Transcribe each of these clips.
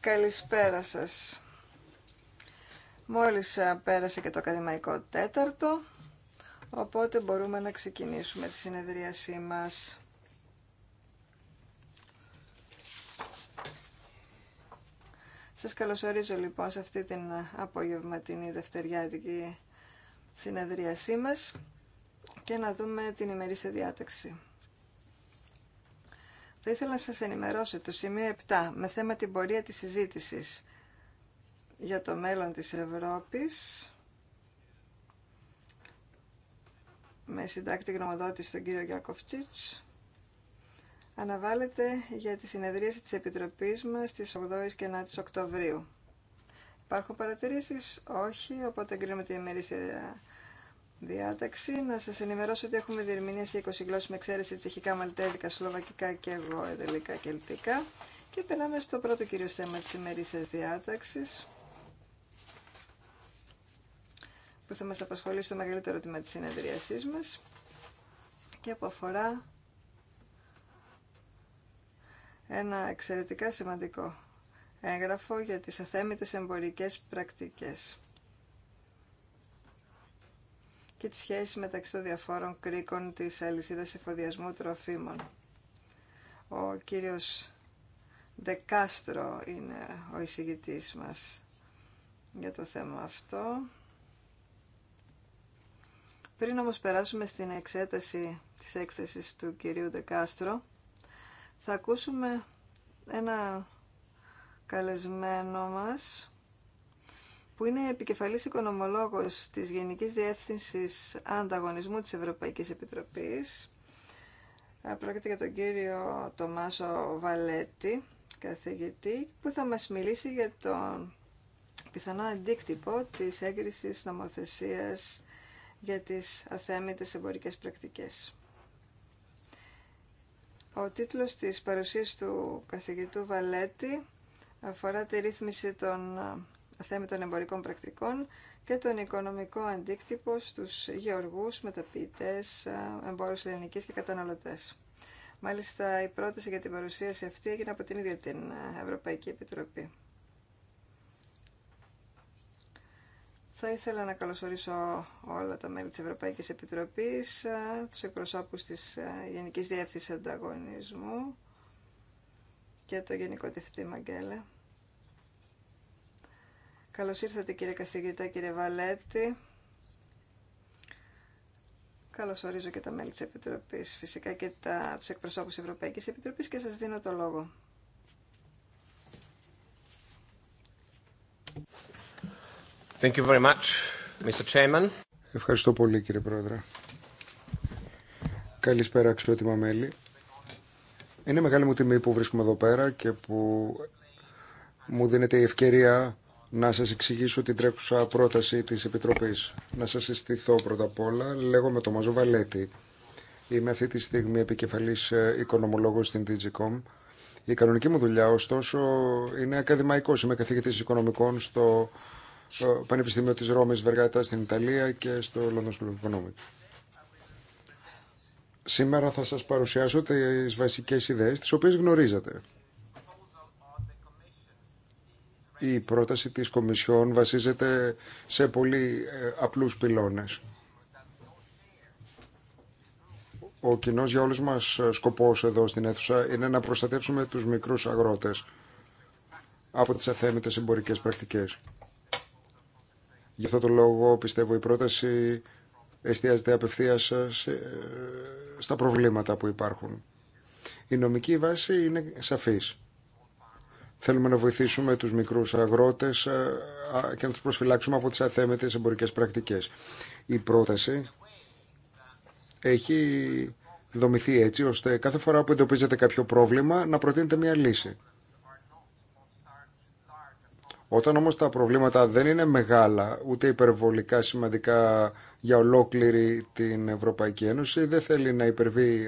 Καλησπέρα σας. Μόλις ε, πέρασε και το ακαδημαϊκό τέταρτο, οπότε μπορούμε να ξεκινήσουμε τη συνεδρίασή μας. Σας καλωσορίζω λοιπόν σε αυτή την απογευματινή δευτεριάτικη συνεδρίασή μας και να δούμε την ημερήσια διάταξη. Θα ήθελα να σας ενημερώσω το σημείο 7 με θέμα την πορεία της συζήτησης για το μέλλον της Ευρώπης με συντάκτη γνωμοδότηση τον κύριο Γιάκοφτσιτς αναβάλλεται για τη συνεδρίαση της Επιτροπής μας στις 8 και 9 Οκτωβρίου. Υπάρχουν παρατηρήσεις? Όχι, οπότε εγκρίνουμε την ημερήσια διάταξη. Να σας ενημερώσω ότι έχουμε διερμηνία σε 20 γλώσσες με εξαίρεση τσεχικά, μαλτέζικα, σλοβακικά και εγώ, εδελικά και ελτικά. Και περνάμε στο πρώτο κύριο θέμα της ημερήσια διάταξης που θα μας απασχολεί στο μεγαλύτερο τμήμα της συνεδρίασής μας και που αφορά ένα εξαιρετικά σημαντικό έγγραφο για τις αθέμητες εμπορικές πρακτικές και τη σχέση μεταξύ των διαφόρων κρίκων της αλυσίδας εφοδιασμού τροφίμων. Ο κύριος Δεκάστρο είναι ο εισηγητής μας για το θέμα αυτό. Πριν όμως περάσουμε στην εξέταση της έκθεσης του κυρίου Δεκάστρο, θα ακούσουμε ένα καλεσμένο μας που είναι επικεφαλής οικονομολόγος της Γενικής Διεύθυνσης Ανταγωνισμού της Ευρωπαϊκής Επιτροπής. Ε, πρόκειται για τον κύριο Τομάσο Βαλέτη, καθηγητή, που θα μας μιλήσει για τον πιθανό αντίκτυπο της έγκρισης νομοθεσίας για τις αθέμητες εμπορικές πρακτικές. Ο τίτλος της παρουσίας του καθηγητού Βαλέτη αφορά τη ρύθμιση των τα θέματα των εμπορικών πρακτικών και τον οικονομικό αντίκτυπο στους γεωργούς, μεταποιητές, ε, εμπόρους ελληνικής και καταναλωτές. Μάλιστα, η πρόταση για την παρουσίαση αυτή έγινε από την ίδια την ε, Ευρωπαϊκή Επιτροπή. Θα ήθελα να καλωσορίσω όλα τα μέλη της Ευρωπαϊκής Επιτροπής, ε, τους εκπροσώπους της Γενικής Διεύθυνσης Ανταγωνισμού και το Γενικό Διευθυντή Μαγκέλα. Καλώς ήρθατε κύριε καθηγητά, κύριε Βαλέτη. Καλώς ορίζω και τα μέλη της Επιτροπής, φυσικά και τα, τους εκπροσώπους της Ευρωπαϊκής Επιτροπής και σας δίνω το λόγο. Thank you very much, Mr. Chairman. Ευχαριστώ πολύ κύριε Πρόεδρε. Καλησπέρα αξιότιμα μέλη. Είναι μεγάλη μου τιμή που βρίσκομαι εδώ πέρα και που μου δίνεται η ευκαιρία να σας εξηγήσω την τρέχουσα πρόταση της Επιτροπής. Να σας συστηθώ πρώτα απ' όλα. Λέγομαι το Μαζό Βαλέτη. Είμαι αυτή τη στιγμή επικεφαλής ε, οικονομολόγος στην Digicom. Η κανονική μου δουλειά, ωστόσο, είναι ακαδημαϊκός. Είμαι καθηγητής οικονομικών στο ε, Πανεπιστήμιο της Ρώμης Βεργάτα στην Ιταλία και στο London School of Economics. Σήμερα θα σας παρουσιάσω τις βασικές ιδέες, τις οποίες γνωρίζετε η πρόταση της Κομισιόν βασίζεται σε πολύ ε, απλούς πυλώνες. Ο κοινό για όλους μας ε, σκοπός εδώ στην αίθουσα είναι να προστατεύσουμε τους μικρούς αγρότες από τις αθέμητες εμπορικές πρακτικές. Γι' αυτό το λόγο πιστεύω η πρόταση εστιάζεται απευθείας ε, στα προβλήματα που υπάρχουν. Η νομική βάση είναι σαφής. Θέλουμε να βοηθήσουμε τους μικρούς αγρότες ε, και να τους προσφυλάξουμε από τις αθέμετες εμπορικές πρακτικές. Η πρόταση έχει δομηθεί έτσι ώστε κάθε φορά που εντοπίζεται κάποιο πρόβλημα να προτείνεται μια λύση. Όταν όμως τα προβλήματα δεν είναι μεγάλα, ούτε υπερβολικά σημαντικά για ολόκληρη την Ευρωπαϊκή Ένωση, δεν θέλει να υπερβεί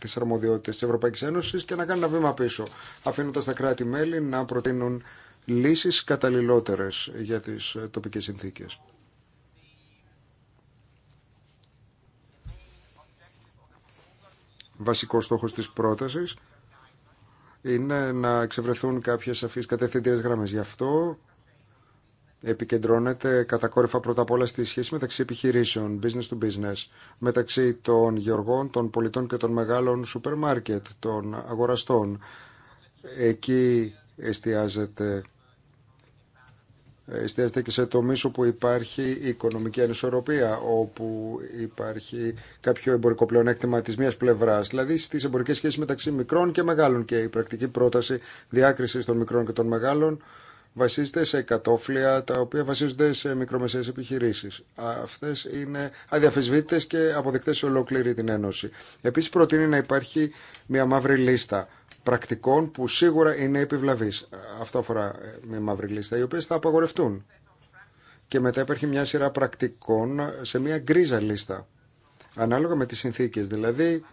τις αρμοδιότητες της Ευρωπαϊκής Ένωσης και να κάνει ένα βήμα πίσω, αφήνοντας τα κράτη-μέλη να προτείνουν λύσεις καταλληλότερες για τις ε, τοπικές συνθήκες. Βασικό στόχος της πρότασης είναι να εξευρεθούν κάποιες σαφείς κατευθυντήρες γραμμές. Γι' αυτό επικεντρώνεται κατακόρυφα πρώτα απ' όλα στη σχέση μεταξύ επιχειρήσεων, business to business, μεταξύ των γεωργών, των πολιτών και των μεγάλων σούπερ μάρκετ, των αγοραστών. Εκεί εστιάζεται, εστιάζεται και σε τομείς όπου υπάρχει οικονομική ανισορροπία, όπου υπάρχει κάποιο εμπορικό πλεονέκτημα της μίας πλευράς, δηλαδή στις εμπορικές σχέσεις μεταξύ μικρών και μεγάλων και η πρακτική πρόταση διάκρισης των μικρών και των μεγάλων βασίζεται σε εκατόφλια τα οποία βασίζονται σε μικρομεσαίες επιχειρήσεις. Αυτές είναι αδιαφεσβήτητες και αποδεκτές σε ολόκληρη την Ένωση. Επίσης προτείνει να υπάρχει μια μαύρη λίστα πρακτικών που σίγουρα είναι επιβλαβείς. Αυτό αφορά ε, μια μαύρη λίστα, οι οποίες θα απαγορευτούν. Και μετά υπάρχει μια σειρά πρακτικών σε μια γκρίζα λίστα, ανάλογα με τις συνθήκες. Δηλαδή,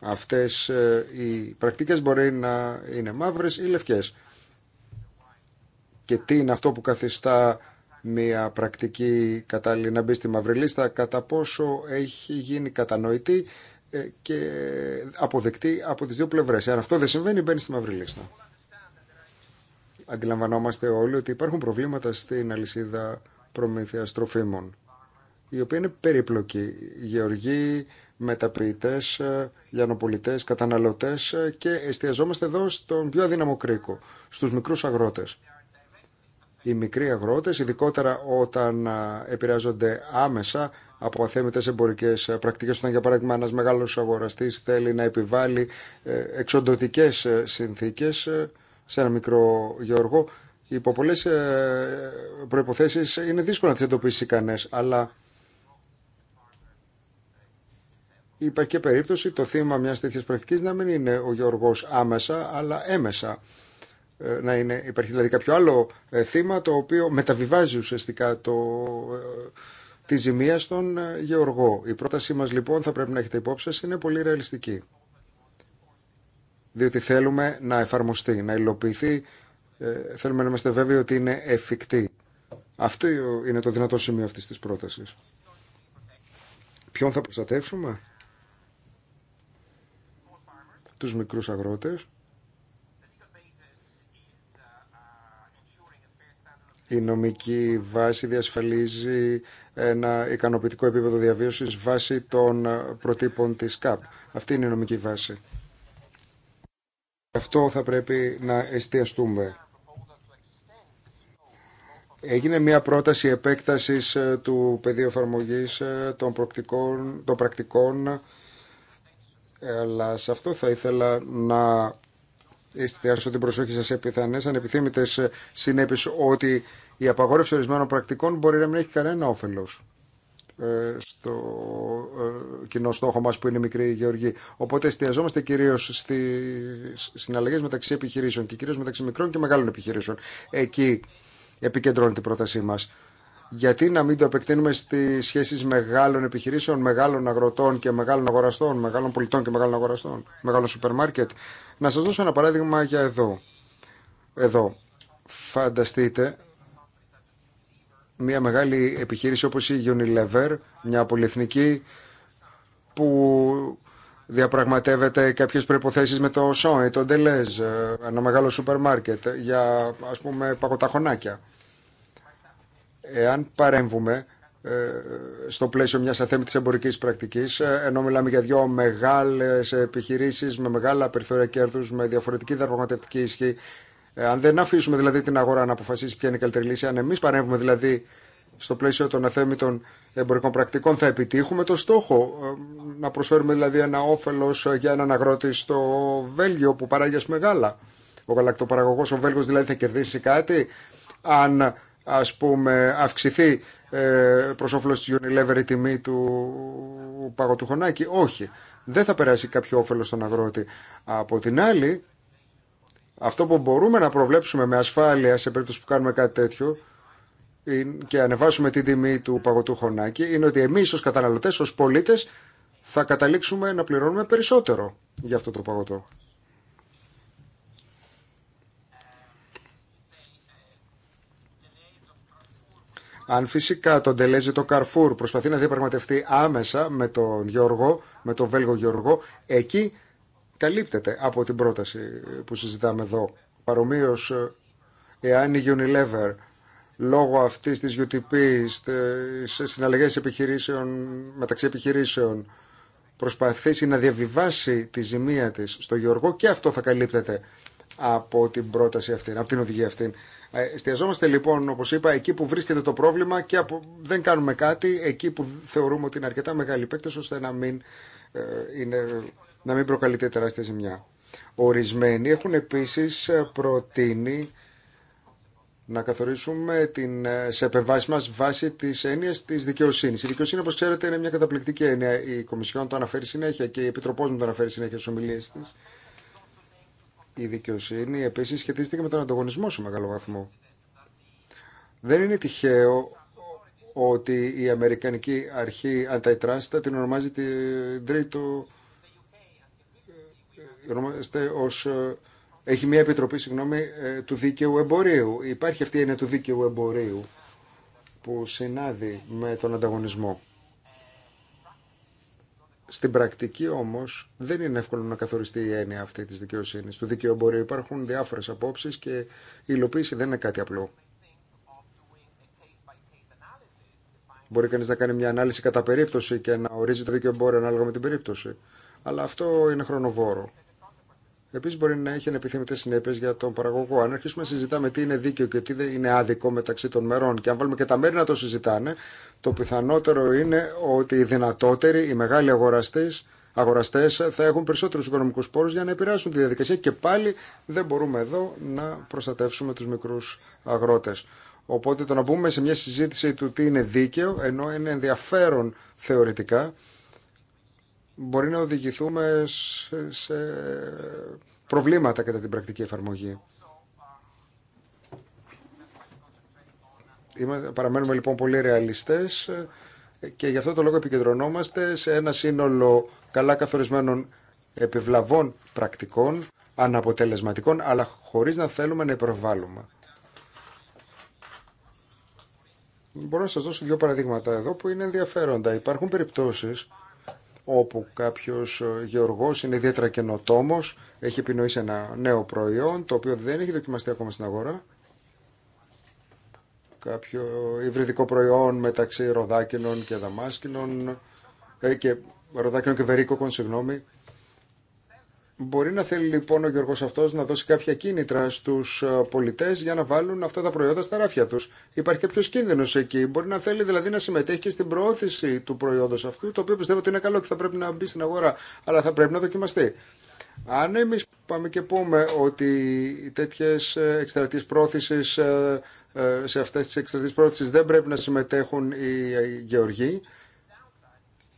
αυτές ε, οι πρακτικές μπορεί να είναι μαύρες ή λευκές και τι είναι αυτό που καθιστά μια πρακτική κατάλληλη να μπει στη μαύρη λίστα, κατά πόσο έχει γίνει κατανοητή ε, και αποδεκτή από τις δύο πλευρές. Αν αυτό δεν συμβαίνει, μπαίνει στη μαύρη λίστα. Αντιλαμβανόμαστε όλοι ότι υπάρχουν προβλήματα στην αλυσίδα προμήθεια τροφίμων, η οποία είναι περίπλοκη. Γεωργοί, μεταποιητές, ε, λιανοπολιτές, καταναλωτές ε, και εστιαζόμαστε εδώ στον πιο αδύναμο κρίκο, στους μικρούς αγρότες οι μικροί αγρότες, ειδικότερα όταν επηρεάζονται άμεσα από αθέμητε εμπορικές πρακτικές, όταν για παράδειγμα ένας μεγάλος αγοραστής θέλει να επιβάλλει ε, εξοντοτικές ε, συνθήκες ε, σε ένα μικρό γεωργό, υπό πολλέ προϋποθέσεις είναι δύσκολο να τι εντοπίσει κανένα. αλλά υπάρχει και περίπτωση το θύμα μια τέτοια πρακτική να μην είναι ο γεωργό άμεσα, αλλά έμεσα. Ε, να είναι, υπάρχει δηλαδή κάποιο άλλο ε, θύμα το οποίο μεταβιβάζει ουσιαστικά το, ε, τη ζημία στον γεωργό. Η πρότασή μας λοιπόν θα πρέπει να έχετε υπόψη σας είναι πολύ ρεαλιστική. Διότι θέλουμε να εφαρμοστεί, να υλοποιηθεί, θέλουμε να είμαστε βέβαιοι ότι είναι εφικτή. Αυτό είναι το δυνατό σημείο αυτής της πρότασης. Ποιον θα προστατεύσουμε? Τους μικρούς αγρότες. η νομική βάση διασφαλίζει ένα ικανοποιητικό επίπεδο διαβίωσης βάσει των προτύπων της ΚΑΠ. Αυτή είναι η νομική βάση. Αυτό θα πρέπει να εστιαστούμε. Έγινε μια πρόταση επέκτασης ε, του πεδίου εφαρμογή ε, των, των πρακτικών, ε, αλλά σε αυτό θα ήθελα να εστιάσω την προσοχή σα σε πιθανέ ανεπιθύμητε ε, συνέπειες ότι η απαγόρευση ορισμένων πρακτικών μπορεί να μην έχει κανένα όφελος ε, στο ε, κοινό στόχο μας που είναι μικρή γεωργή. Οπότε εστιαζόμαστε κυρίως στις συναλλαγές μεταξύ επιχειρήσεων και κυρίως μεταξύ μικρών και μεγάλων επιχειρήσεων. Εκεί επικεντρώνεται η πρότασή μας γιατί να μην το επεκτείνουμε στι σχέσει μεγάλων επιχειρήσεων, μεγάλων αγροτών και μεγάλων αγοραστών, μεγάλων πολιτών και μεγάλων αγοραστών, μεγάλων σούπερ μάρκετ. Να σα δώσω ένα παράδειγμα για εδώ. Εδώ. Φανταστείτε μια μεγάλη επιχείρηση όπως η Unilever, μια πολυεθνική που διαπραγματεύεται κάποιες προϋποθέσεις με το Σόι, το Ντελέζ, ένα μεγάλο σούπερ μάρκετ για ας πούμε παγωταχωνάκια εάν παρέμβουμε ε, στο πλαίσιο μιας αθέμητης εμπορικής πρακτικής ε, ενώ μιλάμε για δύο μεγάλες επιχειρήσεις με μεγάλα περιθώρια κέρδους με διαφορετική δραγματευτική ισχύ ε, αν δεν αφήσουμε δηλαδή την αγορά να αποφασίσει ποια είναι η καλύτερη λύση αν εμείς παρέμβουμε δηλαδή στο πλαίσιο των αθέμητων εμπορικών πρακτικών θα επιτύχουμε το στόχο να προσφέρουμε δηλαδή ένα όφελος για έναν αγρότη στο Βέλγιο που παράγει μεγάλα ο γαλακτοπαραγωγός ο Βέλγος δηλαδή θα κερδίσει κάτι αν ας πούμε αυξηθεί ε, προς όφελος της Unilever η τιμή του παγωτού χωνάκι. Όχι, δεν θα περάσει κάποιο όφελος στον αγρότη. Από την άλλη, αυτό που μπορούμε να προβλέψουμε με ασφάλεια σε περίπτωση που κάνουμε κάτι τέτοιο και ανεβάσουμε την τιμή του παγωτού χωνάκι είναι ότι εμείς ως καταναλωτές, ως πολίτες θα καταλήξουμε να πληρώνουμε περισσότερο για αυτό το παγωτό. Αν φυσικά τον τελέζει το Καρφούρ προσπαθεί να διαπραγματευτεί άμεσα με τον Γιώργο, με τον Βέλγο Γιώργο, εκεί καλύπτεται από την πρόταση που συζητάμε εδώ. Παρομοίως, εάν η Unilever λόγω αυτής της UTP σε συναλλαγές επιχειρήσεων, μεταξύ επιχειρήσεων προσπαθήσει να διαβιβάσει τη ζημία της στο Γιώργο και αυτό θα καλύπτεται από την πρόταση αυτή, από την οδηγία αυτή. Ε, εστιαζόμαστε λοιπόν, όπω είπα, εκεί που βρίσκεται το πρόβλημα και δεν κάνουμε κάτι εκεί που θεωρούμε ότι είναι αρκετά μεγάλη παίκτη, ώστε να μην, ε, είναι... να μην προκαλείται τεράστια ζημιά. Ορισμένοι έχουν επίση ε, προτείνει να καθορίσουμε την, σε επεμβάσει μα βάση τη έννοια τη δικαιοσύνη. Η δικαιοσύνη, όπω ξέρετε, είναι μια καταπληκτική έννοια. Η Κομισιόν το αναφέρει συνέχεια και η Επιτροπό μου το αναφέρει συνέχεια στι ομιλίε τη. Η δικαιοσύνη επίσης σχετίζεται και με τον ανταγωνισμό σε μεγάλο βαθμό. Δεν είναι τυχαίο ότι η Αμερικανική Αρχή Ανταϊτράστα την ονομάζει την τρίτο ε, ονομάζεται ως ε, έχει μια επιτροπή συγγνώμη, ε, του δίκαιου εμπορίου. Υπάρχει αυτή η έννοια του δίκαιου εμπορίου που συνάδει με τον ανταγωνισμό. Στην πρακτική όμως δεν είναι εύκολο να καθοριστεί η έννοια αυτή τη δικαιοσύνη. Του δικαιομπόριο, υπάρχουν διάφορες απόψεις και η υλοποίηση δεν είναι κάτι απλό. Μπορεί κανείς να κάνει μια ανάλυση κατά περίπτωση και να ορίζει το δικαιομπόριο ανάλογα με την περίπτωση. Αλλά αυτό είναι χρονοβόρο. Επίση, μπορεί να έχει ανεπιθύμητε συνέπειε για τον παραγωγό. Αν αρχίσουμε να συζητάμε τι είναι δίκαιο και τι είναι άδικο μεταξύ των μερών και αν βάλουμε και τα μέρη να το συζητάνε, το πιθανότερο είναι ότι οι δυνατότεροι, οι μεγάλοι αγοραστέ, θα έχουν περισσότερου οικονομικού πόρου για να επηρεάσουν τη διαδικασία και πάλι δεν μπορούμε εδώ να προστατεύσουμε του μικρού αγρότε. Οπότε το να μπούμε σε μια συζήτηση του τι είναι δίκαιο, ενώ είναι ενδιαφέρον θεωρητικά, μπορεί να οδηγηθούμε σε προβλήματα κατά την πρακτική εφαρμογή. Παραμένουμε λοιπόν πολύ ρεαλιστές και γι' αυτό το λόγο επικεντρωνόμαστε σε ένα σύνολο καλά καθορισμένων επιβλαβών πρακτικών, αναποτελεσματικών, αλλά χωρίς να θέλουμε να υπερβάλλουμε. Μπορώ να σας δώσω δύο παραδείγματα εδώ που είναι ενδιαφέροντα. Υπάρχουν περιπτώσεις όπου κάποιος ε, γεωργός είναι ιδιαίτερα καινοτόμο, έχει επινοήσει ένα νέο προϊόν το οποίο δεν έχει δοκιμαστεί ακόμα στην αγορά κάποιο υβριδικό προϊόν μεταξύ ροδάκινων και δαμάσκινων ε, και ροδάκινων και βερίκοκων, συγγνώμη Μπορεί να θέλει λοιπόν ο Γιώργος αυτός να δώσει κάποια κίνητρα στους ε, πολιτές για να βάλουν αυτά τα προϊόντα στα ράφια τους. Υπάρχει κάποιο κίνδυνος εκεί. Μπορεί να θέλει δηλαδή να συμμετέχει και στην προώθηση του προϊόντος αυτού, το οποίο πιστεύω ότι είναι καλό και θα πρέπει να μπει στην αγορά, αλλά θα πρέπει να δοκιμαστεί. Αν εμεί πάμε και πούμε ότι τέτοιε εκστρατείε πρόθεση, ε, ε, σε αυτέ τι εκστρατείε πρόθεση δεν πρέπει να συμμετέχουν οι γεωργοί,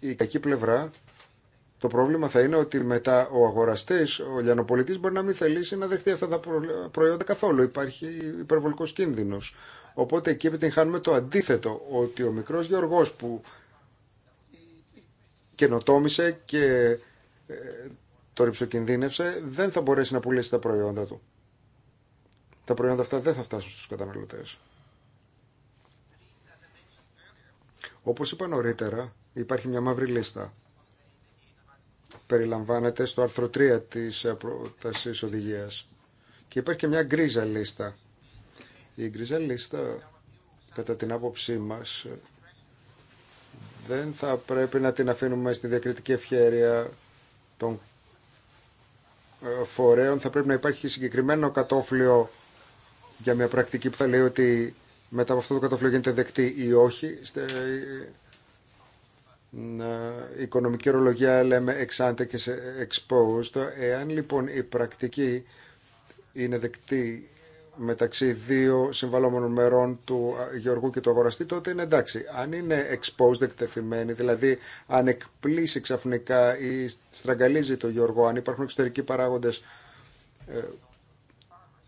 η κακή πλευρά το πρόβλημα θα είναι ότι μετά ο αγοραστή, ο λιανοπολιτή μπορεί να μην θελήσει να δεχτεί αυτά τα προϊόντα καθόλου. Υπάρχει υπερβολικό κίνδυνο. Οπότε εκεί επιτυγχάνουμε το αντίθετο, ότι ο μικρό γεωργό που καινοτόμησε και ε, το ρηψοκινδύνευσε δεν θα μπορέσει να πουλήσει τα προϊόντα του. Τα προϊόντα αυτά δεν θα φτάσουν στους καταναλωτές. Όπως είπα νωρίτερα, υπάρχει μια μαύρη λίστα περιλαμβάνεται στο άρθρο 3 της ε, πρότασης οδηγίας. Και υπάρχει και μια γκρίζα λίστα. Η γκρίζα λίστα, κατά την άποψή μας, δεν θα πρέπει να την αφήνουμε στη διακριτική ευχαίρεια των ε, φορέων. Θα πρέπει να υπάρχει συγκεκριμένο κατόφλιο για μια πρακτική που θα λέει ότι μετά από αυτό το κατόφλιο γίνεται δεκτή ή όχι ε, οικονομική ορολογία λέμε εξάντε και exposed. Εάν λοιπόν η πρακτική είναι δεκτή μεταξύ δύο συμβαλόμενων μερών του Γεωργού και του αγοραστή, τότε είναι εντάξει. Αν είναι exposed, εκτεθειμένη, δηλαδή αν εκπλήσει ξαφνικά ή στραγγαλίζει το Γεωργό, αν υπάρχουν εξωτερικοί παράγοντες ε,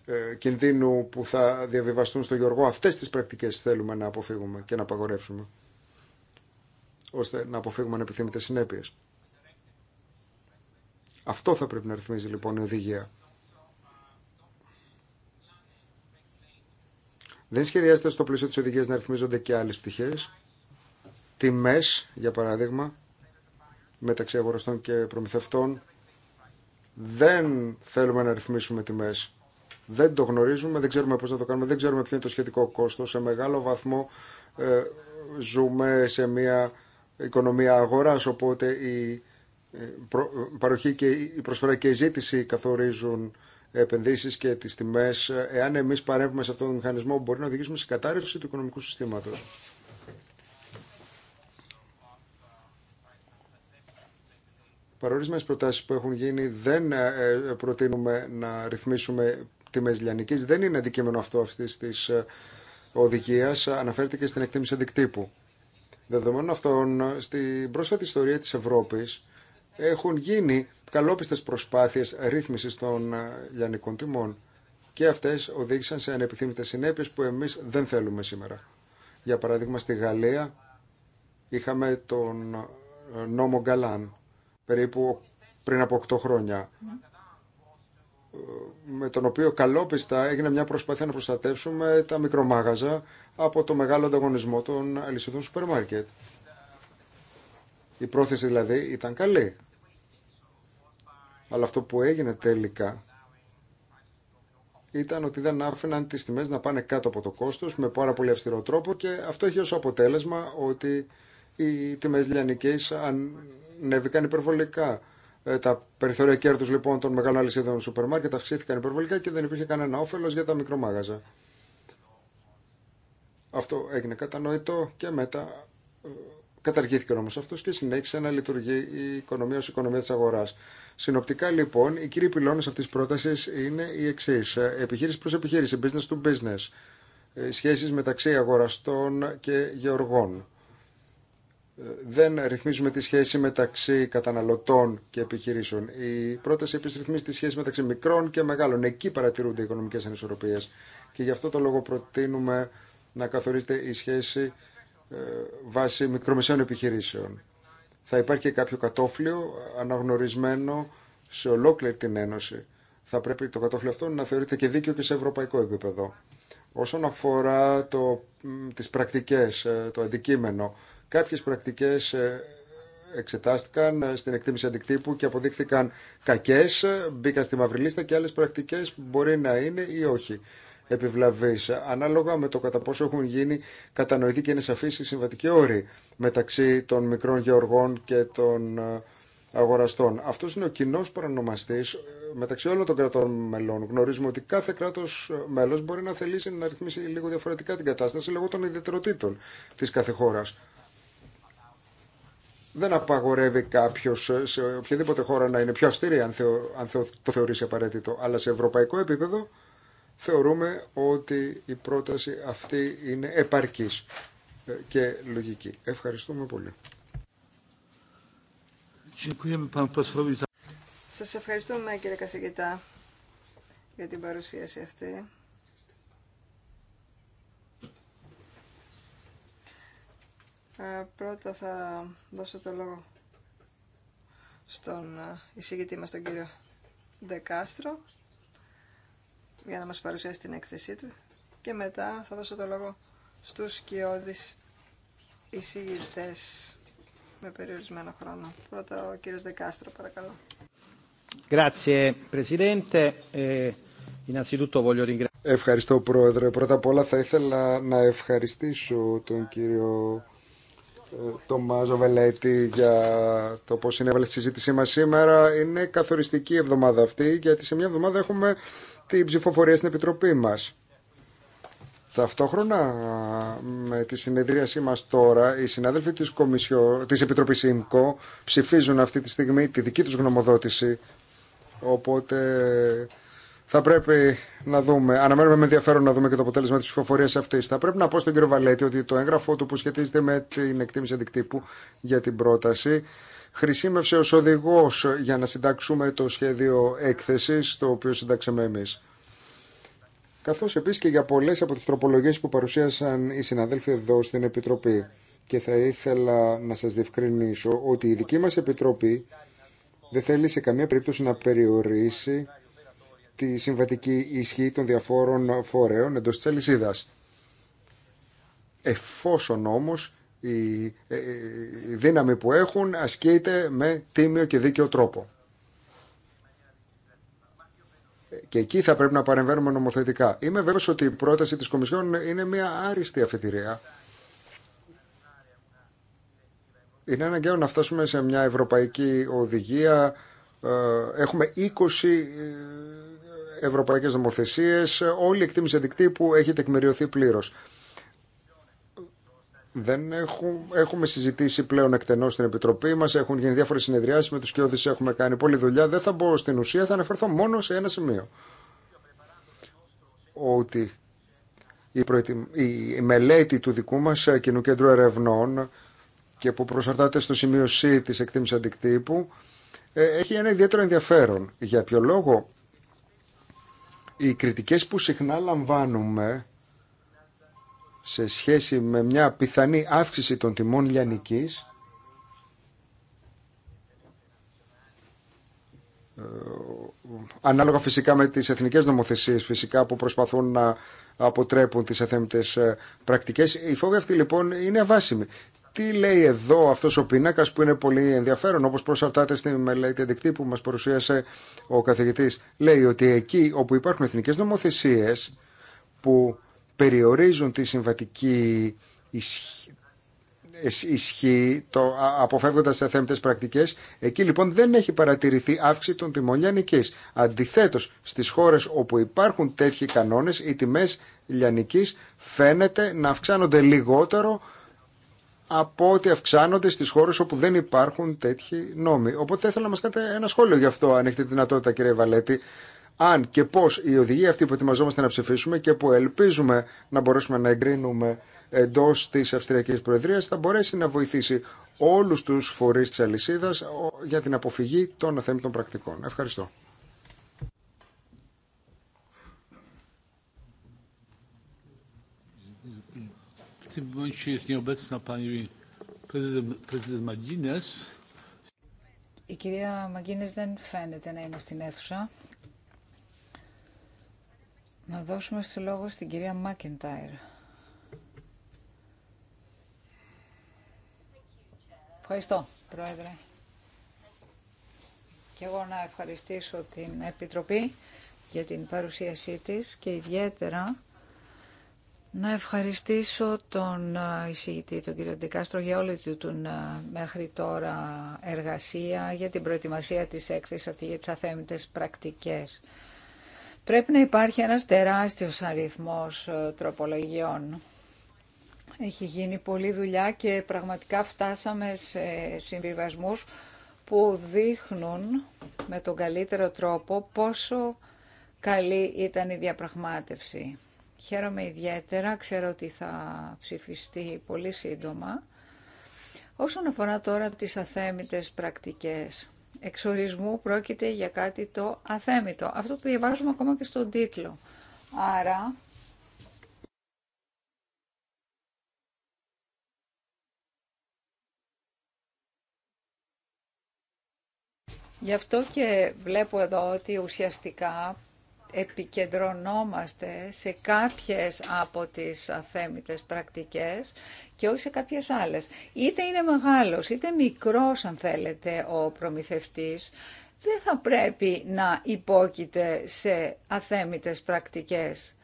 ε κινδύνου που θα διαβιβαστούν στο Γεωργό, αυτές τις πρακτικές θέλουμε να αποφύγουμε και να απαγορεύσουμε ώστε να αποφύγουμε ανεπιθύμητες συνέπειες. Αυτό θα πρέπει να ρυθμίζει λοιπόν η οδηγία. Δεν σχεδιάζεται στο πλαίσιο τη οδηγίας να ρυθμίζονται και άλλες πτυχές. Τιμές, για παράδειγμα, μεταξύ αγοραστών και προμηθευτών. Δεν θέλουμε να ρυθμίσουμε τιμές. Δεν το γνωρίζουμε, δεν ξέρουμε πώς να το κάνουμε, δεν ξέρουμε ποιο είναι το σχετικό κόστο, Σε μεγάλο βαθμό ε, ζούμε σε μια οικονομία αγοράς, οπότε η ε, ε, παροχή και η προσφορά και η ζήτηση καθορίζουν επενδύσεις και τις τιμές. Εάν εμεί παρέμβουμε σε αυτόν τον μηχανισμό, μπορεί να οδηγήσουμε σε κατάρρευση του οικονομικού συστήματος. Παρορισμένες προτάσεις που έχουν γίνει δεν ε, προτείνουμε να ρυθμίσουμε τιμές λιανικής. Δεν είναι αντικείμενο αυτό αυτής της οδηγίας. Αναφέρεται και στην εκτίμηση αντικτύπου. Δεδομένων αυτών, στην πρόσφατη ιστορία της Ευρώπης έχουν γίνει καλόπιστες προσπάθειες ρύθμισης των ε, λιανικών τιμών και αυτές οδήγησαν σε ανεπιθύμητες συνέπειες που εμείς δεν θέλουμε σήμερα. Για παράδειγμα, στη Γαλλία είχαμε τον ε, νόμο Γκαλάν περίπου πριν από 8 χρόνια ναι με τον οποίο καλόπιστα έγινε μια προσπάθεια να προστατεύσουμε τα μικρομάγαζα από το μεγάλο ανταγωνισμό των αλυσίδων σούπερ μάρκετ. Η πρόθεση δηλαδή ήταν καλή. Αλλά αυτό που έγινε τελικά ήταν ότι δεν άφηναν τις τιμές να πάνε κάτω από το κόστος με πάρα πολύ αυστηρό τρόπο και αυτό έχει ως αποτέλεσμα ότι οι τιμές λιανικές ανέβηκαν υπερβολικά. Ε, τα περιθώρια κέρδου λοιπόν των μεγάλων αλυσίδων σούπερ μάρκετ αυξήθηκαν υπερβολικά και δεν υπήρχε κανένα όφελο για τα μικρομάγαζα. Αυτό έγινε κατανοητό και μετά ε, καταργήθηκε όμω αυτό και συνέχισε να λειτουργεί η οικονομία ω οικονομία τη αγορά. Συνοπτικά λοιπόν, οι κύριοι πυλώνε αυτή τη πρόταση είναι οι εξή. Ε, επιχείρηση προ επιχείρηση, business to business. Σχέσει μεταξύ αγοραστών και γεωργών δεν ρυθμίζουμε τη σχέση μεταξύ καταναλωτών και επιχειρήσεων. Η πρόταση επίση ρυθμίζει τη σχέση μεταξύ μικρών και μεγάλων. Εκεί παρατηρούνται οι οικονομικέ ανισορροπίε. Και γι' αυτό το λόγο προτείνουμε να καθορίζεται η σχέση ε, βάσει μικρομεσαίων επιχειρήσεων. Θα υπάρχει και κάποιο κατόφλιο αναγνωρισμένο σε ολόκληρη την Ένωση. Θα πρέπει το κατόφλιο αυτό να θεωρείται και δίκαιο και σε ευρωπαϊκό επίπεδο. Όσον αφορά το, τις πρακτικές, ε, το αντικείμενο, Κάποιες πρακτικές ε, εξετάστηκαν ε, στην εκτίμηση αντικτύπου και αποδείχθηκαν κακές, ε, μπήκαν στη μαύρη λίστα και άλλες πρακτικές μπορεί να είναι ή όχι επιβλαβείς, ανάλογα με το κατά πόσο έχουν γίνει κατανοητοί και είναι σαφείς οι συμβατικοί όροι μεταξύ των μικρών γεωργών και των αγοραστών. Αυτός είναι ο κοινό παρανομαστής μεταξύ όλων των κρατών μελών. Γνωρίζουμε ότι κάθε κράτος μέλος μπορεί να θελήσει να ρυθμίσει λίγο διαφορετικά την κατάσταση λόγω των ιδιαιτεροτήτων της κάθε χώρας δεν απαγορεύει κάποιο σε οποιαδήποτε χώρα να είναι πιο αυστηρή αν, θεω, το θεωρήσει απαραίτητο. Αλλά σε ευρωπαϊκό επίπεδο θεωρούμε ότι η πρόταση αυτή είναι επαρκής ε, και λογική. Ευχαριστούμε πολύ. Σας ευχαριστούμε κύριε καθηγητά για την παρουσίαση αυτή. Ε, πρώτα θα δώσω το λόγο στον ε, εισηγητή μας, τον κύριο Δεκάστρο για να μας παρουσιάσει την έκθεσή του και μετά θα δώσω το λόγο στους σκιώδεις εισηγητές με περιορισμένο χρόνο. Πρώτα ο κύριος Δεκάστρο, παρακαλώ. Ε, Ευχαριστώ, Πρόεδρε. Πρώτα απ' όλα θα ήθελα να ευχαριστήσω τον κύριο το Μάζο Βελέτη για το πώ συνέβαλε στη συζήτησή μα σήμερα. Είναι καθοριστική εβδομάδα αυτή γιατί σε μια εβδομάδα έχουμε την ψηφοφορία στην Επιτροπή μα. Ταυτόχρονα με τη συνεδρίασή μας τώρα οι συνάδελφοι της, Κομισιό, της Επιτροπής ΙΜΚΟ ψηφίζουν αυτή τη στιγμή τη δική τους γνωμοδότηση οπότε θα πρέπει να δούμε, αναμένουμε με ενδιαφέρον να δούμε και το αποτέλεσμα τη ψηφοφορία αυτή. Θα πρέπει να πω στον κύριο Βαλέτη ότι το έγγραφο του που σχετίζεται με την εκτίμηση αντικτύπου για την πρόταση χρησιμεύσε ω οδηγό για να συντάξουμε το σχέδιο έκθεση το οποίο συντάξαμε εμεί. Καθώς επίσης και για πολλέ από τι τροπολογίε που παρουσίασαν οι συναδέλφοι εδώ στην Επιτροπή. Και θα ήθελα να σας διευκρινίσω ότι η δική μας Επιτροπή δεν θέλει σε καμία περίπτωση να περιορίσει τη συμβατική ισχύ των διαφόρων φορέων εντός της αλυσίδα. Εφόσον όμως η ε, ε, δύναμη που έχουν ασκείται με τίμιο και δίκαιο τρόπο. Και εκεί θα πρέπει να παρεμβαίνουμε νομοθετικά. Είμαι βέβαιο ότι η πρόταση της Κομισιόν είναι μια άριστη αφετηρία. Είναι αναγκαίο να φτάσουμε σε μια ευρωπαϊκή οδηγία. Ε, έχουμε 20 ευρωπαϊκές νομοθεσίες, όλη η εκτίμηση αντικτύπου έχει τεκμηριωθεί πλήρως. Δεν έχουμε, έχουμε συζητήσει πλέον εκτενώς στην Επιτροπή μας, έχουν γίνει διάφορες συνεδριάσεις με τους κοιόδης, έχουμε κάνει πολλή δουλειά. Δεν θα μπω στην ουσία, θα αναφερθώ μόνο σε ένα σημείο. Ότι η, η μελέτη του δικού μας κοινού κέντρου ερευνών και που προσαρτάται στο σημείο C της εκτίμησης αντικτύπου ε, έχει ένα ιδιαίτερο ενδιαφέρον. Για ποιο λόγο οι κριτικές που συχνά λαμβάνουμε σε σχέση με μια πιθανή αύξηση των τιμών λιανικής ε, ανάλογα φυσικά με τις εθνικές νομοθεσίες φυσικά που προσπαθούν να αποτρέπουν τις αθέμητες ε, πρακτικές. Η φόβη αυτή λοιπόν είναι αβάσιμη τι λέει εδώ αυτός ο πίνακας που είναι πολύ ενδιαφέρον όπως προσαρτάται στη μελέτη αντικτή που μας παρουσίασε ο καθηγητής. Λέει ότι εκεί όπου υπάρχουν εθνικές νομοθεσίες που περιορίζουν τη συμβατική ισχύ, ισχύ το, αποφεύγοντας τις πρακτικές, εκεί λοιπόν δεν έχει παρατηρηθεί αύξηση των τιμών λιανικής. Αντιθέτως, στις χώρες όπου υπάρχουν τέτοιοι κανόνες, οι τιμές λιανικής φαίνεται να αυξάνονται λιγότερο από ότι αυξάνονται στις χώρες όπου δεν υπάρχουν τέτοιοι νόμοι. Οπότε θα ήθελα να μα κάνετε ένα σχόλιο γι' αυτό, αν έχετε τη δυνατότητα κύριε Βαλέτη, αν και πώς η οδηγία αυτή που ετοιμαζόμαστε να ψηφίσουμε και που ελπίζουμε να μπορέσουμε να εγκρίνουμε εντό τη Αυστριακή Προεδρία θα μπορέσει να βοηθήσει όλου του φορεί τη αλυσίδα για την αποφυγή των αθέμητων πρακτικών. Ευχαριστώ. Η κυρία Μαγκίνες δεν φαίνεται να είναι στην αίθουσα. Να δώσουμε στο λόγο στην κυρία Μάκεντάιρ. Ευχαριστώ, Πρόεδρε. Και εγώ να ευχαριστήσω την Επιτροπή για την παρουσίασή της και ιδιαίτερα να ευχαριστήσω τον ε, εισηγητή, τον κύριο Ντικάστρο, για όλη του την ε, μέχρι τώρα εργασία, για την προετοιμασία της έκθεσης αυτή για τις αθέμητες πρακτικές. Πρέπει να υπάρχει ένας τεράστιος αριθμός ε, τροπολογιών. Έχει γίνει πολλή δουλειά και πραγματικά φτάσαμε σε συμβιβασμούς που δείχνουν με τον καλύτερο τρόπο πόσο καλή ήταν η διαπραγμάτευση. Χαίρομαι ιδιαίτερα, ξέρω ότι θα ψηφιστεί πολύ σύντομα. Όσον αφορά τώρα τις αθέμητες πρακτικές, εξορισμού πρόκειται για κάτι το αθέμητο. Αυτό το διαβάζουμε ακόμα και στον τίτλο. Άρα, Γι' αυτό και βλέπω εδώ ότι ουσιαστικά επικεντρωνόμαστε σε κάποιες από τις αθέμητες πρακτικές και όχι σε κάποιες άλλες. Είτε είναι μεγάλος, είτε μικρός αν θέλετε ο προμηθευτής, δεν θα πρέπει να υπόκειται σε αθέμητες πρακτικές.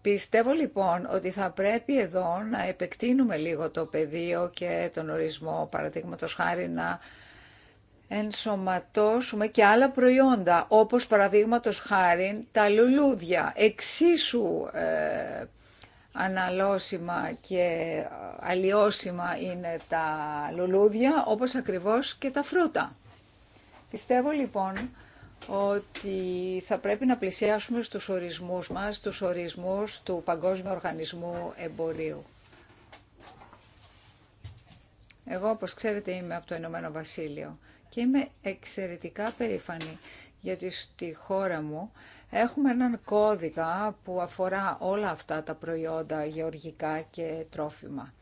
Πιστεύω λοιπόν ότι θα πρέπει εδώ να επεκτείνουμε λίγο το πεδίο και τον ορισμό, παραδείγματο χάρη να ενσωματώσουμε και άλλα προϊόντα, όπως παραδείγματος χάρη τα λουλούδια, εξίσου ε, αναλώσιμα και αλλοιώσιμα είναι τα λουλούδια, όπως ακριβώς και τα φρούτα. Πιστεύω λοιπόν ότι θα πρέπει να πλησιάσουμε στους ορισμούς μας, στους ορισμούς του Παγκόσμιου Οργανισμού Εμπορίου. Εγώ, όπως ξέρετε, είμαι από το Ηνωμένο Βασίλειο και είμαι εξαιρετικά περήφανη γιατί στη χώρα μου έχουμε έναν κώδικα που αφορά όλα αυτά τα προϊόντα γεωργικά και τρόφιμα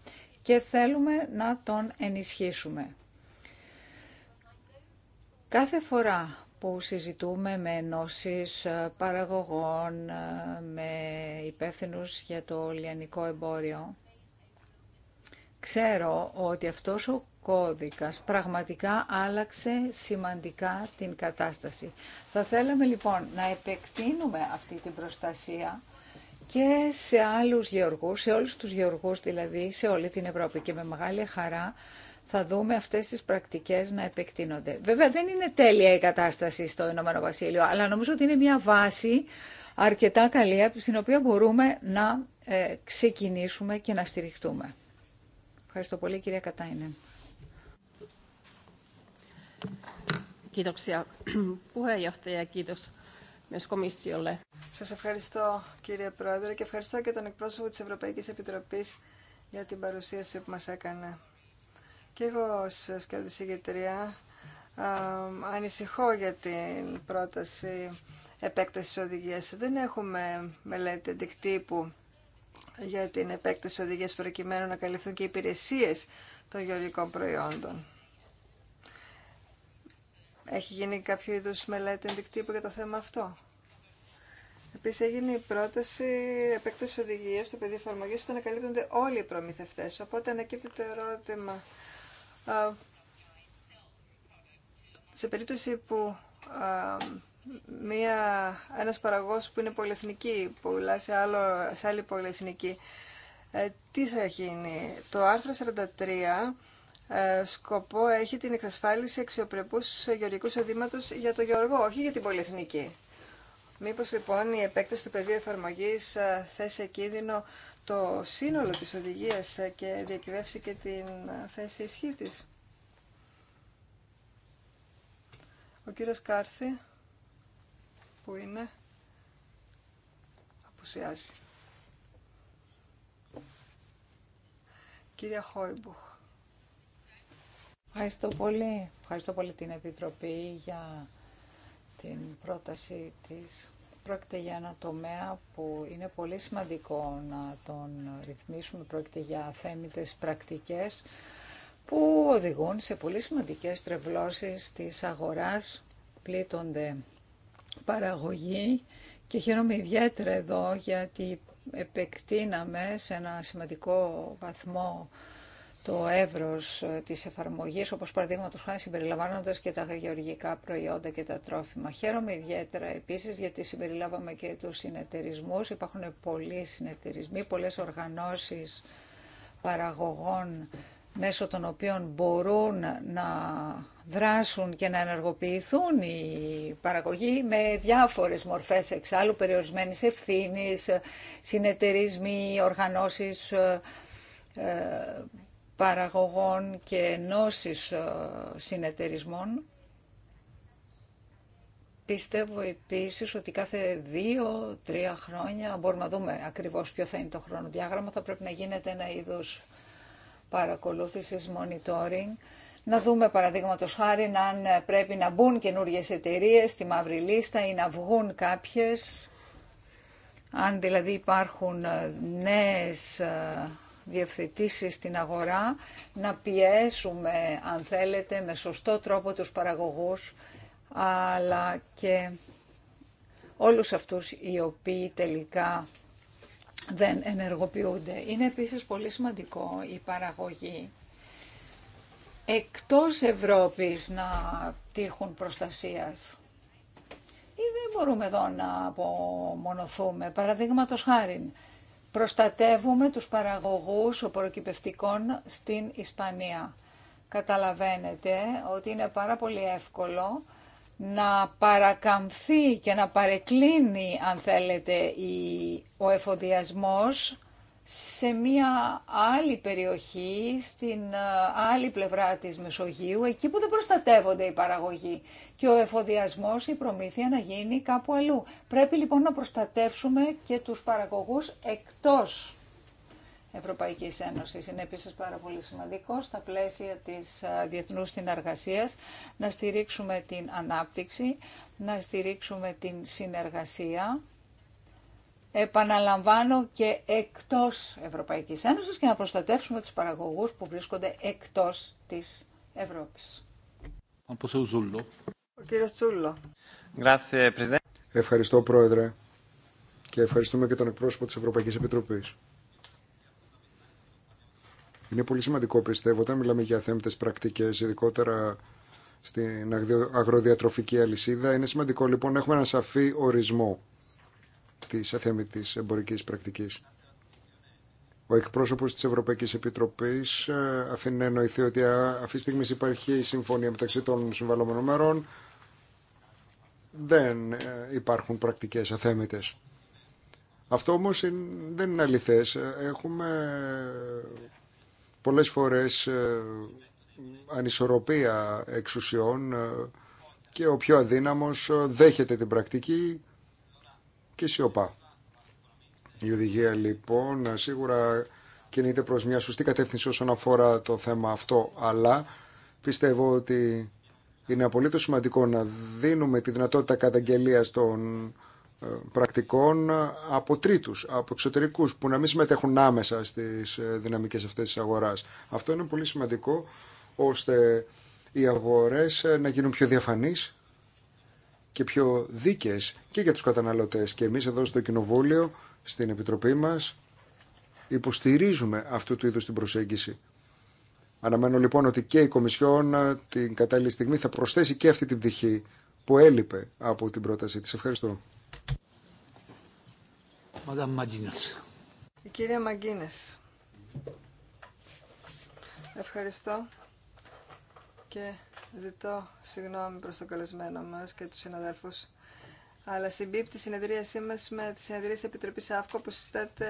και θέλουμε να τον ενισχύσουμε. Κάθε φορά που συζητούμε με ενώσεις ε, παραγωγών, ε, με υπεύθυνους για το λιανικό εμπόριο, Ξέρω ότι αυτός ο κώδικας πραγματικά άλλαξε σημαντικά την κατάσταση. Θα θέλαμε λοιπόν να επεκτείνουμε αυτή την προστασία και σε άλλους γεωργούς, σε όλους τους γεωργούς δηλαδή, σε όλη την Ευρώπη και με μεγάλη χαρά θα δούμε αυτές τις πρακτικές να επεκτείνονται. Βέβαια δεν είναι τέλεια η κατάσταση στο Ηνωμένο Βασίλειο, αλλά νομίζω ότι είναι μια βάση αρκετά καλή, στην οποία μπορούμε να ε, ξεκινήσουμε και να στηριχτούμε. Ευχαριστώ πολύ κυρία Κατάινε. Kiitoksia Σας ευχαριστώ κύριε Πρόεδρε και ευχαριστώ και τον εκπρόσωπο της Ευρωπαϊκής Επιτροπής για την παρουσίαση που μας έκανε. Και εγώ ως σκέφτης ανησυχώ για την πρόταση επέκτασης οδηγίας. Δεν έχουμε μελέτη αντικτύπου για την επέκταση οδηγίας προκειμένου να καλυφθούν και οι υπηρεσίες των γεωργικών προϊόντων. Έχει γίνει κάποιο είδους μελέτη ενδεικτύπου για το θέμα αυτό. Επίσης, έγινε η πρόταση επέκταση οδηγία στο πεδίο εφαρμογή ώστε να καλύπτονται όλοι οι προμηθευτέ. Οπότε ανακύπτει το ερώτημα. σε περίπτωση που μια, ένας παραγός που είναι πολυεθνική, που πουλά σε, άλλο, σε άλλη πολυεθνική, ε, τι θα γίνει. Το άρθρο 43 ε, σκοπό έχει την εξασφάλιση αξιοπρεπούς γεωργικού οδημάτο για το γεωργό, όχι για την πολυεθνική. Μήπως λοιπόν η επέκταση του πεδίου εφαρμογής ε, θέσει σε κίνδυνο το σύνολο της οδηγίας και διακυβεύσει και την θέση ισχύ της. Ο κύριος Κάρθη που είναι απουσιάζει. Κυρία Χόιμπουχ. Ευχαριστώ πολύ. Ευχαριστώ πολύ την Επιτροπή για την πρόταση της. Πρόκειται για ένα τομέα που είναι πολύ σημαντικό να τον ρυθμίσουμε. Πρόκειται για θέμητες πρακτικές που οδηγούν σε πολύ σημαντικές τρευλώσεις της αγοράς. Πλήττονται παραγωγή και χαίρομαι ιδιαίτερα εδώ γιατί επεκτείναμε σε ένα σημαντικό βαθμό το εύρος ε, της εφαρμογής, όπως παραδείγματος χάρη συμπεριλαμβάνοντας και τα γεωργικά προϊόντα και τα τρόφιμα. Χαίρομαι ιδιαίτερα επίσης γιατί συμπεριλάβαμε και τους συνεταιρισμού. Υπάρχουν πολλοί συνεταιρισμοί, πολλές οργανώσεις παραγωγών μέσω των οποίων μπορούν να δράσουν και να ενεργοποιηθούν οι παραγωγοί με διάφορες μορφές εξάλλου περιορισμένης ευθύνη, συνεταιρισμοί, οργανώσεις ε, ε, παραγωγών και ενώσεις ε, συνεταιρισμών. Πιστεύω επίσης ότι κάθε δύο-τρία χρόνια, μπορούμε να δούμε ακριβώς ποιο θα είναι το χρονοδιάγραμμα, θα πρέπει να γίνεται ένα είδος παρακολούθησης, monitoring, να δούμε παραδείγματο χάρη αν πρέπει να μπουν καινούριε εταιρείε στη μαύρη λίστα ή να βγουν κάποιες, αν δηλαδή υπάρχουν ε, νέες ε, διευθετήσεις στην αγορά, να πιέσουμε, αν θέλετε, με σωστό τρόπο τους παραγωγούς, αλλά και όλους αυτούς οι οποίοι τελικά δεν ενεργοποιούνται. Είναι επίσης πολύ σημαντικό η παραγωγή εκτός Ευρώπης να τύχουν προστασίας. Ή δεν μπορούμε εδώ να απομονωθούμε. Παραδείγματο χάρη, προστατεύουμε τους παραγωγούς οπωροκυπευτικών στην Ισπανία. Καταλαβαίνετε ότι είναι πάρα πολύ εύκολο να παρακαμφθεί και να παρεκκλίνει, αν θέλετε, ο εφοδιασμός σε μία άλλη περιοχή, στην ε, άλλη πλευρά της Μεσογείου, εκεί που δεν προστατεύονται οι παραγωγοί και ο εφοδιασμός, η προμήθεια να γίνει κάπου αλλού. Πρέπει λοιπόν να προστατεύσουμε και τους παραγωγούς εκτός Ευρωπαϊκής Ένωσης. Είναι επίσης πάρα πολύ σημαντικό στα πλαίσια της διεθνούς συνεργασίας να στηρίξουμε την ανάπτυξη, να στηρίξουμε την συνεργασία. Επαναλαμβάνω και εκτός Ευρωπαϊκής Ένωσης και να προστατεύσουμε τους παραγωγούς που βρίσκονται εκτός της Ευρώπης. Ο κύριος Τσούλο. Ευχαριστώ Πρόεδρε και ευχαριστούμε και τον εκπρόσωπο της Ευρωπαϊκής Επιτροπής. Είναι πολύ σημαντικό πιστεύω όταν μιλάμε για θέμετες πρακτικές, ειδικότερα στην αγροδιατροφική αλυσίδα. Είναι σημαντικό λοιπόν να έχουμε ένα σαφή ορισμό της αθέμητης εμπορικής πρακτικής. Ο εκπρόσωπο τη Ευρωπαϊκή Επιτροπή ε, αφήνει να εννοηθεί ότι αυτή τη στιγμή υπάρχει η συμφωνία μεταξύ των συμβαλλόμενων μέρων. Δεν ε, υπάρχουν πρακτικέ αθέμητε. Αυτό όμω δεν είναι αληθέ. Έχουμε πολλές φορές ε, ανισορροπία εξουσιών ε, και ο πιο αδύναμος ε, δέχεται την πρακτική και σιωπά. Η οδηγία λοιπόν σίγουρα κινείται προς μια σωστή κατεύθυνση όσον αφορά το θέμα αυτό, αλλά πιστεύω ότι είναι απολύτως σημαντικό να δίνουμε τη δυνατότητα καταγγελίας των ε, πρακτικών ε, από τρίτους, από εξωτερικούς που να μην συμμετέχουν άμεσα στις ε, δυναμικές αυτές της αγοράς. Αυτό είναι πολύ σημαντικό ώστε οι αγορές να γίνουν πιο διαφανείς και πιο δίκες και για τους καταναλωτές. Και εμείς εδώ στο Κοινοβούλιο, στην Επιτροπή μας, υποστηρίζουμε αυτού του είδους την προσέγγιση. Αναμένω λοιπόν ότι και η Κομισιόν την κατάλληλη στιγμή θα προσθέσει και αυτή την πτυχή που έλειπε από την πρόταση της. Ευχαριστώ. Η κυρία Μαγκίνες. Ευχαριστώ και ζητώ συγγνώμη προς το καλεσμένο μας και τους συναδέλφους αλλά συμπίπτει τη συνεδρίασή μας με τη συνεδρίαση της Επιτροπής ΑΦΚΟ που συστάται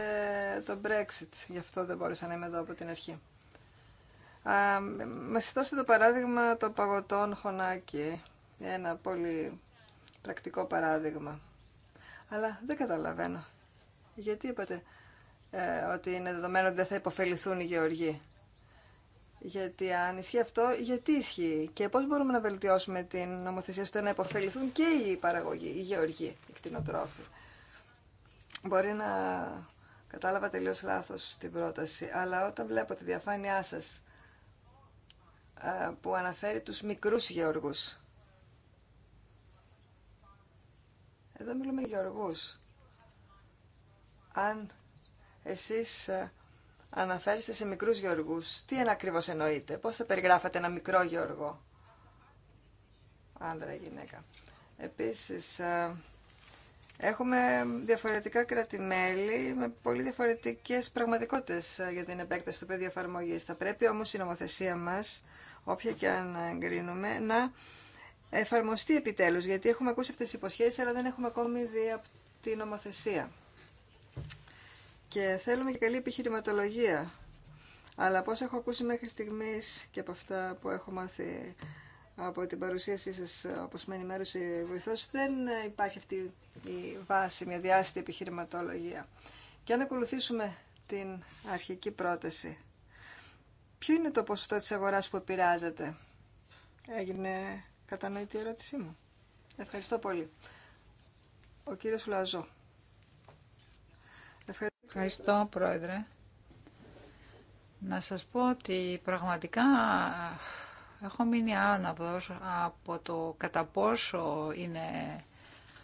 το Brexit. Γι' αυτό δεν μπόρεσα να είμαι εδώ από την αρχή. Α, μας το παράδειγμα των παγωτών Χονάκη. Ένα πολύ πρακτικό παράδειγμα. Αλλά δεν καταλαβαίνω. Γιατί είπατε ε, ότι είναι δεδομένο ότι δεν θα υποφεληθούν οι γεωργοί. Γιατί αν ισχύει αυτό, γιατί ισχύει και πώς μπορούμε να βελτιώσουμε την νομοθεσία ώστε να υποφεληθούν και οι παραγωγοί, οι γεωργοί, οι κτηνοτρόφοι. Μπορεί να κατάλαβα τελείως λάθος την πρόταση, αλλά όταν βλέπω τη διαφάνειά σας ε, που αναφέρει τους μικρούς γεωργούς, Εδώ μιλούμε για οργούς. Αν εσείς ε, αναφέρεστε σε μικρούς γεωργούς, τι είναι ακριβώς εννοείτε, πώς θα περιγράφετε ένα μικρό γεωργό, άντρα ή γυναίκα. Επίσης, ε, Έχουμε διαφορετικά κρατημέλη με πολύ διαφορετικές πραγματικότητες ε, για την επέκταση του πεδίου εφαρμογή. Θα πρέπει όμως η νομοθεσία μας, όποια και αν εγκρίνουμε, να εφαρμοστεί επιτέλους, γιατί έχουμε ακούσει αυτές τις υποσχέσεις, αλλά δεν έχουμε ακόμη δει από την νομοθεσία. Και θέλουμε και καλή επιχειρηματολογία. Αλλά πώς έχω ακούσει μέχρι στιγμής και από αυτά που έχω μάθει από την παρουσίασή σας, όπως με ενημέρωσε η βοηθός, δεν υπάρχει αυτή η βάση, μια διάστη επιχειρηματολογία. Και αν ακολουθήσουμε την αρχική πρόταση, ποιο είναι το ποσοστό της αγοράς που επηρεάζεται. Έγινε Κατανοητή η ερώτησή μου. Ευχαριστώ πολύ. Ο κύριος Λαζό. Ευχαριστώ, Ευχαριστώ πρόεδρε. Να σας πω ότι πραγματικά έχω μείνει άναυδος από το κατά πόσο είναι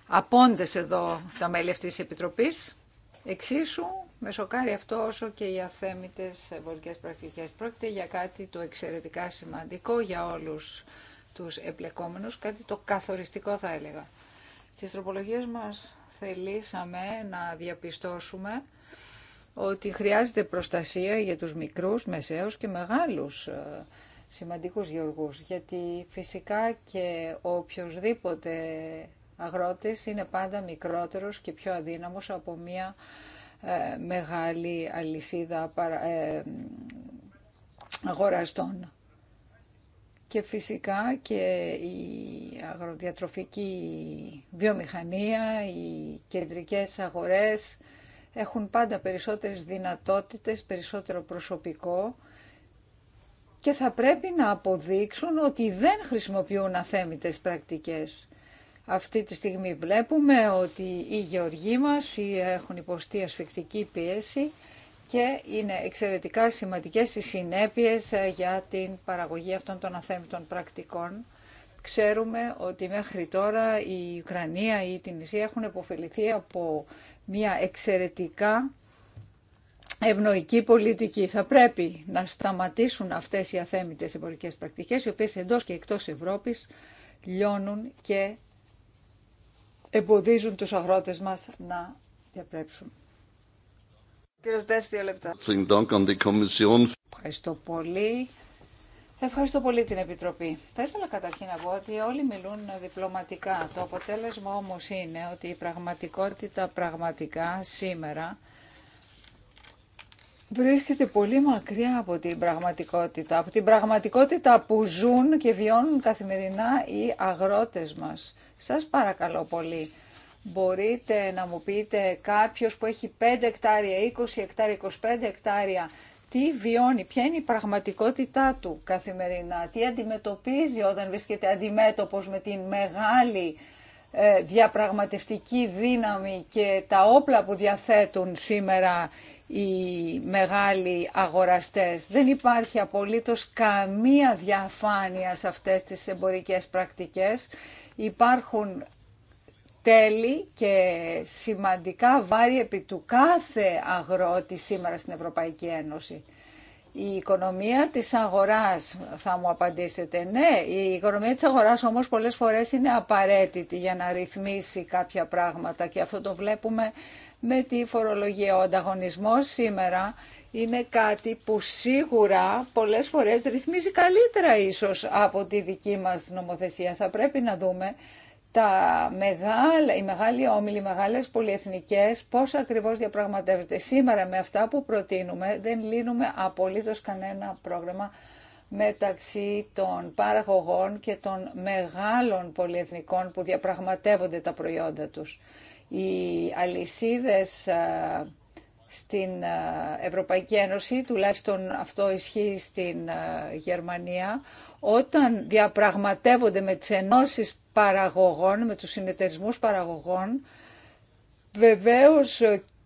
απόντες εδώ τα μέλη αυτής της Επιτροπής. Εξίσου με σοκάρει αυτό όσο και οι αθέμητες εμπορικές πρακτικές. Πρόκειται για κάτι το εξαιρετικά σημαντικό για όλους τους εμπλεκόμενους, κάτι το καθοριστικό θα έλεγα. Στις τροπολογίες μας θελήσαμε να διαπιστώσουμε ότι χρειάζεται προστασία για τους μικρούς, μεσαίους και μεγάλους ε, σημαντικούς γεωργούς, γιατί φυσικά και οποιοδήποτε αγρότης είναι πάντα μικρότερος και πιο αδύναμος από μια ε, μεγάλη αλυσίδα ε, αγοραστών και φυσικά και η αγροδιατροφική βιομηχανία, οι κεντρικές αγορές έχουν πάντα περισσότερες δυνατότητες, περισσότερο προσωπικό και θα πρέπει να αποδείξουν ότι δεν χρησιμοποιούν αθέμητες πρακτικές. Αυτή τη στιγμή βλέπουμε ότι οι γεωργοί μας έχουν υποστεί ασφυκτική πίεση και είναι εξαιρετικά σημαντικές οι συνέπειες ε, για την παραγωγή αυτών των αθέμητων πρακτικών. Ξέρουμε ότι μέχρι τώρα η Ουκρανία ή η η Ισία έχουν υποφεληθεί από μια εξαιρετικά ευνοϊκή πολιτική. Θα πρέπει να σταματήσουν αυτές οι αθέμητες εμπορικές πρακτικές, οι οποίες εντός και εκτός Ευρώπης λιώνουν και εμποδίζουν τους αγρότες μας να διαπρέψουν. Ευχαριστώ πολύ. Ευχαριστώ πολύ την Επιτροπή. Θα ήθελα καταρχήν να πω ότι όλοι μιλούν διπλωματικά. Το αποτέλεσμα όμως είναι ότι η πραγματικότητα πραγματικά σήμερα βρίσκεται πολύ μακριά από την πραγματικότητα, από την πραγματικότητα που ζουν και βιώνουν καθημερινά οι αγρότες μας. Σας παρακαλώ πολύ, Μπορείτε να μου πείτε κάποιος που έχει 5 εκτάρια, 20 εκτάρια, 25 εκτάρια, τι βιώνει, ποια είναι η πραγματικότητά του καθημερινά, τι αντιμετωπίζει όταν βρίσκεται αντιμέτωπος με την μεγάλη ε, διαπραγματευτική δύναμη και τα όπλα που διαθέτουν σήμερα οι μεγάλοι αγοραστές. Δεν υπάρχει απολύτως καμία διαφάνεια σε αυτές τις εμπορικές πρακτικές. Υπάρχουν τέλη και σημαντικά βάρη επί του κάθε αγρότη σήμερα στην Ευρωπαϊκή Ένωση. Η οικονομία της αγοράς, θα μου απαντήσετε, ναι, η οικονομία της αγοράς όμως πολλές φορές είναι απαραίτητη για να ρυθμίσει κάποια πράγματα και αυτό το βλέπουμε με τη φορολογία. Ο ανταγωνισμός σήμερα είναι κάτι που σίγουρα πολλές φορές ρυθμίζει καλύτερα ίσως από τη δική μας νομοθεσία. Θα πρέπει να δούμε τα μεγάλα, οι μεγάλοι όμιλοι, οι μεγάλες πολυεθνικές, πώς ακριβώς διαπραγματεύονται. Σήμερα με αυτά που προτείνουμε δεν λύνουμε απολύτως κανένα πρόγραμμα μεταξύ των παραγωγών και των μεγάλων πολυεθνικών που διαπραγματεύονται τα προϊόντα τους. Οι αλυσίδες στην Ευρωπαϊκή Ένωση, τουλάχιστον αυτό ισχύει στην Γερμανία, όταν διαπραγματεύονται με τις ενώσεις παραγωγών, με τους συνεταιρισμούς παραγωγών. Βεβαίως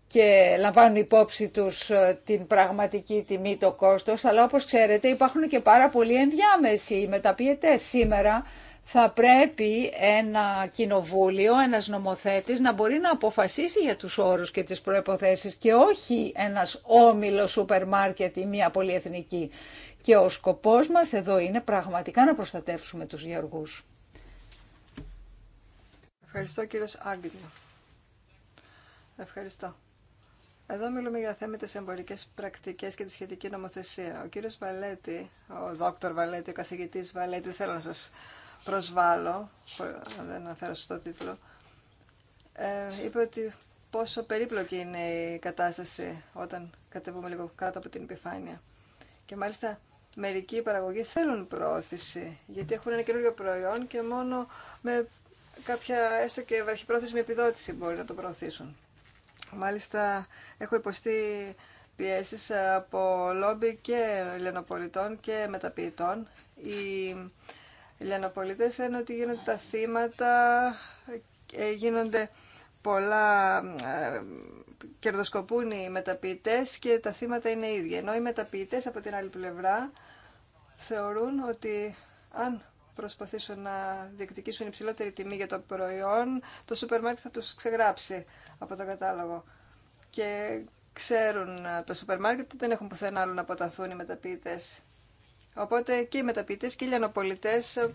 και λαμβάνουν υπόψη τους ε, την πραγματική τιμή, το κόστος, αλλά όπως ξέρετε υπάρχουν και πάρα πολλοί ενδιάμεσοι μεταποιητές. Σήμερα θα πρέπει ένα κοινοβούλιο, ένας νομοθέτης να μπορεί να αποφασίσει για τους όρους και τις προϋποθέσεις και όχι ένας όμιλο σούπερ μάρκετ ή μια πολυεθνική. Και ο σκοπός μας εδώ είναι πραγματικά να προστατεύσουμε τους γεωργούς. Ευχαριστώ κύριος Άγγλιο. Ευχαριστώ. Εδώ μιλούμε για θέμετες εμπορικές πρακτικές και τη σχετική νομοθεσία. Ο κύριος Βαλέτη, ο δόκτωρ Βαλέτη, ο καθηγητής Βαλέτη, θέλω να σας προσβάλλω, δεν αναφέρω στο τίτλο, ε, είπε ότι πόσο περίπλοκη είναι η κατάσταση όταν κατεβούμε λίγο κάτω από την επιφάνεια. Και μάλιστα μερικοί παραγωγοί θέλουν προώθηση, γιατί έχουν ένα καινούργιο προϊόν και μόνο με κάποια έστω και βραχυπρόθεσμη επιδότηση μπορεί να το προωθήσουν. Μάλιστα έχω υποστεί πιέσεις από λόμπι και λενοπολιτών και μεταποιητών. Οι λενοπολιτές λένε ότι γίνονται τα θύματα, ε, γίνονται πολλά, ε, κερδοσκοπούν οι μεταποιητές και τα θύματα είναι ίδια. Ενώ οι μεταποιητές από την άλλη πλευρά θεωρούν ότι αν προσπαθήσουν να διεκδικήσουν υψηλότερη τιμή για το προϊόν, το σούπερ μάρκετ θα τους ξεγράψει από το κατάλογο. Και ξέρουν ε, τα σούπερ μάρκετ ότι δεν έχουν πουθενά άλλο να αποταθούν οι μεταποιητές. Οπότε και οι μεταποιητές και οι λιανοπολιτές ε,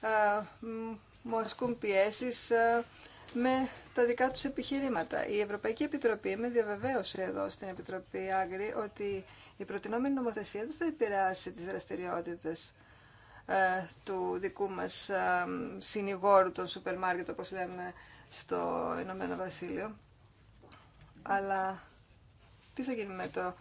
ε, μου ασκούν πιέσεις με τα δικά τους επιχειρήματα. Η Ευρωπαϊκή Επιτροπή με διαβεβαίωσε εδώ στην Επιτροπή Άγκρη ότι η προτινόμενη νομοθεσία δεν θα επηρεάσει τις δραστηριότητες ε, του δικού μας ε, συνηγόρου των σούπερ μάρκετ, όπως λέμε στο Ηνωμένο Βασίλειο. Αλλά τι θα γίνει με το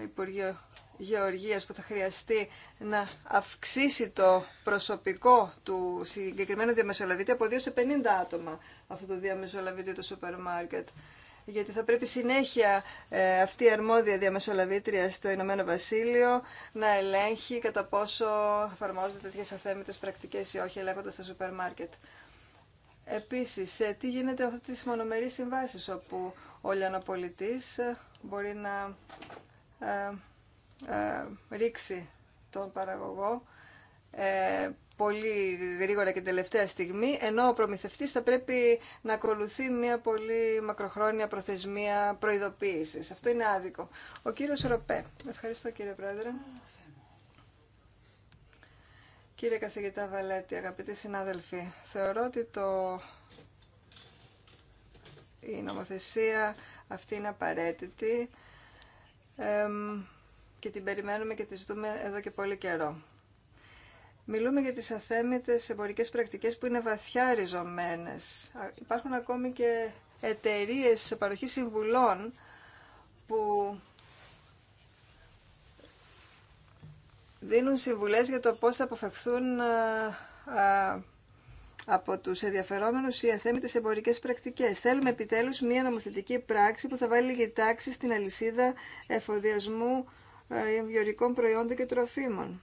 Υπουργείο Γεωργίας που θα χρειαστεί να αυξήσει το προσωπικό του συγκεκριμένου διαμεσολαβητή από 2 σε 50 άτομα αυτού του διαμεσολαβητή του σούπερ μάρκετ γιατί θα πρέπει συνέχεια ε, αυτή η αρμόδια διαμεσολαβήτρια στο Ηνωμένο Βασίλειο να ελέγχει κατά πόσο εφαρμόζονται τέτοιε αθέμητε πρακτικέ ή όχι, ελέγχοντα τα σούπερ μάρκετ. Επίση, ε, τι γίνεται με αυτέ τι μονομερεί συμβάσει, όπου ο λιανοπολιτή ε, μπορεί να ρίξει τον παραγωγό πολύ γρήγορα και τελευταία στιγμή, ενώ ο προμηθευτής θα πρέπει να ακολουθεί μια πολύ μακροχρόνια προθεσμία προειδοποίησης. Αυτό είναι άδικο. Ο κύριος Ροπέ. Ευχαριστώ κύριε Πρόεδρε. Κύριε καθηγητά Βαλέτη, αγαπητοί συνάδελφοι, θεωρώ ότι το... η νομοθεσία αυτή είναι απαραίτητη και την περιμένουμε και τη ζητούμε εδώ και πολύ καιρό. Μιλούμε για τις αθέμητες εμπορικές πρακτικές που είναι βαθιά ριζωμένες. Υπάρχουν ακόμη και εταιρείε παροχή συμβουλών που δίνουν συμβουλές για το πώς θα αποφευχθούν από τους ενδιαφερόμενους οι αθέμητες εμπορικές πρακτικές. Θέλουμε επιτέλους μια νομοθετική πράξη που θα βάλει λίγη τάξη στην αλυσίδα εφοδιασμού εμβιορικών προϊόντων και τροφίμων.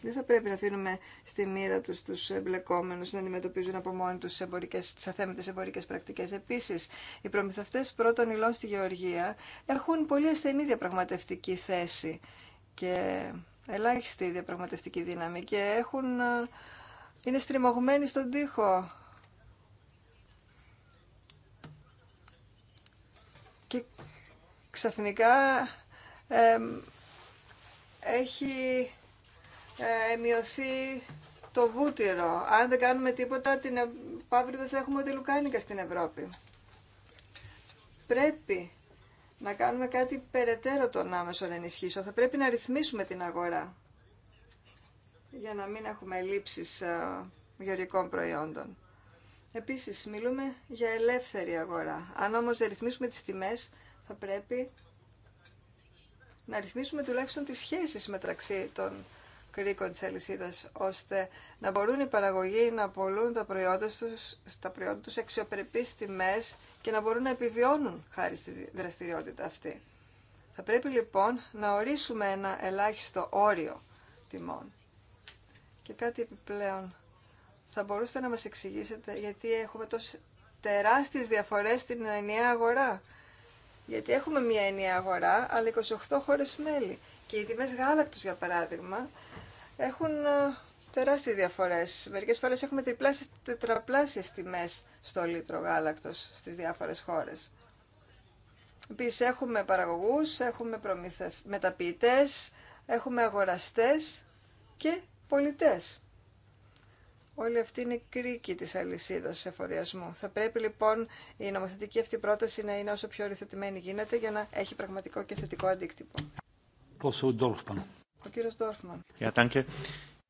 Δεν θα πρέπει να αφήνουμε στη μοίρα του του εμπλεκόμενου να αντιμετωπίζουν από μόνοι τους τι εμπορικές, εμπορικέ πρακτικέ. εμπορικές πρακτικές. Επίσης, οι προμηθευτέ πρώτων υλών στη Γεωργία έχουν πολύ ασθενή διαπραγματευτική θέση και ελάχιστη διαπραγματευτική δύναμη και έχουν, ε, είναι στριμωγμένοι στον τοίχο. Και ξαφνικά ε, έχει ε, μειωθεί το βούτυρο. Αν δεν κάνουμε τίποτα, την αύριο δεν θα έχουμε ούτε λουκάνικα στην Ευρώπη. Πρέπει να κάνουμε κάτι περαιτέρω των άμεσων ενισχύσεων. Θα πρέπει να ρυθμίσουμε την αγορά για να μην έχουμε λήψεις ε, γεωργικών προϊόντων. Επίσης, μιλούμε για ελεύθερη αγορά. Αν όμως δεν ρυθμίσουμε τις τιμές, θα πρέπει να ρυθμίσουμε τουλάχιστον τις σχέσεις μεταξύ των κρίκο της αλυσίδα, ώστε να μπορούν οι παραγωγοί να απολούν τα προϊόντα τους, στα προϊόντα τους αξιοπρεπείς τιμές και να μπορούν να επιβιώνουν χάρη στη δραστηριότητα αυτή. Θα πρέπει λοιπόν να ορίσουμε ένα ελάχιστο όριο τιμών. Και κάτι επιπλέον, θα μπορούσατε να μας εξηγήσετε γιατί έχουμε τόσο τεράστιες διαφορές στην ενιαία αγορά. Γιατί έχουμε μια ενιαία αγορά, αλλά 28 χώρες μέλη. Και οι τιμές γάλακτος, για παράδειγμα, έχουν ε, τεράστιες διαφορές. Μερικές φορές έχουμε τριπλάσιες, τετραπλάσιες τιμές στο λίτρο γάλακτος στις διάφορες χώρες. Επίσης έχουμε παραγωγούς, έχουμε προμηθευ... μεταποιητές, έχουμε αγοραστές και πολιτές. Όλοι αυτοί είναι κρίκοι της αλυσίδας εφοδιασμού. Θα πρέπει λοιπόν η νομοθετική αυτή πρόταση να είναι όσο πιο οριθετημένη γίνεται για να έχει πραγματικό και θετικό αντίκτυπο. Πόσο ο κύριος Ντόρφμαν. Τάνκε.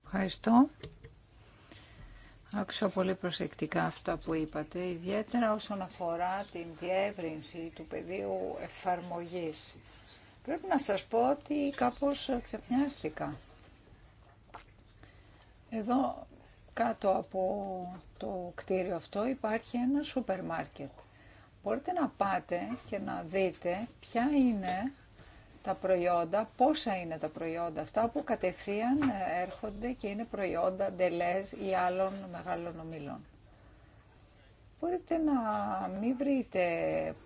Ευχαριστώ. Άκουσα πολύ προσεκτικά αυτά που είπατε, ιδιαίτερα όσον αφορά την διεύρυνση του πεδίου εφαρμογής. Πρέπει να σας πω ότι κάπως ξεπνιάστηκα. Εδώ κάτω από το κτίριο αυτό υπάρχει ένα σούπερ μάρκετ. Μπορείτε να πάτε και να δείτε ποια είναι τα προϊόντα, πόσα είναι τα προϊόντα αυτά που κατευθείαν ε, έρχονται και είναι προϊόντα ντελές ή άλλων μεγάλων ομίλων. Μπορείτε να μην βρείτε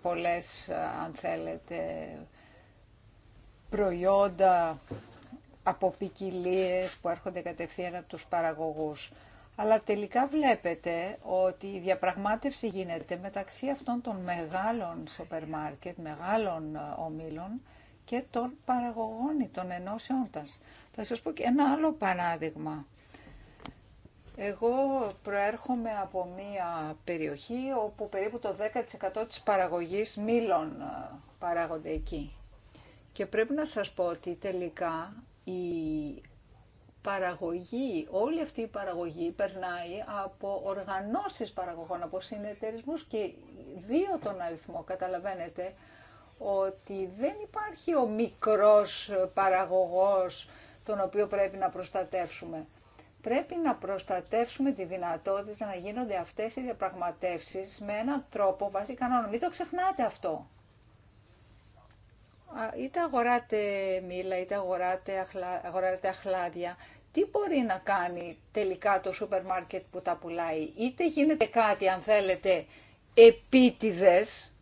πολλές, ε, αν θέλετε, προϊόντα από ποικιλίε που έρχονται κατευθείαν από τους παραγωγούς. Αλλά τελικά βλέπετε ότι η διαπραγμάτευση γίνεται μεταξύ αυτών των μεγάλων σοπερμάρκετ, μεγάλων ε, ομίλων, και των παραγωγών ή των ενώσεών τα. Θα σας πω και ένα άλλο παράδειγμα. Εγώ προέρχομαι από μία περιοχή όπου περίπου το 10% της παραγωγής μήλων ε, παράγονται εκεί. Και πρέπει να σας πω ότι τελικά η παραγωγή, όλη αυτή η παραγωγή περνάει από οργανώσεις παραγωγών, από συνεταιρισμούς και δύο τον αριθμό, καταλαβαίνετε, ότι δεν υπάρχει ο μικρός παραγωγός τον οποίο πρέπει να προστατεύσουμε. Πρέπει να προστατεύσουμε τη δυνατότητα να γίνονται αυτές οι διαπραγματεύσεις με έναν τρόπο βάσει κανόνων. Μην το ξεχνάτε αυτό. Είτε αγοράτε μήλα, είτε αγοράτε αχλα... αγοράζετε αχλάδια. Τι μπορεί να κάνει τελικά το σούπερ μάρκετ που τα πουλάει. Είτε γίνεται κάτι αν θέλετε επίτηδες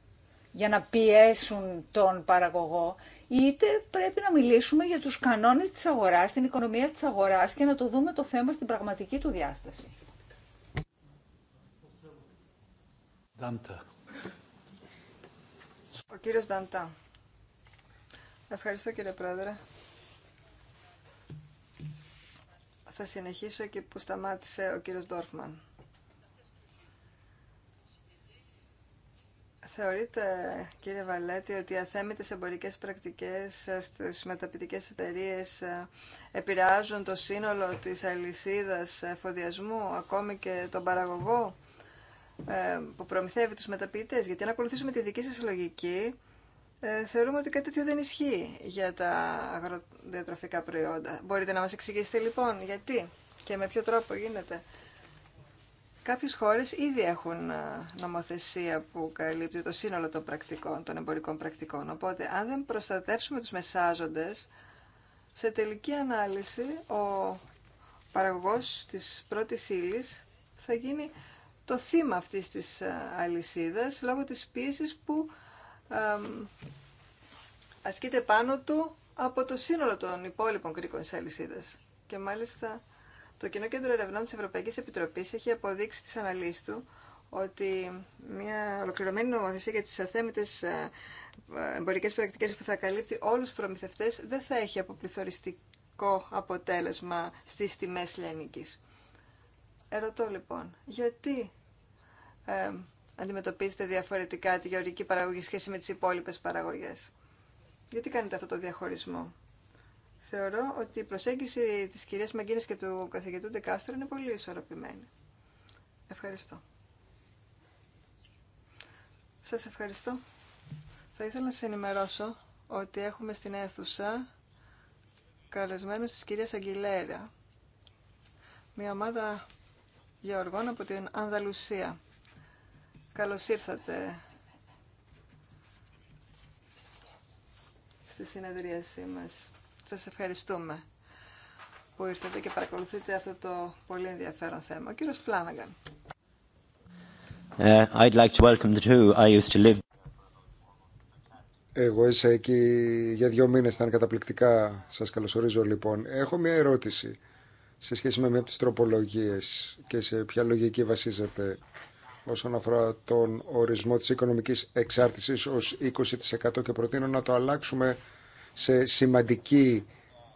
για να πιέσουν τον παραγωγό, είτε πρέπει να μιλήσουμε για τους κανόνες της αγοράς, την οικονομία της αγοράς και να το δούμε το θέμα στην πραγματική του διάσταση. Ο κύριος Νταντά. Ευχαριστώ κύριε Πρόεδρε. Θα συνεχίσω εκεί που σταμάτησε ο κύριος Ντόρφμαν. Θεωρείτε, κύριε Βαλέτη, ότι οι αθέμητες εμπορικές πρακτικές στις μεταπητικές εταιρείε ε, επηρεάζουν το σύνολο της αλυσίδας ε, εφοδιασμού, ακόμη και τον παραγωγό ε, που προμηθεύει τους μεταπητές. Γιατί αν ακολουθήσουμε τη δική σας λογική, θεωρούμε ότι κάτι τέτοιο δεν ισχύει για τα αγροδιατροφικά προϊόντα. Μπορείτε να μας εξηγήσετε λοιπόν γιατί και με ποιο τρόπο γίνεται. Κάποιες χώρες ήδη έχουν νομοθεσία που καλύπτει το σύνολο των πρακτικών, των εμπορικών πρακτικών. Οπότε, αν δεν προστατεύσουμε τους μεσάζοντες, σε τελική ανάλυση ο παραγωγός της πρώτης ύλη θα γίνει το θύμα αυτής της αλυσίδας λόγω της πίεσης που ασκείται πάνω του από το σύνολο των υπόλοιπων κρίκων της αλυσίδας. Και μάλιστα το Κοινό Κέντρο Ερευνών της Ευρωπαϊκής Επιτροπής έχει αποδείξει στις αναλύσεις του ότι μια ολοκληρωμένη νομοθεσία για τις αθέμητες ε, εμπορικές πρακτικές που θα καλύπτει όλους τους προμηθευτές δεν θα έχει αποπληθωριστικό αποτέλεσμα στις τιμές λιανικής. Ερωτώ λοιπόν, γιατί ε, αντιμετωπίζετε διαφορετικά τη γεωργική παραγωγή σχέση με τις υπόλοιπες παραγωγές. Γιατί κάνετε αυτό το διαχωρισμό θεωρώ ότι η προσέγγιση της κυρίας Μαγκίνης και του καθηγητού Ντεκάστρο είναι πολύ ισορροπημένη. Ευχαριστώ. Σας ευχαριστώ. Θα ήθελα να σας ενημερώσω ότι έχουμε στην αίθουσα καλεσμένους της κυρίας Αγγιλέρα, μια ομάδα γεωργών από την Ανδαλουσία. Καλώς ήρθατε στη συνεδρίασή μας. Σας ευχαριστούμε που ήρθατε και παρακολουθείτε αυτό το πολύ ενδιαφέρον θέμα. Ο κύριος Φλάναγκαν. Ε, I'd like to welcome the two. I used to live... Εγώ είσαι εκεί για δύο μήνες, ήταν καταπληκτικά. Σας καλωσορίζω λοιπόν. Έχω μια ερώτηση σε σχέση με μια από τις τροπολογίες και σε ποια λογική βασίζεται όσον αφορά τον ορισμό της οικονομικής εξάρτησης ως 20% και προτείνω να το αλλάξουμε σε σημαντική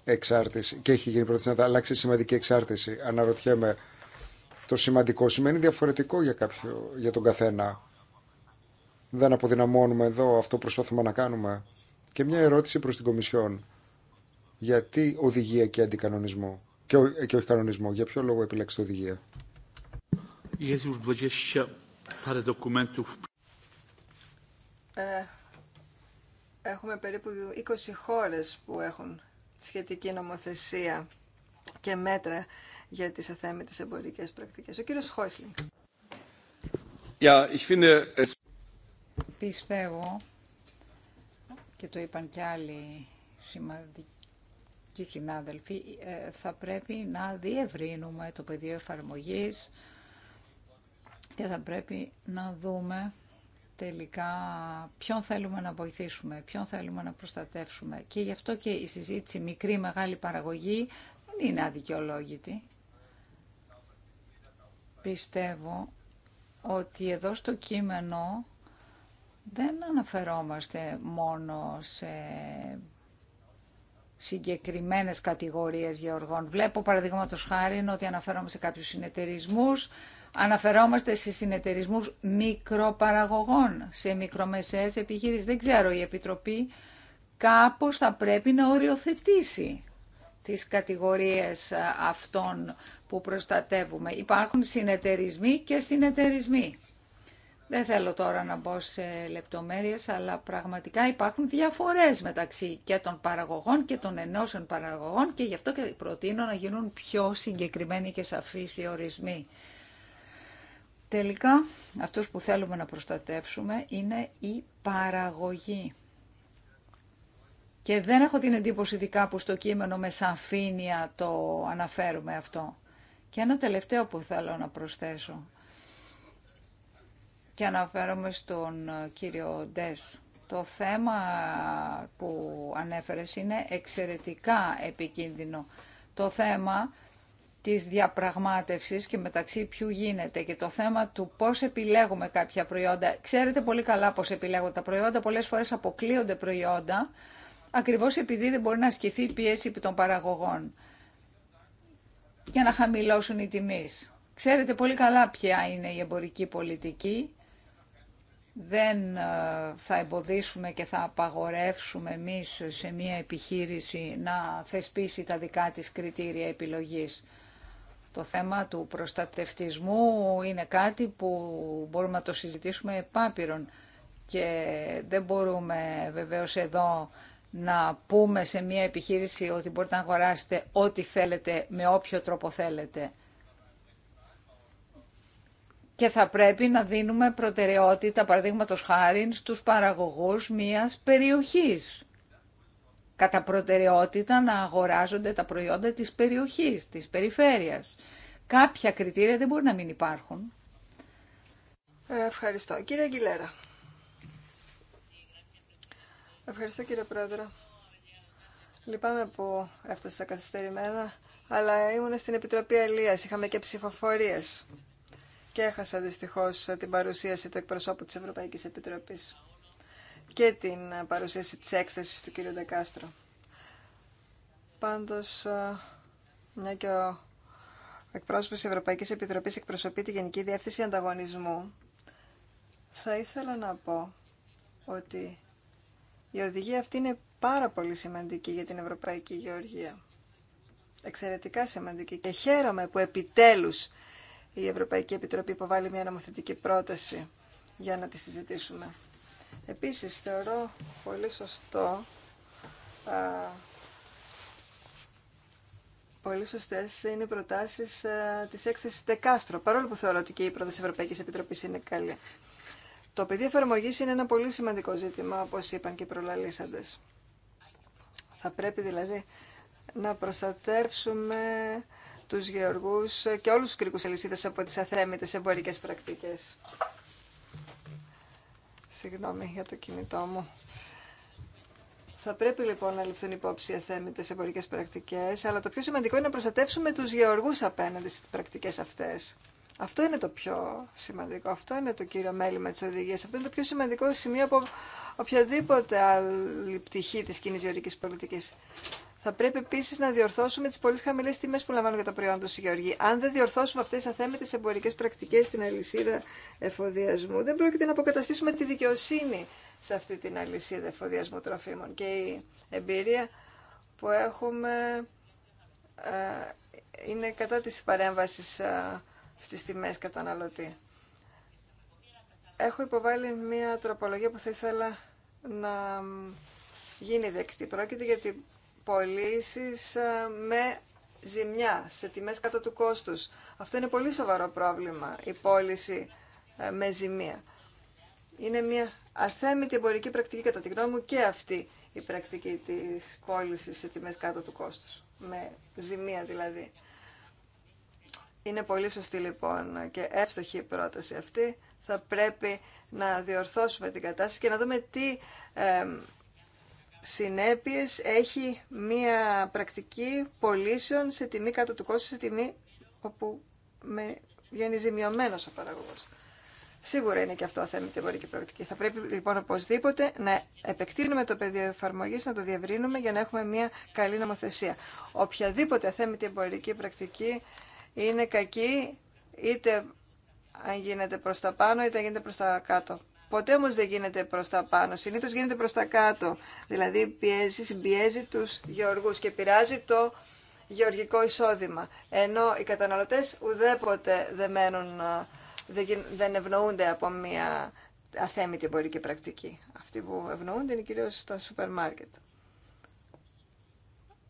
εξάρτηση και έχει γίνει πρόταση να τα αλλάξει σημαντική εξάρτηση. Αναρωτιέμαι, το σημαντικό σημαίνει διαφορετικό για, κάποιο, για τον καθένα. Δεν αποδυναμώνουμε εδώ, αυτό προσπαθούμε να κάνουμε. Και μια ερώτηση προς την Κομισιόν. Γιατί οδηγία και αντικανονισμό και, και όχι κανονισμό, για ποιο λόγο επιλέξετε οδηγία έχουμε περίπου 20 χώρες που έχουν σχετική νομοθεσία και μέτρα για τις αθέμητες εμπορικές πρακτικές. Ο κύριος Χόισλινγκ. Πιστεύω, και το είπαν και άλλοι σημαντικοί συνάδελφοι, ε, θα πρέπει να διευρύνουμε το πεδίο εφαρμογής και θα πρέπει να δούμε τελικά ποιον θέλουμε να βοηθήσουμε, ποιον θέλουμε να προστατεύσουμε. Και γι' αυτό και η συζήτηση μικρή-μεγάλη παραγωγή δεν είναι αδικαιολόγητη. Πιστεύω ότι εδώ στο κείμενο δεν αναφερόμαστε μόνο σε συγκεκριμένες κατηγορίες γεωργών. Βλέπω παραδείγματος χάρη ότι αναφέρομαι σε κάποιους συνεταιρισμούς Αναφερόμαστε σε συνεταιρισμού μικροπαραγωγών, σε μικρομεσαίες επιχείρησεις. Δεν ξέρω, η Επιτροπή κάπω θα πρέπει να οριοθετήσει τις κατηγορίες αυτών που προστατεύουμε. Υπάρχουν συνεταιρισμοί και συνεταιρισμοί. Δεν θέλω τώρα να μπω σε λεπτομέρειες, αλλά πραγματικά υπάρχουν διαφορές μεταξύ και των παραγωγών και των ενώσεων παραγωγών και γι' αυτό και προτείνω να γίνουν πιο συγκεκριμένοι και σαφείς οι ορισμοί. Τελικά, αυτούς που θέλουμε να προστατεύσουμε είναι η παραγωγή. Και δεν έχω την εντύπωση δικά που στο κείμενο με σαφήνεια το αναφέρουμε αυτό. Και ένα τελευταίο που θέλω να προσθέσω. Και αναφέρομαι στον κύριο Ντες. Το θέμα που ανέφερες είναι εξαιρετικά επικίνδυνο. Το θέμα της διαπραγμάτευσης και μεταξύ ποιου γίνεται και το θέμα του πώς επιλέγουμε κάποια προϊόντα. Ξέρετε πολύ καλά πώς επιλέγω τα προϊόντα, πολλές φορές αποκλείονται προϊόντα, ακριβώς επειδή δεν μπορεί να ασκηθεί η πίεση των παραγωγών για να χαμηλώσουν οι τιμές. Ξέρετε πολύ καλά ποια είναι η εμπορική πολιτική. Δεν ε, θα εμποδίσουμε και θα απαγορεύσουμε εμείς σε μια επιχείρηση να θεσπίσει τα δικά της κριτήρια επιλογής. Το θέμα του προστατευτισμού είναι κάτι που μπορούμε να το συζητήσουμε επάπειρον και δεν μπορούμε βεβαίως εδώ να πούμε σε μια επιχείρηση ότι μπορείτε να αγοράσετε ό,τι θέλετε με όποιο τρόπο θέλετε. Και θα πρέπει να δίνουμε προτεραιότητα, παραδείγματος χάρη, στους παραγωγούς μιας περιοχής κατά προτεραιότητα να αγοράζονται τα προϊόντα της περιοχής, της περιφέρειας. Κάποια κριτήρια δεν μπορεί να μην υπάρχουν. Ευχαριστώ. Κύριε Αγγιλέρα. Ευχαριστώ κύριε Πρόεδρε. Λυπάμαι που έφτασα καθυστερημένα, αλλά ήμουν στην Επιτροπή Ελίας. είχαμε και ψηφοφορίες και έχασα δυστυχώς την παρουσίαση του εκπροσώπου της Ευρωπαϊκής Επιτροπής και την ε, παρουσίαση της έκθεσης του κ. Ντακάστρο. Πάντως, ε, μια και ο εκπρόσωπος της Ευρωπαϊκής Επιτροπής εκπροσωπεί τη Γενική Διεύθυνση Ανταγωνισμού, θα ήθελα να πω ότι η οδηγία αυτή είναι πάρα πολύ σημαντική για την Ευρωπαϊκή Γεωργία. Εξαιρετικά σημαντική και χαίρομαι που επιτέλους η Ευρωπαϊκή Επιτροπή υποβάλλει μια νομοθετική πρόταση για να τη συζητήσουμε. Επίσης, θεωρώ πολύ σωστό, α, πολύ σωστές είναι οι προτάσεις α, της έκθεσης Δεκάστρο, παρόλο που θεωρώ ότι και η πρόταση Ευρωπαϊκής Επιτροπής είναι καλή. Το πεδίο εφαρμογή είναι ένα πολύ σημαντικό ζήτημα, όπως είπαν και οι προλαλήσαντες. Θα πρέπει δηλαδή να προστατεύσουμε τους γεωργούς και όλους τους κρίκους αλυσίδες από τις αθέμητες εμπορικές πρακτικές. Συγγνώμη για το κινητό μου. Θα πρέπει λοιπόν να ληφθούν υπόψη οι αθέμητε εμπορικέ πρακτικέ, αλλά το πιο σημαντικό είναι να προστατεύσουμε του γεωργού απέναντι στι πρακτικέ αυτέ. Αυτό είναι το πιο σημαντικό. Αυτό είναι το κύριο μέλημα τη οδηγία. Αυτό είναι το πιο σημαντικό σημείο από οποιαδήποτε άλλη πτυχή τη κοινή γεωργική πολιτική. Θα πρέπει επίση να διορθώσουμε τι πολύ χαμηλέ τιμέ που λαμβάνουν για τα προϊόντα του Γεωργοί. Αν δεν διορθώσουμε αυτέ τι αθέμετε εμπορικέ πρακτικέ στην αλυσίδα εφοδιασμού, δεν πρόκειται να αποκαταστήσουμε τη δικαιοσύνη σε αυτή την αλυσίδα εφοδιασμού τροφίμων. Και η εμπειρία που έχουμε ε, είναι κατά τις παρέμβαση ε, στι τιμέ καταναλωτή. Έχω υποβάλει μια τροπολογία που θα ήθελα να γίνει δεκτή. Πρόκειται για πωλήσει ε, με ζημιά, σε τιμές κάτω του κόστους. Αυτό είναι πολύ σοβαρό πρόβλημα, η πώληση ε, με ζημία. Είναι μια αθέμητη εμπορική πρακτική, κατά τη γνώμη μου, και αυτή η πρακτική της πώληση σε τιμές κάτω του κόστους, με ζημία δηλαδή. Είναι πολύ σωστή λοιπόν και εύστοχη η πρόταση αυτή. Θα πρέπει να διορθώσουμε την κατάσταση και να δούμε τι ε, συνέπειες έχει μία πρακτική πωλήσεων σε τιμή κάτω του κόστου, σε τιμή όπου με βγαίνει ζημιωμένος ο παραγωγός. Σίγουρα είναι και αυτό αθέμητη εμπορική πρακτική. Θα πρέπει λοιπόν οπωσδήποτε να επεκτείνουμε το πεδίο εφαρμογή, να το διευρύνουμε για να έχουμε μια καλή νομοθεσία. Οποιαδήποτε αθέμητη εμπορική πρακτική είναι κακή, είτε αν γίνεται προ τα πάνω είτε αν γίνεται προ τα κάτω. Ποτέ όμω δεν γίνεται προ τα πάνω. Συνήθω γίνεται προ τα κάτω. Δηλαδή πιέζει, συμπιέζει του γεωργού και πειράζει το γεωργικό εισόδημα. Ενώ οι καταναλωτέ ουδέποτε δεν, δεν ευνοούνται από μια αθέμητη εμπορική πρακτική. Αυτοί που ευνοούνται είναι κυρίω στα σούπερ μάρκετ.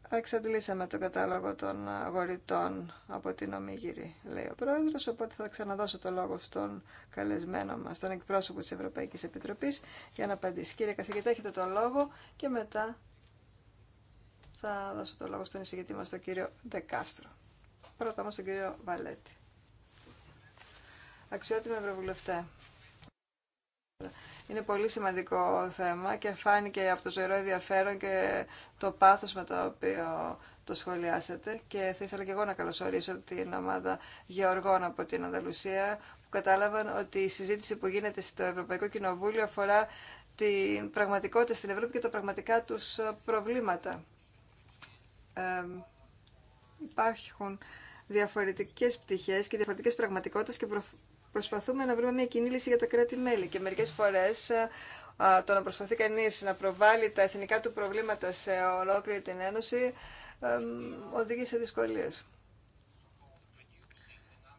Εξαντλήσαμε τον κατάλογο των αγορητών από την Ομίγυρη, λέει ο πρόεδρο, οπότε θα ξαναδώσω το λόγο στον καλεσμένο μας, τον εκπρόσωπο της Ευρωπαϊκής Επιτροπής, για να απαντήσει. Κύριε καθηγητά, έχετε το λόγο και μετά θα δώσω το λόγο στον εισηγητή μας, τον κύριο Δεκάστρο. Πρώτα όμω τον κύριο Βαλέτη. Αξιότιμη Ευρωβουλευτέ. Είναι πολύ σημαντικό θέμα και φάνηκε από το ζωηρό ενδιαφέρον και το πάθος με το οποίο το σχολιάσατε και θα ήθελα και εγώ να καλωσορίσω την ομάδα γεωργών από την Ανταλουσία που κατάλαβαν ότι η συζήτηση που γίνεται στο Ευρωπαϊκό Κοινοβούλιο αφορά την πραγματικότητα στην Ευρώπη και τα πραγματικά τους προβλήματα. υπάρχουν διαφορετικές πτυχές και διαφορετικές πραγματικότητες και προσπαθούμε να βρούμε μια κοινή λύση για τα κράτη-μέλη και μερικές φορές ε, το να προσπαθεί κανείς να προβάλλει τα εθνικά του προβλήματα σε ολόκληρη την Ένωση οδηγεί σε δυσκολίες.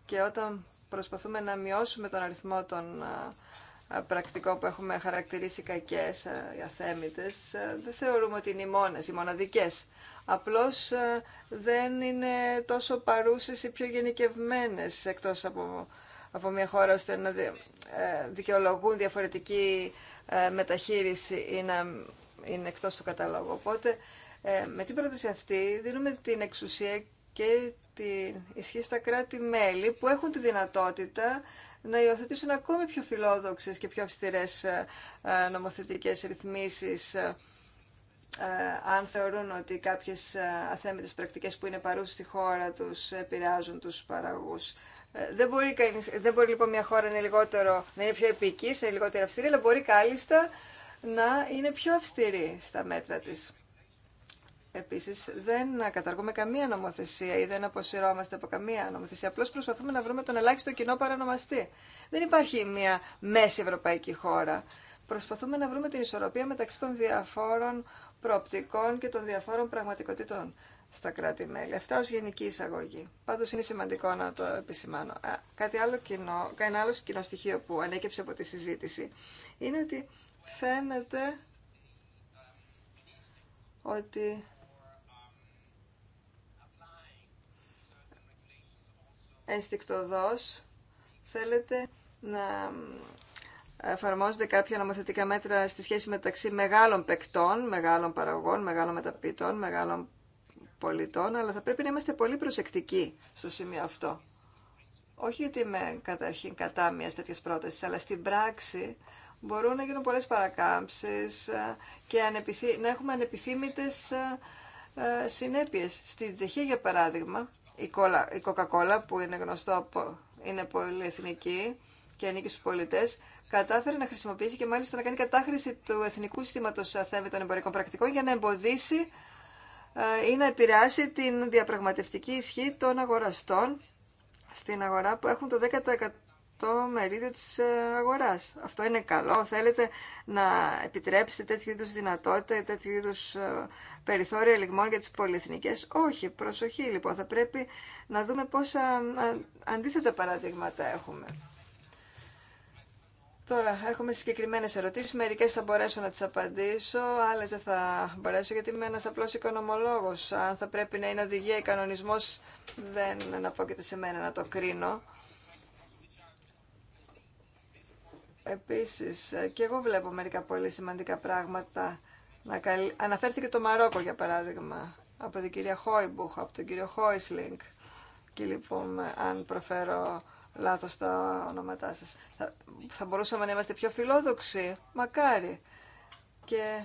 Και όταν προσπαθούμε να μειώσουμε τον αριθμό των πρακτικών που έχουμε χαρακτηρίσει κακές, αθέμητες, δεν θεωρούμε ότι είναι οι μόνες, οι μοναδικές. Απλώς δεν είναι τόσο παρούσες οι πιο γενικευμένες, εκτός από από μια χώρα ώστε να ε, δικαιολογούν διαφορετική ε, μεταχείριση ή να είναι εκτός του καταλόγου. Οπότε ε, με την πρόταση αυτή δίνουμε την εξουσία και την ισχύ στα κράτη-μέλη που έχουν τη δυνατότητα να υιοθετήσουν ακόμη πιο φιλόδοξες και πιο αυστηρές νομοθετικές ρυθμίσεις αν θεωρούν ότι κάποιες αθέμητες πρακτικές που είναι παρούσες στη χώρα τους επηρεάζουν τους παραγωγούς. Ε, δεν μπορεί, δεν μπορεί λοιπόν μια χώρα να είναι, λιγότερο, να είναι πιο επικής, να είναι λιγότερο αυστηρή, αλλά μπορεί κάλλιστα να είναι πιο αυστηρή στα μέτρα της. Επίσης, δεν καταργούμε καμία νομοθεσία ή δεν αποσυρώμαστε από καμία νομοθεσία. Απλώς προσπαθούμε να βρούμε τον ελάχιστο κοινό παρανομαστή. Δεν υπάρχει μια μέση ευρωπαϊκή χώρα. Προσπαθούμε να βρούμε την ισορροπία μεταξύ των διαφόρων προοπτικών και των διαφόρων πραγματικότητων στα κράτη-μέλη. Αυτά ως γενική εισαγωγή. Πάντως είναι σημαντικό να το επισημάνω. Κάτι άλλο κοινό, ένα άλλο κοινό στοιχείο που ανέκυψε από τη συζήτηση είναι ότι φαίνεται ότι ενστικτοδός θέλετε να εφαρμόζονται κάποια νομοθετικά μέτρα στη σχέση μεταξύ μεγάλων παικτών, μεγάλων παραγωγών, μεγάλων μεταπίτων, μεγάλων πολιτών, αλλά θα πρέπει να είμαστε πολύ προσεκτικοί στο σημείο αυτό. Όχι ότι είμαι καταρχήν κατά μια τέτοια πρόταση, αλλά στην πράξη μπορούν να γίνουν πολλέ παρακάμψει ε, και να έχουμε ανεπιθύμητε ε, ε, συνέπειε. Στη Τσεχία, για παράδειγμα, η Coca-Cola, που είναι γνωστό από, είναι πολυεθνική και ανήκει στου πολιτέ, κατάφερε να χρησιμοποιήσει και μάλιστα να κάνει κατάχρηση του εθνικού συστήματος αθέμητων εμπορικών πρακτικών για να εμποδίσει ε, ή να επηρεάσει την διαπραγματευτική ισχύ των αγοραστών στην αγορά που έχουν το 10% μερίδιο της ε, αγοράς. Αυτό είναι καλό. Θέλετε να επιτρέψετε τέτοιου είδους δυνατότητα, τέτοιου είδους ε, περιθώρια λιγμών για τις πολυεθνικές. Όχι, προσοχή λοιπόν. Θα πρέπει να δούμε πόσα αντίθετα παραδείγματα έχουμε. Τώρα, έρχομαι σε συγκεκριμένες ερωτήσεις. Μερικές θα μπορέσω να τι απαντήσω, άλλες δεν θα μπορέσω γιατί είμαι ένα απλό οικονομολόγος. Αν θα πρέπει να είναι οδηγία ή κανονισμό δεν αναπόκειται σε μένα να το κρίνω. Επίση, και εγώ βλέπω μερικά πολύ σημαντικά πράγματα. Αναφέρθηκε το Μαρόκο, για παράδειγμα, από την κυρία Χόιμπουχ, από τον κύριο Χόισλινγκ. Και λοιπόν, αν προφέρω λάθος τα ονόματά σας. Θα, μπορούσαμε να είμαστε πιο φιλόδοξοι, μακάρι. Και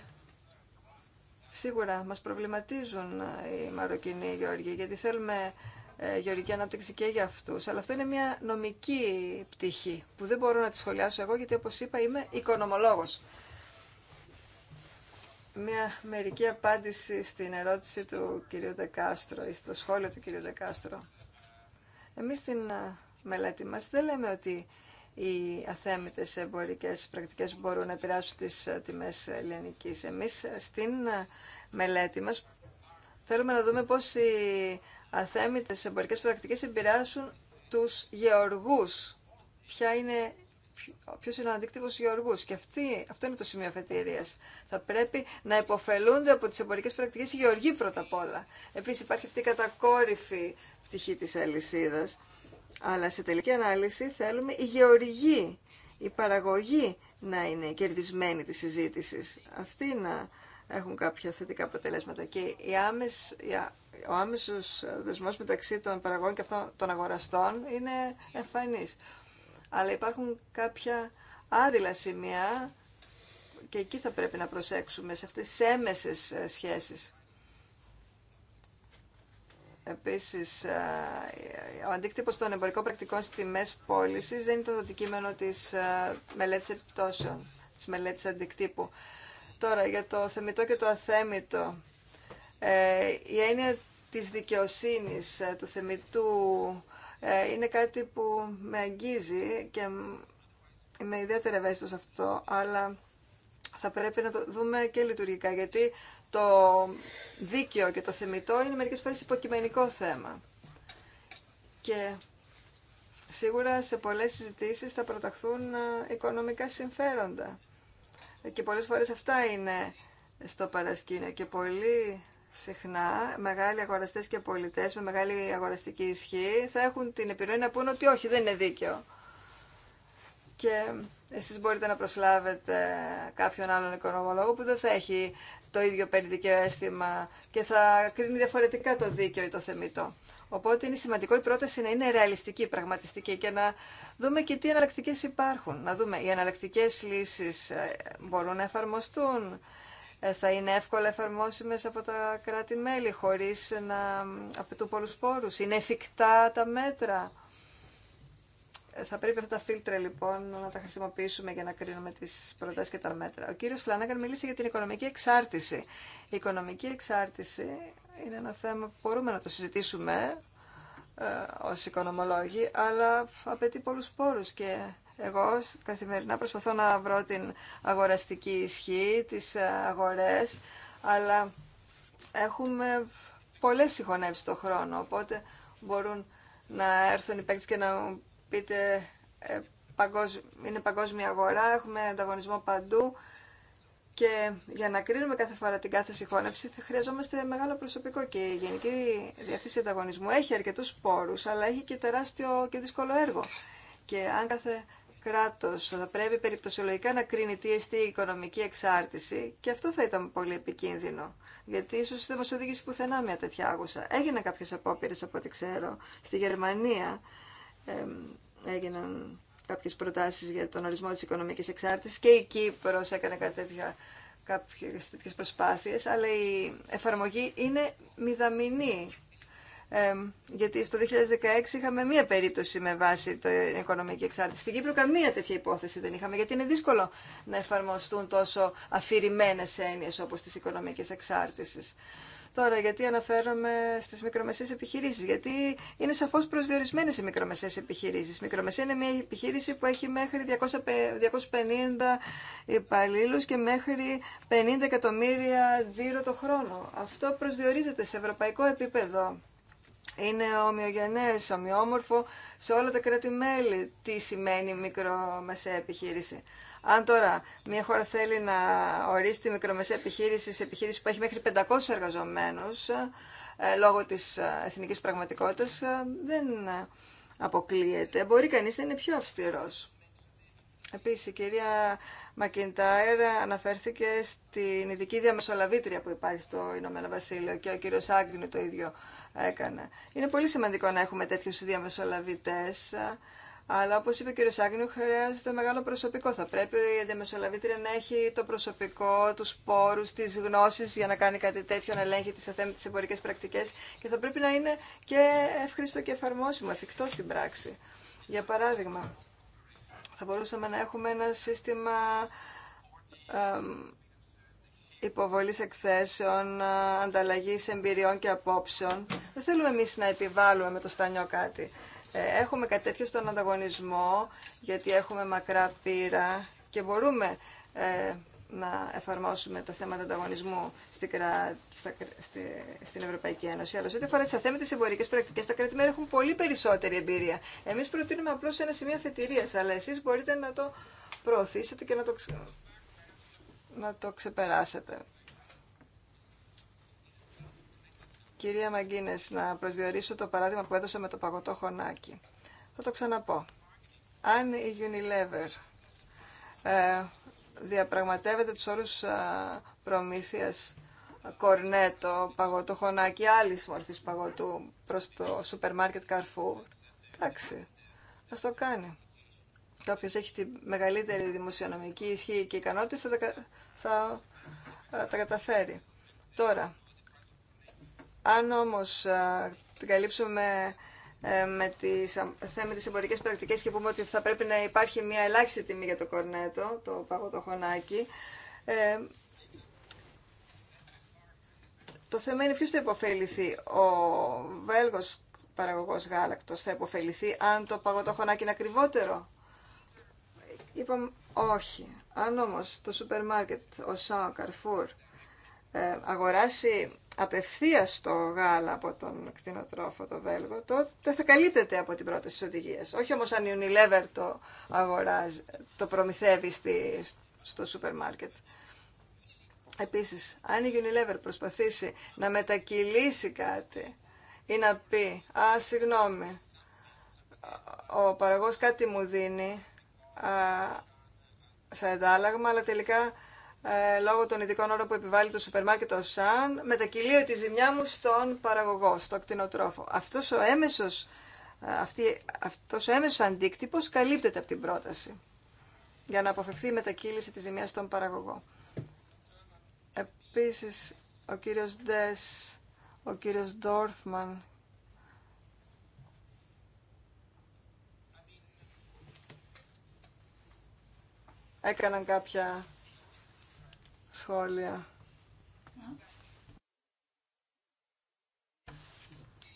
σίγουρα μας προβληματίζουν ε, οι Μαροκινοί Γεωργοί, γιατί θέλουμε ε, γεωργική ανάπτυξη και για αυτούς. Αλλά αυτό είναι μια νομική πτυχή που δεν μπορώ να τη σχολιάσω εγώ, γιατί όπως είπα είμαι οικονομολόγος. Μια μερική απάντηση στην ερώτηση του κυρίου Δεκάστρο ή στο σχόλιο του κυρίου Δεκάστρο. Εμείς στην ε, μελέτη μας δεν λέμε ότι οι αθέμητες εμπορικές πρακτικές μπορούν να επηρεάσουν τις τιμές ελληνικής. Εμείς στην μελέτη μας θέλουμε να δούμε πώς οι αθέμητες εμπορικές πρακτικές επηρεάσουν τους γεωργούς. Ποια είναι, ποιος είναι ο αντίκτυπο γεωργού. Και αυτή, αυτό είναι το σημείο αφετηρία. Θα πρέπει να υποφελούνται από τι εμπορικέ πρακτικέ οι γεωργοί πρώτα απ' όλα. Επίση υπάρχει αυτή η κατακόρυφη πτυχή της αλυσίδα. Αλλά σε τελική ανάλυση θέλουμε η γεωργή, η παραγωγή να είναι κερδισμένη της συζήτηση. Αυτοί να έχουν κάποια θετικά αποτελέσματα. Και η άμεση, ο άμεσος δεσμός μεταξύ των παραγωγών και αυτών των αγοραστών είναι εμφανής. Αλλά υπάρχουν κάποια άδειλα σημεία και εκεί θα πρέπει να προσέξουμε σε αυτές τις έμεσες ε, σχέσεις. Επίση, ε, ο αντίκτυπο των εμπορικών πρακτικών στι τιμέ πώληση δεν ήταν το αντικείμενο της ε, μελέτη επιπτώσεων, της μελέτη αντικτύπου. Τώρα, για το θεμητό και το αθέμητο, ε, η έννοια της δικαιοσύνη του θεμητού, είναι κάτι που με αγγίζει και είμαι ιδιαίτερα ευαίσθητος αυτό, αλλά θα πρέπει να το δούμε και λειτουργικά, γιατί το δίκαιο και το θεμητό είναι μερικές φορές υποκειμενικό θέμα. Και σίγουρα σε πολλές συζητήσεις θα προταχθούν ε, οικονομικά συμφέροντα. Και πολλές φορές αυτά είναι στο παρασκήνιο και πολύ συχνά μεγάλοι αγοραστές και πολιτές με μεγάλη αγοραστική ισχύ θα έχουν την επιρροή να πούν ότι όχι δεν είναι δίκαιο. Και εσείς μπορείτε να προσλάβετε κάποιον άλλον οικονομολόγο που δεν θα έχει το ίδιο δικαίω αίσθημα και θα κρίνει διαφορετικά το δίκαιο ή το θεμητό. Οπότε είναι σημαντικό η πρόταση να είναι ρεαλιστική, πραγματιστική και να δούμε και τι εναλλακτικέ υπάρχουν. Να δούμε οι εναλλακτικέ λύσει ε, μπορούν να εφαρμοστούν, ε, θα είναι εύκολα εφαρμόσιμες από τα κράτη-μέλη χωρί να απαιτούν πολλού πόρου. Είναι εφικτά τα μέτρα θα πρέπει αυτά τα φίλτρα λοιπόν να τα χρησιμοποιήσουμε για να κρίνουμε τις προτάσεις και τα μέτρα. Ο κύριος Φλανάγκαν μίλησε για την οικονομική εξάρτηση. Η οικονομική εξάρτηση είναι ένα θέμα που μπορούμε να το συζητήσουμε ε, ως οικονομολόγοι, αλλά απαιτεί πολλούς πόρους και εγώ καθημερινά προσπαθώ να βρω την αγοραστική ισχύ, τι ε, αγορέ, αλλά έχουμε πολλέ συγχωνεύσει το χρόνο, οπότε μπορούν να έρθουν οι παίκτε και να πείτε ε, είναι παγκόσμια αγορά, έχουμε ανταγωνισμό παντού και για να κρίνουμε κάθε φορά την κάθε συγχώνευση θα χρειαζόμαστε μεγάλο προσωπικό και η Γενική Διαθήση Ανταγωνισμού έχει αρκετούς πόρους αλλά έχει και τεράστιο και δύσκολο έργο και αν κάθε κράτος θα πρέπει περιπτωσιολογικά να κρίνει τι εστί η οικονομική εξάρτηση και αυτό θα ήταν πολύ επικίνδυνο γιατί ίσως δεν μας οδηγήσει πουθενά μια τέτοια άγουσα. Έγιναν κάποιες απόπειρες από ό,τι ξέρω στη Γερμανία έγιναν κάποιες προτάσεις για τον ορισμό της οικονομικής εξάρτησης και η Κύπρος έκανε κάτι τέτοια, κάποιες τέτοιες προσπάθειες, αλλά η εφαρμογή είναι μηδαμινή. γιατί στο 2016 είχαμε μία περίπτωση με βάση την οικονομική εξάρτηση. Στην Κύπρο καμία τέτοια υπόθεση δεν είχαμε, γιατί είναι δύσκολο να εφαρμοστούν τόσο αφηρημένες έννοιες όπως τις οικονομικές εξάρτησεις. Τώρα, γιατί αναφέρομαι στι μικρομεσαίε επιχειρήσει, Γιατί είναι σαφώ προσδιορισμένε οι μικρομεσαίε επιχειρήσει. Μικρομεσαία είναι μια επιχείρηση που έχει μέχρι 250 υπαλλήλου και μέχρι 50 εκατομμύρια τζίρο το χρόνο. Αυτό προσδιορίζεται σε ευρωπαϊκό επίπεδο. Είναι ομοιογενέ, ομοιόμορφο σε όλα τα κράτη-μέλη τι σημαίνει μικρομεσαία επιχείρηση. Αν τώρα μια χώρα θέλει να ορίσει τη μικρομεσαία επιχείρηση σε επιχείρηση που έχει μέχρι 500 εργαζομένους ε, λόγω της ε, εθνικής πραγματικότητας, ε, δεν αποκλείεται. Μπορεί κανείς να είναι πιο αυστηρός. Επίσης, η κυρία Μακιντάιρ αναφέρθηκε στην ειδική διαμεσολαβήτρια που υπάρχει στο Ηνωμένο Βασίλειο και ο κύριος Άγγινου το ίδιο έκανε. Είναι πολύ σημαντικό να έχουμε τέτοιους διαμεσολαβητές αλλά όπω είπε ο κ. Σάγνιου, χρειάζεται μεγάλο προσωπικό. Θα πρέπει η διαμεσολαβήτρια να έχει το προσωπικό, του πόρου, τις γνώσεις για να κάνει κάτι τέτοιο, να ελέγχει τις αθέμητες εμπορικέ πρακτικές και θα πρέπει να είναι και ευχριστό και εφαρμόσιμο, εφικτό στην πράξη. Για παράδειγμα, θα μπορούσαμε να έχουμε ένα σύστημα υποβολής εκθέσεων, ανταλλαγής εμπειριών και απόψεων. Δεν θέλουμε εμείς να επιβάλλουμε με το στανιό κάτι. Ε, έχουμε κάτι τέτοιο στον ανταγωνισμό, γιατί έχουμε μακρά πείρα και μπορούμε ε, να εφαρμόσουμε τα θέματα ανταγωνισμού στην, στην Ευρωπαϊκή Ένωση. Αλλά σε ό,τι αφορά τι αθέμετε εμπορικέ πρακτικέ, τα κρατη μέρη έχουν πολύ περισσότερη εμπειρία. Εμεί προτείνουμε απλώ ένα σημείο αφετηρία, αλλά εσεί μπορείτε να το προωθήσετε και να το, να το ξεπεράσετε. Κυρία Μαγκίνες, να προσδιορίσω το παράδειγμα που έδωσα με το παγωτό χωνάκι. Θα το ξαναπώ. Αν η Unilever ε, διαπραγματεύεται τους όρους ε, προμήθειας κορνέτο, παγωτό χωνάκι, άλλη μορφή παγωτού προς το σούπερ μάρκετ Carrefour, εντάξει, ας το κάνει. Όποιο έχει τη μεγαλύτερη δημοσιονομική ισχύ και ικανότητα θα ε, τα καταφέρει. Τώρα, αν όμως την καλύψουμε ε, με τις θέμα τις εμπορικές πρακτικές και πούμε ότι θα πρέπει να υπάρχει μια ελάχιστη τιμή για το κορνέτο, το παγωτό χωνάκι, ε, το θέμα είναι ποιος θα υποφεληθεί. Ο Βέλγος παραγωγός γάλακτος θα υποφεληθεί αν το παγωτό χωνάκι είναι ακριβότερο. Είπαμε όχι. Αν όμως το σούπερ μάρκετ, ο Σαν, Καρφούρ, ε, αγοράσει απευθείας το γάλα από τον κτηνοτρόφο το βέλγο, τότε θα καλύπτεται από την πρόταση της οδηγίας. Όχι όμως αν η Unilever το αγοράζει, το προμηθεύει στη, στο σούπερ μάρκετ. Επίσης, αν η Unilever προσπαθήσει να μετακυλήσει κάτι ή να πει «Α, συγγνώμη, ο παραγός κάτι μου δίνει α, σε εντάλλαγμα, αλλά τελικά ε, λόγω των ειδικών όρων που επιβάλλει το σούπερ μάρκετ ΣΑΝ, μετακυλίω τη ζημιά μου στον παραγωγό, στο κτηνοτρόφο. Αυτός ο έμεσος, ε, αυτή, αυτός ο έμεσος αντίκτυπος καλύπτεται από την πρόταση για να αποφευθεί η μετακύληση της ζημιάς στον παραγωγό. Επίσης, ο κύριος Ντες, ο κύριος Ντόρφμαν έκαναν κάποια σχόλια.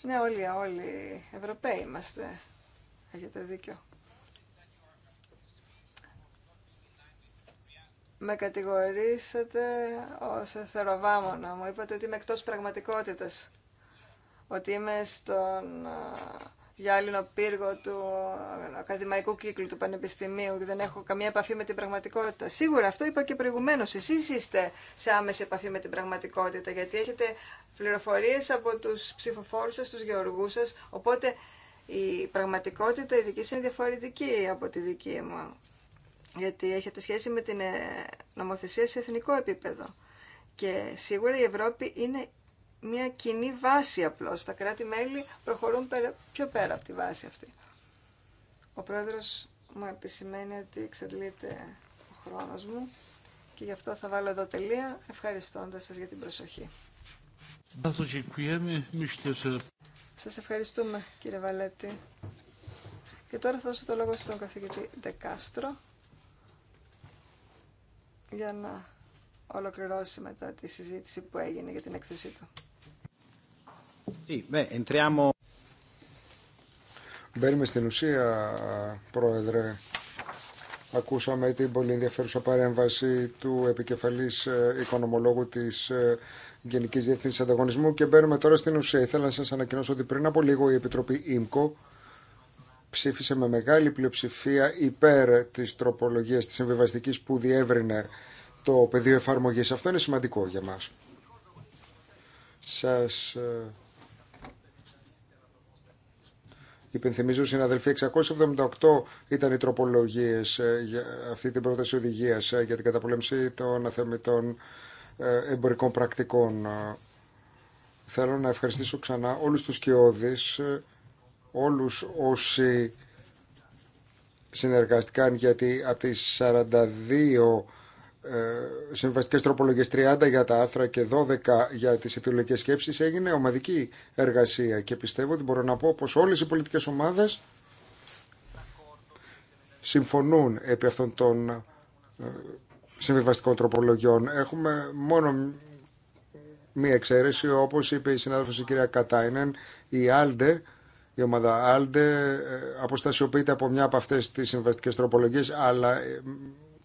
Ναι, όλοι, όλοι Ευρωπαίοι είμαστε. Έχετε δίκιο. Με κατηγορήσατε ως εθεροβάμωνα. Μου είπατε ότι είμαι εκτός πραγματικότητας. Ότι είμαι στον για γυάλινο πύργο του ακαδημαϊκού κύκλου του Πανεπιστημίου και δεν έχω καμία επαφή με την πραγματικότητα. Σίγουρα αυτό είπα και προηγουμένως. Εσείς είστε σε άμεση επαφή με την πραγματικότητα γιατί έχετε πληροφορίες από τους ψηφοφόρους σας, τους γεωργούς σας, οπότε η πραγματικότητα η δική σας είναι διαφορετική από τη δική μου. Γιατί έχετε σχέση με την ε, νομοθεσία σε εθνικό επίπεδο. Και σίγουρα η Ευρώπη είναι μια κοινή βάση απλώς. Τα κράτη-μέλη προχωρούν πιο πέρα από τη βάση αυτή. Ο πρόεδρος μου επισημαίνει ότι εξαντλείται ο χρόνος μου και γι' αυτό θα βάλω εδώ τελεία, ευχαριστώντας σας για την προσοχή. Σας ευχαριστούμε κύριε Βαλέτη. Και τώρα θα δώσω το λόγο στον καθηγητή Δεκάστρο για να ολοκληρώσει μετά τη συζήτηση που έγινε για την έκθεσή του. Μπαίνουμε στην ουσία, Πρόεδρε. Ακούσαμε την πολύ ενδιαφέρουσα παρέμβαση του επικεφαλής ε, οικονομολόγου της ε, Γενικής Διευθύνσης Ανταγωνισμού και μπαίνουμε τώρα στην ουσία. Ήθελα να σας ανακοινώσω ότι πριν από λίγο η Επιτροπή ΙΜΚΟ ψήφισε με μεγάλη πλειοψηφία υπέρ της τροπολογίας της συμβιβαστικής που διεύρυνε το πεδίο εφαρμογής. Αυτό είναι σημαντικό για μας. Σας ε, Υπενθυμίζω, συναδελφοί, 678 ήταν οι τροπολογίε ε, για αυτή την πρόταση οδηγία ε, για την καταπολέμηση των αθεμητών ε, εμπορικών πρακτικών. Θέλω να ευχαριστήσω ξανά όλους τους κοιόδης, όλους όσοι συνεργαστηκαν γιατί από τις 42 ε, συμβαστικές τροπολογίες 30 για τα άρθρα και 12 για τις ιδεολογικές σκέψεις έγινε ομαδική εργασία και πιστεύω ότι μπορώ να πω πως όλες οι πολιτικές ομάδες συμφωνούν επί αυτών των ε, συμβιβαστικών τροπολογιών. Έχουμε μόνο μία εξαίρεση, όπως είπε η συνάδελφος η κυρία Κατάινεν, η Άλντε, η ομάδα Άλντε ε, αποστασιοποιείται από μια από αυτές τις συμβαστικές τροπολογίες, αλλά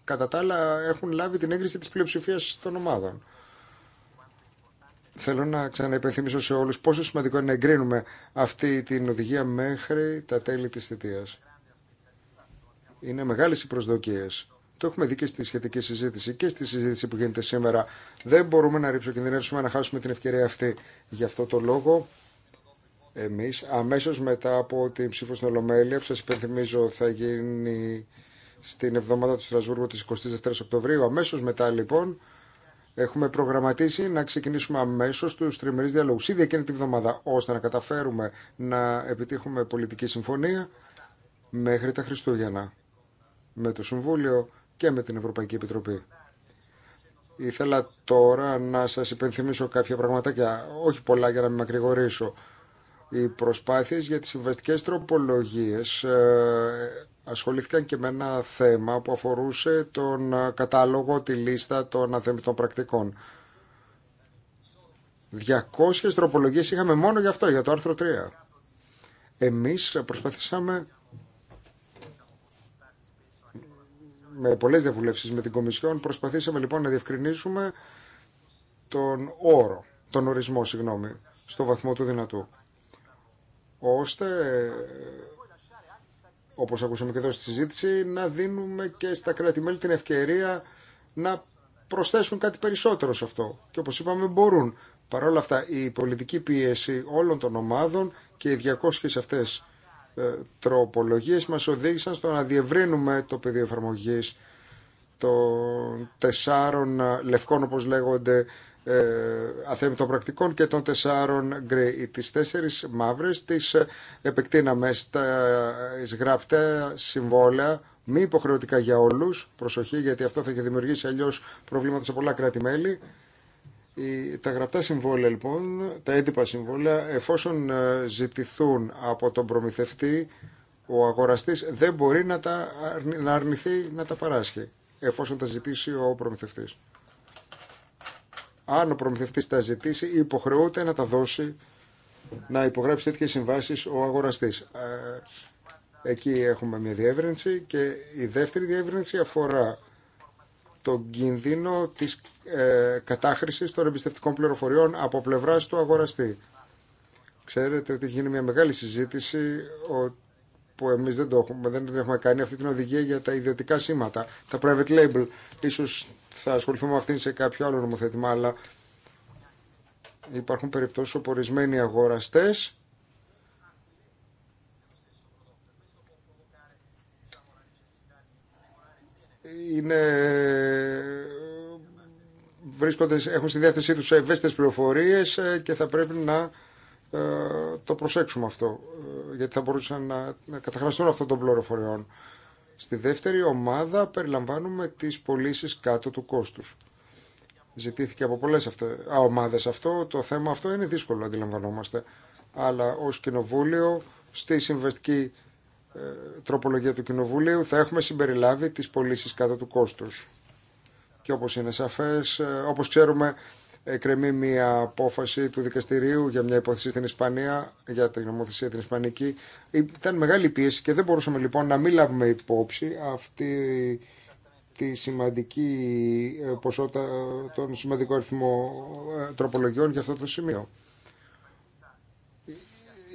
Κατά τα άλλα έχουν λάβει την έγκριση της πλειοψηφίας των ομάδων. Θέλω να ξαναυπενθυμίσω σε όλους πόσο σημαντικό είναι να εγκρίνουμε αυτή την οδηγία μέχρι τα τέλη της θητείας. Είναι μεγάλες οι προσδοκίες. Το έχουμε δει και στη σχετική συζήτηση και στη συζήτηση που γίνεται σήμερα. Δεν μπορούμε να κινδυνεύσουμε να χάσουμε την ευκαιρία αυτή. Γι' αυτό το λόγο εμείς αμέσως μετά από την ψήφο στην Ολομέλεια, σας υπενθυμίζω θα γίνει στην εβδομάδα του Στρασβούργου τη 22 Οκτωβρίου. Αμέσω μετά λοιπόν έχουμε προγραμματίσει να ξεκινήσουμε αμέσω τους τριμερεί διαλογού. ήδη εκείνη τη βδομάδα ώστε να καταφέρουμε να επιτύχουμε πολιτική συμφωνία μέχρι τα Χριστούγεννα με το Συμβούλιο και με την Ευρωπαϊκή Επιτροπή. Ήθελα τώρα να σας υπενθυμίσω κάποια πραγματάκια, όχι πολλά για να μην μακρηγορήσω οι προσπάθειες για τις συμβαστικές τροπολογίες ε, ασχολήθηκαν και με ένα θέμα που αφορούσε τον ε, κατάλογο, τη λίστα των αθεμητών πρακτικών. 200 τροπολογίες είχαμε μόνο για αυτό, για το άρθρο 3. Εμείς προσπαθήσαμε με πολλές διαβουλεύσεις με την Κομισιόν, προσπαθήσαμε λοιπόν να διευκρινίσουμε τον όρο, τον ορισμό, συγγνώμη, στο βαθμό του δυνατού ώστε όπως ακούσαμε και εδώ στη συζήτηση, να δίνουμε και στα κράτη-μέλη την ευκαιρία να προσθέσουν κάτι περισσότερο σε αυτό. Και όπως είπαμε μπορούν. Παρ' όλα αυτά η πολιτική πίεση όλων των ομάδων και οι 200 αυτές ε, τροπολογίες μας οδήγησαν στο να διευρύνουμε το πεδίο εφαρμογή των τεσσάρων λευκών όπως λέγονται ε, αθέμητων πρακτικών και των τεσσάρων ή Τις τέσσερις μαύρες τις ε, επεκτείναμε στα ε, γραπτά συμβόλαια μη υποχρεωτικά για όλους, προσοχή γιατί αυτό θα έχει δημιουργήσει αλλιώς προβλήματα σε πολλά κράτη-μέλη. Τα γραπτά συμβόλαια λοιπόν, τα έντυπα συμβόλαια, εφόσον ε, ζητηθούν από τον προμηθευτή, ο αγοραστής δεν μπορεί να, τα, να αρνηθεί να τα παράσχει, εφόσον τα ζητήσει ο προμηθευτής αν ο προμηθευτής τα ζητήσει υποχρεούται να τα δώσει να υπογράψει τέτοιε συμβάσει ο αγοραστή. Ε, εκεί έχουμε μια διεύρυνση και η δεύτερη διεύρυνση αφορά τον κίνδυνο της ε, κατάχρησης των εμπιστευτικών πληροφοριών από πλευράς του αγοραστή. Ξέρετε ότι γίνει μια μεγάλη συζήτηση που εμείς δεν, έχουμε, δεν την έχουμε κάνει, αυτή την οδηγία για τα ιδιωτικά σήματα, τα private label. Ίσως θα ασχοληθούμε με αυτήν σε κάποιο άλλο νομοθέτημα, αλλά υπάρχουν περιπτώσεις όπου ορισμένοι αγοραστές είναι βρίσκονται, έχουν στη διάθεσή τους ευαίσθητες πληροφορίες ε, και θα πρέπει να ε, το προσέξουμε αυτό, ε, γιατί θα μπορούσαν να, να καταχραστούν αυτών των πληροφοριών. Στη δεύτερη ομάδα περιλαμβάνουμε τις πωλήσει κάτω του κόστους. Ζητήθηκε από πολλές αυτές, ομάδες αυτό, το θέμα αυτό είναι δύσκολο αντιλαμβανόμαστε, αλλά ως κοινοβούλιο στη συμβαστική ε, τροπολογία του κοινοβουλίου θα έχουμε συμπεριλάβει τις πωλήσει κάτω του κόστους. Και όπως είναι σαφές, ε, όπως ξέρουμε Εκκρεμεί μια απόφαση του δικαστηρίου για μια υπόθεση στην Ισπανία, για την νομοθεσία την Ισπανική. Ήταν μεγάλη πίεση και δεν μπορούσαμε λοιπόν να μην λάβουμε υπόψη αυτή τη σημαντική ε, ποσότητα, τον σημαντικό αριθμό ε, τροπολογιών για αυτό το σημείο.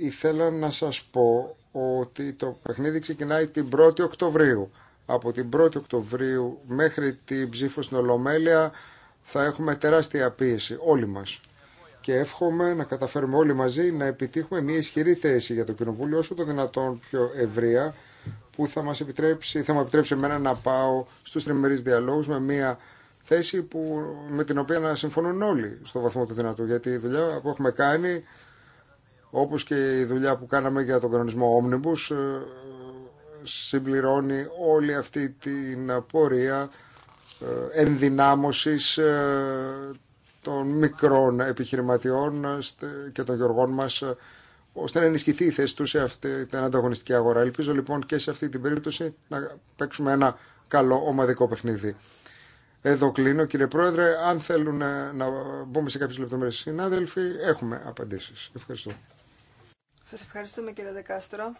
Ήθελα να σας πω ότι το παιχνίδι ξεκινάει την 1η Οκτωβρίου. Από την 1η Οκτωβρίου μέχρι την ψήφο στην Ολομέλεια θα έχουμε τεράστια πίεση όλοι μας. Και εύχομαι να καταφέρουμε όλοι μαζί να επιτύχουμε μια ισχυρή θέση για το Κοινοβούλιο όσο το δυνατόν πιο ευρεία που θα μας επιτρέψει, θα μου επιτρέψει εμένα να πάω στους τριμερείς διαλόγους με μια θέση που, με την οποία να συμφωνούν όλοι στο βαθμό του δυνατού. Γιατί η δουλειά που έχουμε κάνει, όπως και η δουλειά που κάναμε για τον κανονισμό Omnibus, ε, συμπληρώνει όλη αυτή την πορεία ε, ενδυνάμωσης ε, των μικρών επιχειρηματιών ε, και των γεωργών μας ώστε να ενισχυθεί η θέση του σε αυτή την ανταγωνιστική αγορά. Ελπίζω λοιπόν και σε αυτή την περίπτωση να παίξουμε ένα καλό ομαδικό παιχνίδι. Εδώ κλείνω κύριε Πρόεδρε. Αν θέλουν να μπούμε σε κάποιες λεπτομέρειες συνάδελφοι, έχουμε απαντήσεις. Ευχαριστώ. Σας ευχαριστούμε κύριε Δεκάστρο.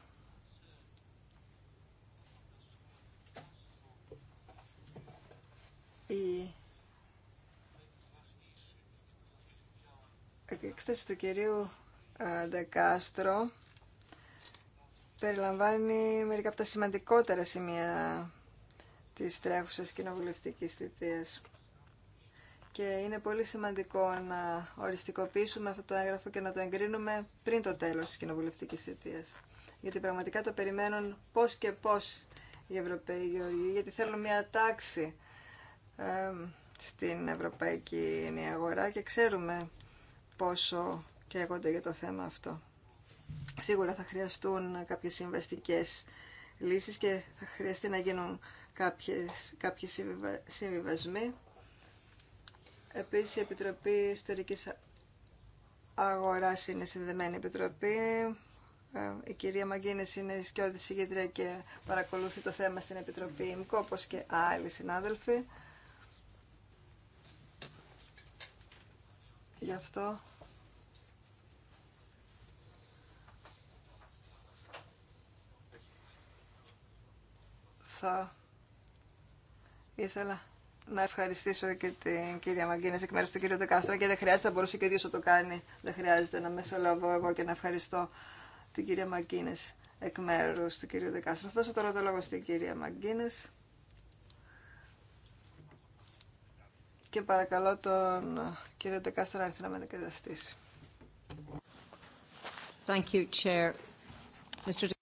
Η εκθέση του κυρίου ε, Ντεκάστρο περιλαμβάνει μερικά από τα σημαντικότερα σημεία της τρέχουσας κοινοβουλευτικής θητείας. Και είναι πολύ σημαντικό να οριστικοποιήσουμε αυτό το έγγραφο και να το εγκρίνουμε πριν το τέλος της κοινοβουλευτικής θητείας. Γιατί πραγματικά το περιμένουν πώς και πώς οι Ευρωπαίοι Γεωργοί, γιατί θέλουν μια τάξη στην Ευρωπαϊκή Αγορά και ξέρουμε πόσο καίγονται για το θέμα αυτό. Σίγουρα θα χρειαστούν κάποιες συμβαστικές λύσεις και θα χρειαστεί να γίνουν κάποιες, κάποιοι συμβιβασμοί. Επίσης, η Επιτροπή Ιστορικής Αγοράς είναι συνδεμένη επιτροπή. Η κυρία Μαγκίνης είναι σκιώδη συγκέντρια και παρακολουθεί το θέμα στην Επιτροπή ΙΜΚΟ, όπως και άλλοι συνάδελφοι. Γι' αυτό θα ήθελα να ευχαριστήσω και την κυρία Μαγκίνες εκ μέρους του κύριου Δεκάστρα και δεν χρειάζεται, να μπορούσε και ο να το κάνει. Δεν χρειάζεται να μεσολαβώ εγώ και να ευχαριστώ την κυρία Μαγκίνες εκ μέρους του κυρίου Δεκάστρα. Θα δώσω τώρα το λόγο στην κυρία Μαγκίνες. Και παρακαλώ τον Κύριε Ντεκάστρο έρθει να με αντικαταστήσει. Thank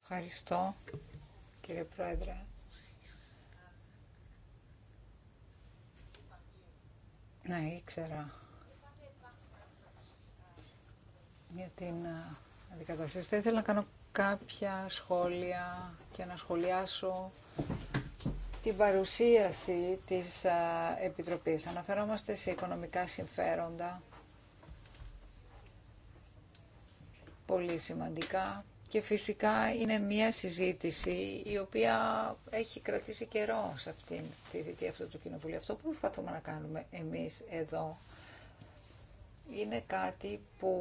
Ευχαριστώ, κύριε Πρόεδρε. Να ήξερα για την ε, αντικαταστήση. Θα ήθελα να κάνω κάποια σχόλια και να σχολιάσω την παρουσίαση της Επιτροπής. Αναφερόμαστε σε οικονομικά συμφέροντα, πολύ σημαντικά και φυσικά είναι μια συζήτηση η οποία έχει κρατήσει καιρό σε αυτή τη δική αυτού του κοινοβουλίου. Αυτό που προσπαθούμε να κάνουμε εμείς εδώ είναι κάτι που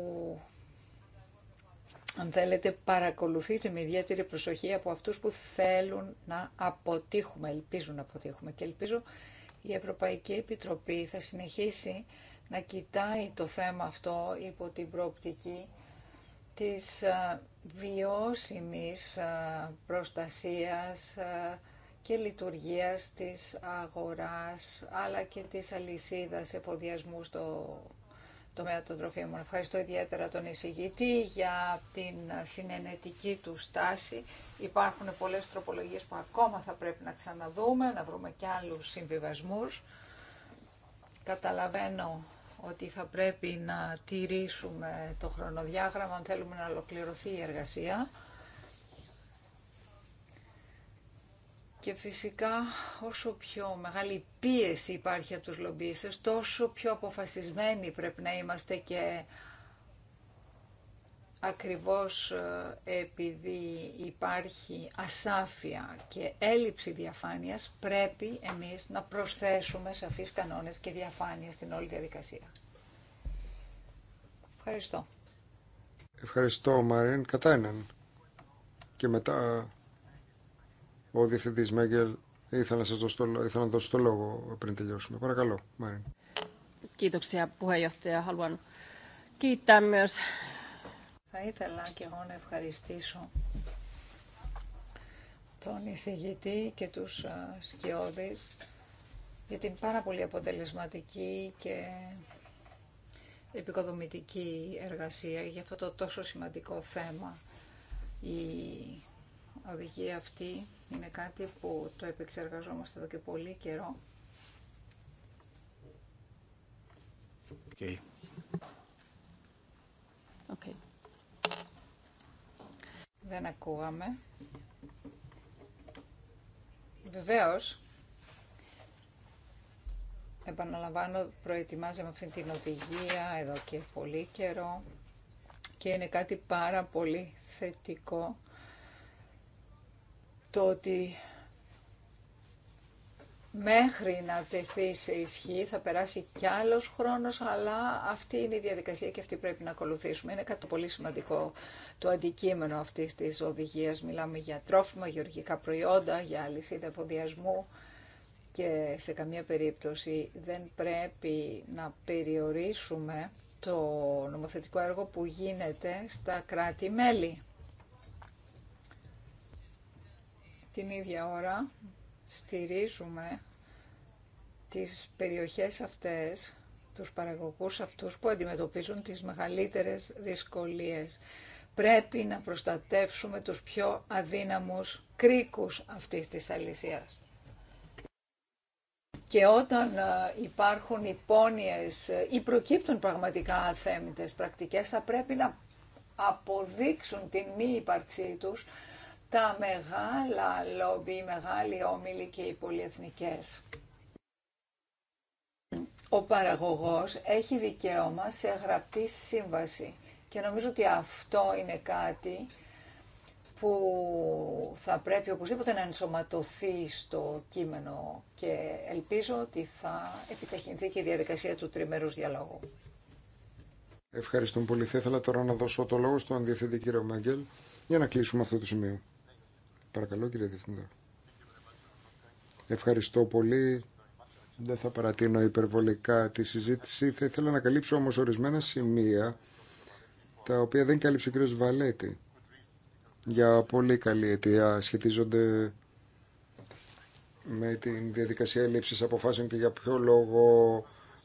αν θέλετε, παρακολουθείτε με ιδιαίτερη προσοχή από αυτούς που θέλουν να αποτύχουμε, ελπίζουν να αποτύχουμε και ελπίζω η Ευρωπαϊκή Επιτροπή θα συνεχίσει να κοιτάει το θέμα αυτό υπό την προοπτική της βιώσιμης προστασίας και λειτουργίας της αγοράς αλλά και της αλυσίδας εφοδιασμού στο τομέα των τροφίμων. Ευχαριστώ ιδιαίτερα τον εισηγητή για την συνενετική του στάση. Υπάρχουν πολλές τροπολογίες που ακόμα θα πρέπει να ξαναδούμε, να βρούμε και άλλους συμβιβασμούς. Καταλαβαίνω ότι θα πρέπει να τηρήσουμε το χρονοδιάγραμμα αν θέλουμε να ολοκληρωθεί η εργασία. Και φυσικά όσο πιο μεγάλη πίεση υπάρχει από τους λομπίστες, τόσο πιο αποφασισμένοι πρέπει να είμαστε και ακριβώς ε, επειδή υπάρχει ασάφεια και έλλειψη διαφάνειας, πρέπει εμείς να προσθέσουμε σαφείς κανόνες και διαφάνεια στην όλη διαδικασία. Ευχαριστώ. Ευχαριστώ Μαρίν Κατάιναν. Και μετά ο Διευθυντής Μέγκελ ήθελα να, σας δώσω το, δώσω το λόγο πριν τελειώσουμε. Παρακαλώ, Μάριν. Θα ήθελα και εγώ να ευχαριστήσω τον εισηγητή και τους σκιώδεις για την πάρα πολύ αποτελεσματική και επικοδομητική εργασία για αυτό το τόσο σημαντικό θέμα. Η οδηγία αυτή είναι κάτι που το επεξεργαζόμαστε εδώ και πολύ καιρό. Okay. Okay. Δεν ακούγαμε. Βεβαίως, επαναλαμβάνω, προετοιμάζαμε αυτή την οδηγία εδώ και πολύ καιρό και είναι κάτι πάρα πολύ θετικό το ότι μέχρι να τεθεί σε ισχύ θα περάσει κι άλλος χρόνος, αλλά αυτή είναι η διαδικασία και αυτή πρέπει να ακολουθήσουμε. Είναι κάτι πολύ σημαντικό το αντικείμενο αυτής της οδηγίας. Μιλάμε για τρόφιμα, γεωργικά προϊόντα, για αλυσίδα εφοδιασμού και σε καμία περίπτωση δεν πρέπει να περιορίσουμε το νομοθετικό έργο που γίνεται στα κράτη-μέλη. Την ίδια ώρα στηρίζουμε τις περιοχές αυτές, τους παραγωγούς αυτούς που αντιμετωπίζουν τις μεγαλύτερες δυσκολίες. Πρέπει να προστατεύσουμε τους πιο αδύναμους κρίκους αυτής της αλυσίας. Και όταν ε, υπάρχουν υπόνοιες ε, ή προκύπτουν πραγματικά αθέμητες πρακτικές, θα πρέπει να αποδείξουν την μη ύπαρξή τους τα μεγάλα λόμπι, οι μεγάλοι όμιλοι και οι πολυεθνικές. Ο παραγωγός έχει δικαίωμα σε γραπτή σύμβαση και νομίζω ότι αυτό είναι κάτι που θα πρέπει οπωσδήποτε να ενσωματωθεί στο κείμενο και ελπίζω ότι θα επιταχυνθεί και η διαδικασία του τριμερούς διαλόγου. Ευχαριστούμε πολύ. Θα ήθελα τώρα να δώσω το λόγο στον Διευθυντή κύριο Μάγκελ για να κλείσουμε αυτό το σημείο. Παρακαλώ κύριε Διευθυντά. Ευχαριστώ πολύ. Δεν θα παρατείνω υπερβολικά τη συζήτηση. Θα ήθελα να καλύψω όμως ορισμένα σημεία τα οποία δεν κάλυψε ο κ. Βαλέτη. Για πολύ καλή αιτία σχετίζονται με την διαδικασία λήψης αποφάσεων και για ποιο λόγο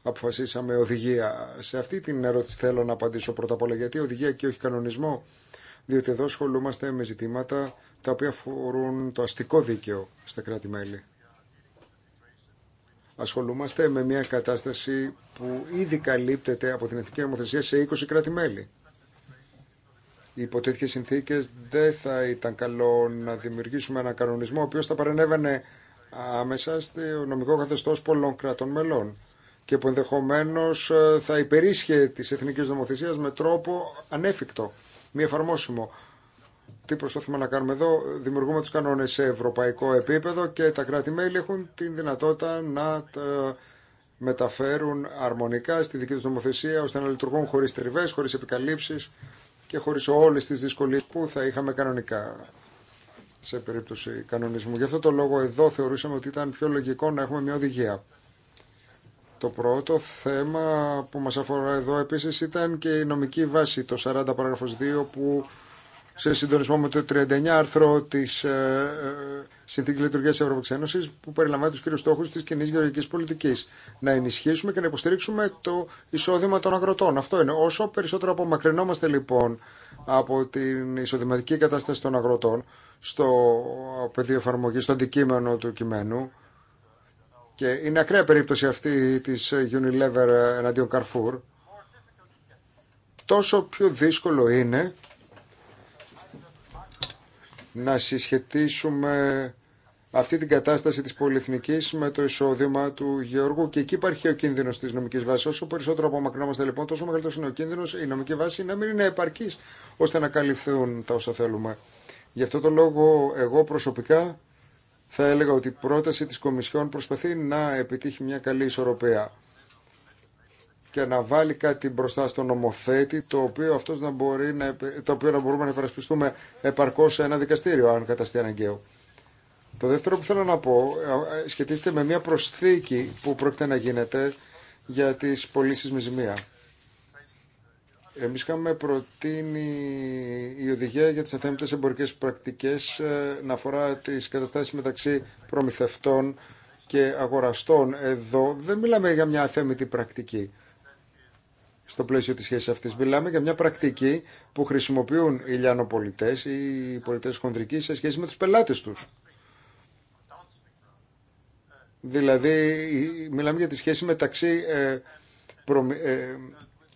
αποφασίσαμε οδηγία. Σε αυτή την ερώτηση θέλω να απαντήσω πρώτα απ' όλα γιατί οδηγία και όχι κανονισμό, διότι εδώ ασχολούμαστε με ζητήματα τα οποία αφορούν το αστικό δίκαιο στα κράτη-μέλη. Ασχολούμαστε με μια κατάσταση που ήδη καλύπτεται από την Εθνική Νομοθεσία σε 20 κράτη-μέλη. Υπό τέτοιε συνθήκε δεν θα ήταν καλό να δημιουργήσουμε ένα κανονισμό ο οποίο θα παρενέβαινε άμεσα στο νομικό καθεστώ πολλών κρατών μελών και που ενδεχομένω ε, θα υπερίσχε τη εθνική νομοθεσία με τρόπο ανέφικτο, μη εφαρμόσιμο τι προσπαθούμε να κάνουμε εδώ, δημιουργούμε τους κανόνες σε ευρωπαϊκό επίπεδο και τα κράτη-μέλη έχουν την δυνατότητα να τα μεταφέρουν αρμονικά στη δική τους νομοθεσία ώστε να λειτουργούν χωρίς τριβές, χωρίς επικαλύψεις και χωρίς όλες τις δυσκολίες που θα είχαμε κανονικά σε περίπτωση κανονισμού. Γι' αυτό το λόγο εδώ θεωρούσαμε ότι ήταν πιο λογικό να έχουμε μια οδηγία. Το πρώτο θέμα που μας αφορά εδώ επίσης ήταν και η νομική βάση, το 40 παράγραφος 2 που σε συντονισμό με το 39 άρθρο τη ε, ε, Συνθήκη Λειτουργία τη Ευρωπαϊκή Ένωση, που περιλαμβάνει του κύριου στόχου τη κοινή γεωργική πολιτική. Να ενισχύσουμε και να υποστηρίξουμε το εισόδημα των αγροτών. Αυτό είναι. Όσο περισσότερο απομακρυνόμαστε λοιπόν από την εισοδηματική κατάσταση των αγροτών στο πεδίο εφαρμογή, στο αντικείμενο του κειμένου, και είναι ακραία περίπτωση αυτή τη Unilever εναντίον Carrefour, τόσο πιο δύσκολο είναι να συσχετίσουμε αυτή την κατάσταση της πολυεθνικής με το εισόδημα του Γεωργού και εκεί υπάρχει ο κίνδυνος της νομικής βάσης. Όσο περισσότερο απομακρυνόμαστε λοιπόν τόσο μεγαλύτερος είναι ο κίνδυνος η νομική βάση να μην είναι επαρκής ώστε να καλυφθούν τα όσα θέλουμε. Γι' αυτό το λόγο εγώ προσωπικά θα έλεγα ότι η πρόταση της Κομισιόν προσπαθεί να επιτύχει μια καλή ισορροπία και να βάλει κάτι μπροστά στον νομοθέτη το οποίο, αυτός να μπορεί να, το οποίο να μπορούμε να υπερασπιστούμε επαρκώς σε ένα δικαστήριο αν καταστεί αναγκαίο. Το δεύτερο που θέλω να πω ε, ε, σχετίζεται με μια προσθήκη που πρόκειται να γίνεται για τις πωλήσει με ζημία. Εμείς είχαμε προτείνει η οδηγία για τις αθέμητες εμπορικές πρακτικές ε, να αφορά τις καταστάσεις μεταξύ προμηθευτών και αγοραστών. Εδώ δεν μιλάμε για μια αθέμητη πρακτική στο πλαίσιο της σχέσης αυτής. Μιλάμε για μια πρακτική που χρησιμοποιούν οι λιανοπολιτές ή οι πολιτές χονδρικοί σε σχέση με τους πελάτες τους. Δηλαδή, μιλάμε για τη σχέση μεταξύ ε, ε,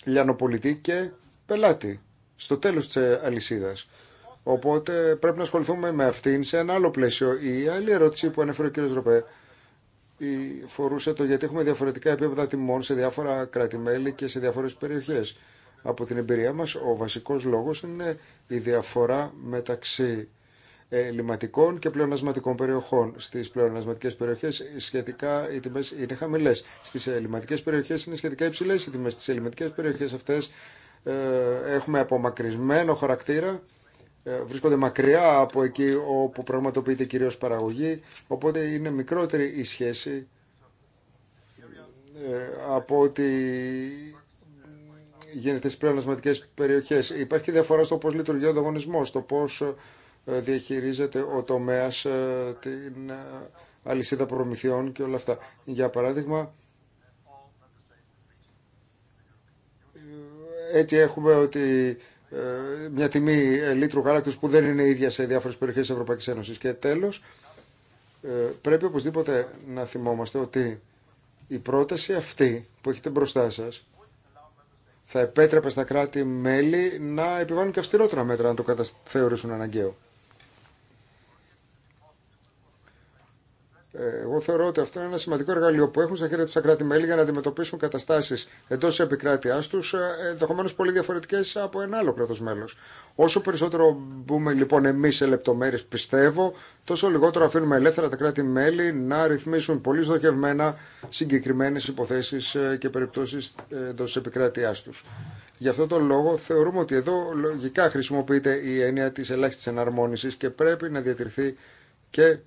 λιανοπολιτή και πελάτη στο τέλος της ε, αλυσίδας. Οπότε πρέπει να ασχοληθούμε με αυτήν σε ένα άλλο πλαίσιο. Η άλλη ερώτηση που ανέφερε ο κ. Ροπέ φορούσε το γιατί έχουμε διαφορετικά επίπεδα τιμών σε διάφορα κράτη-μέλη και σε διάφορες περιοχές. Από την εμπειρία μας ο βασικός λόγος είναι η διαφορά μεταξύ ε, λιματικών και πλεονασματικών περιοχών. Στι πλεονασματικέ περιοχέ σχετικά οι τιμέ είναι χαμηλέ. Στι ελληματικέ περιοχέ είναι σχετικά υψηλέ οι τιμέ. Στι ελληματικέ περιοχέ αυτέ ε, έχουμε απομακρυσμένο χαρακτήρα ε, βρίσκονται μακριά από εκεί όπου πραγματοποιείται κυρίως παραγωγή, οπότε είναι μικρότερη η σχέση ε, από ότι γίνεται στις πλεονασματικές περιοχές. Υπάρχει διαφορά στο πώς λειτουργεί ο ανταγωνισμός, στο πώς ε, διαχειρίζεται ο τομέας την αλυσίδα προμηθειών και όλα αυτά. Για παράδειγμα, έτσι έχουμε ότι ε, μια τιμή ε, λίτρου γάλακτος που δεν είναι ίδια σε διάφορες περιοχές της Ευρωπαϊκής Ένωσης. Και τέλος, ε, πρέπει οπωσδήποτε να θυμόμαστε ότι η πρόταση αυτή που έχετε μπροστά σας θα επέτρεπε στα κράτη-μέλη να επιβάλλουν και αυστηρότερα μέτρα, αν το θεωρήσουν αναγκαίο. Εγώ θεωρώ ότι αυτό είναι ένα σημαντικό εργαλείο που έχουν στα χέρια του τα κράτη-μέλη για να αντιμετωπίσουν καταστάσει εντό τη επικράτειά του, ε, ενδεχομένω πολύ διαφορετικέ από ένα άλλο κράτο μέλο. Όσο περισσότερο μπούμε λοιπόν εμεί σε λεπτομέρειε, πιστεύω, τόσο λιγότερο αφήνουμε ελεύθερα τα κράτη-μέλη να ρυθμίσουν πολύ στοχευμένα συγκεκριμένε υποθέσει ε, και περιπτώσει ε, εντό τη επικράτειά του. Γι' αυτό τον λόγο θεωρούμε ότι εδώ λογικά χρησιμοποιείται η έννοια τη ελάχιστη εναρμόνιση και πρέπει να διατηρηθεί και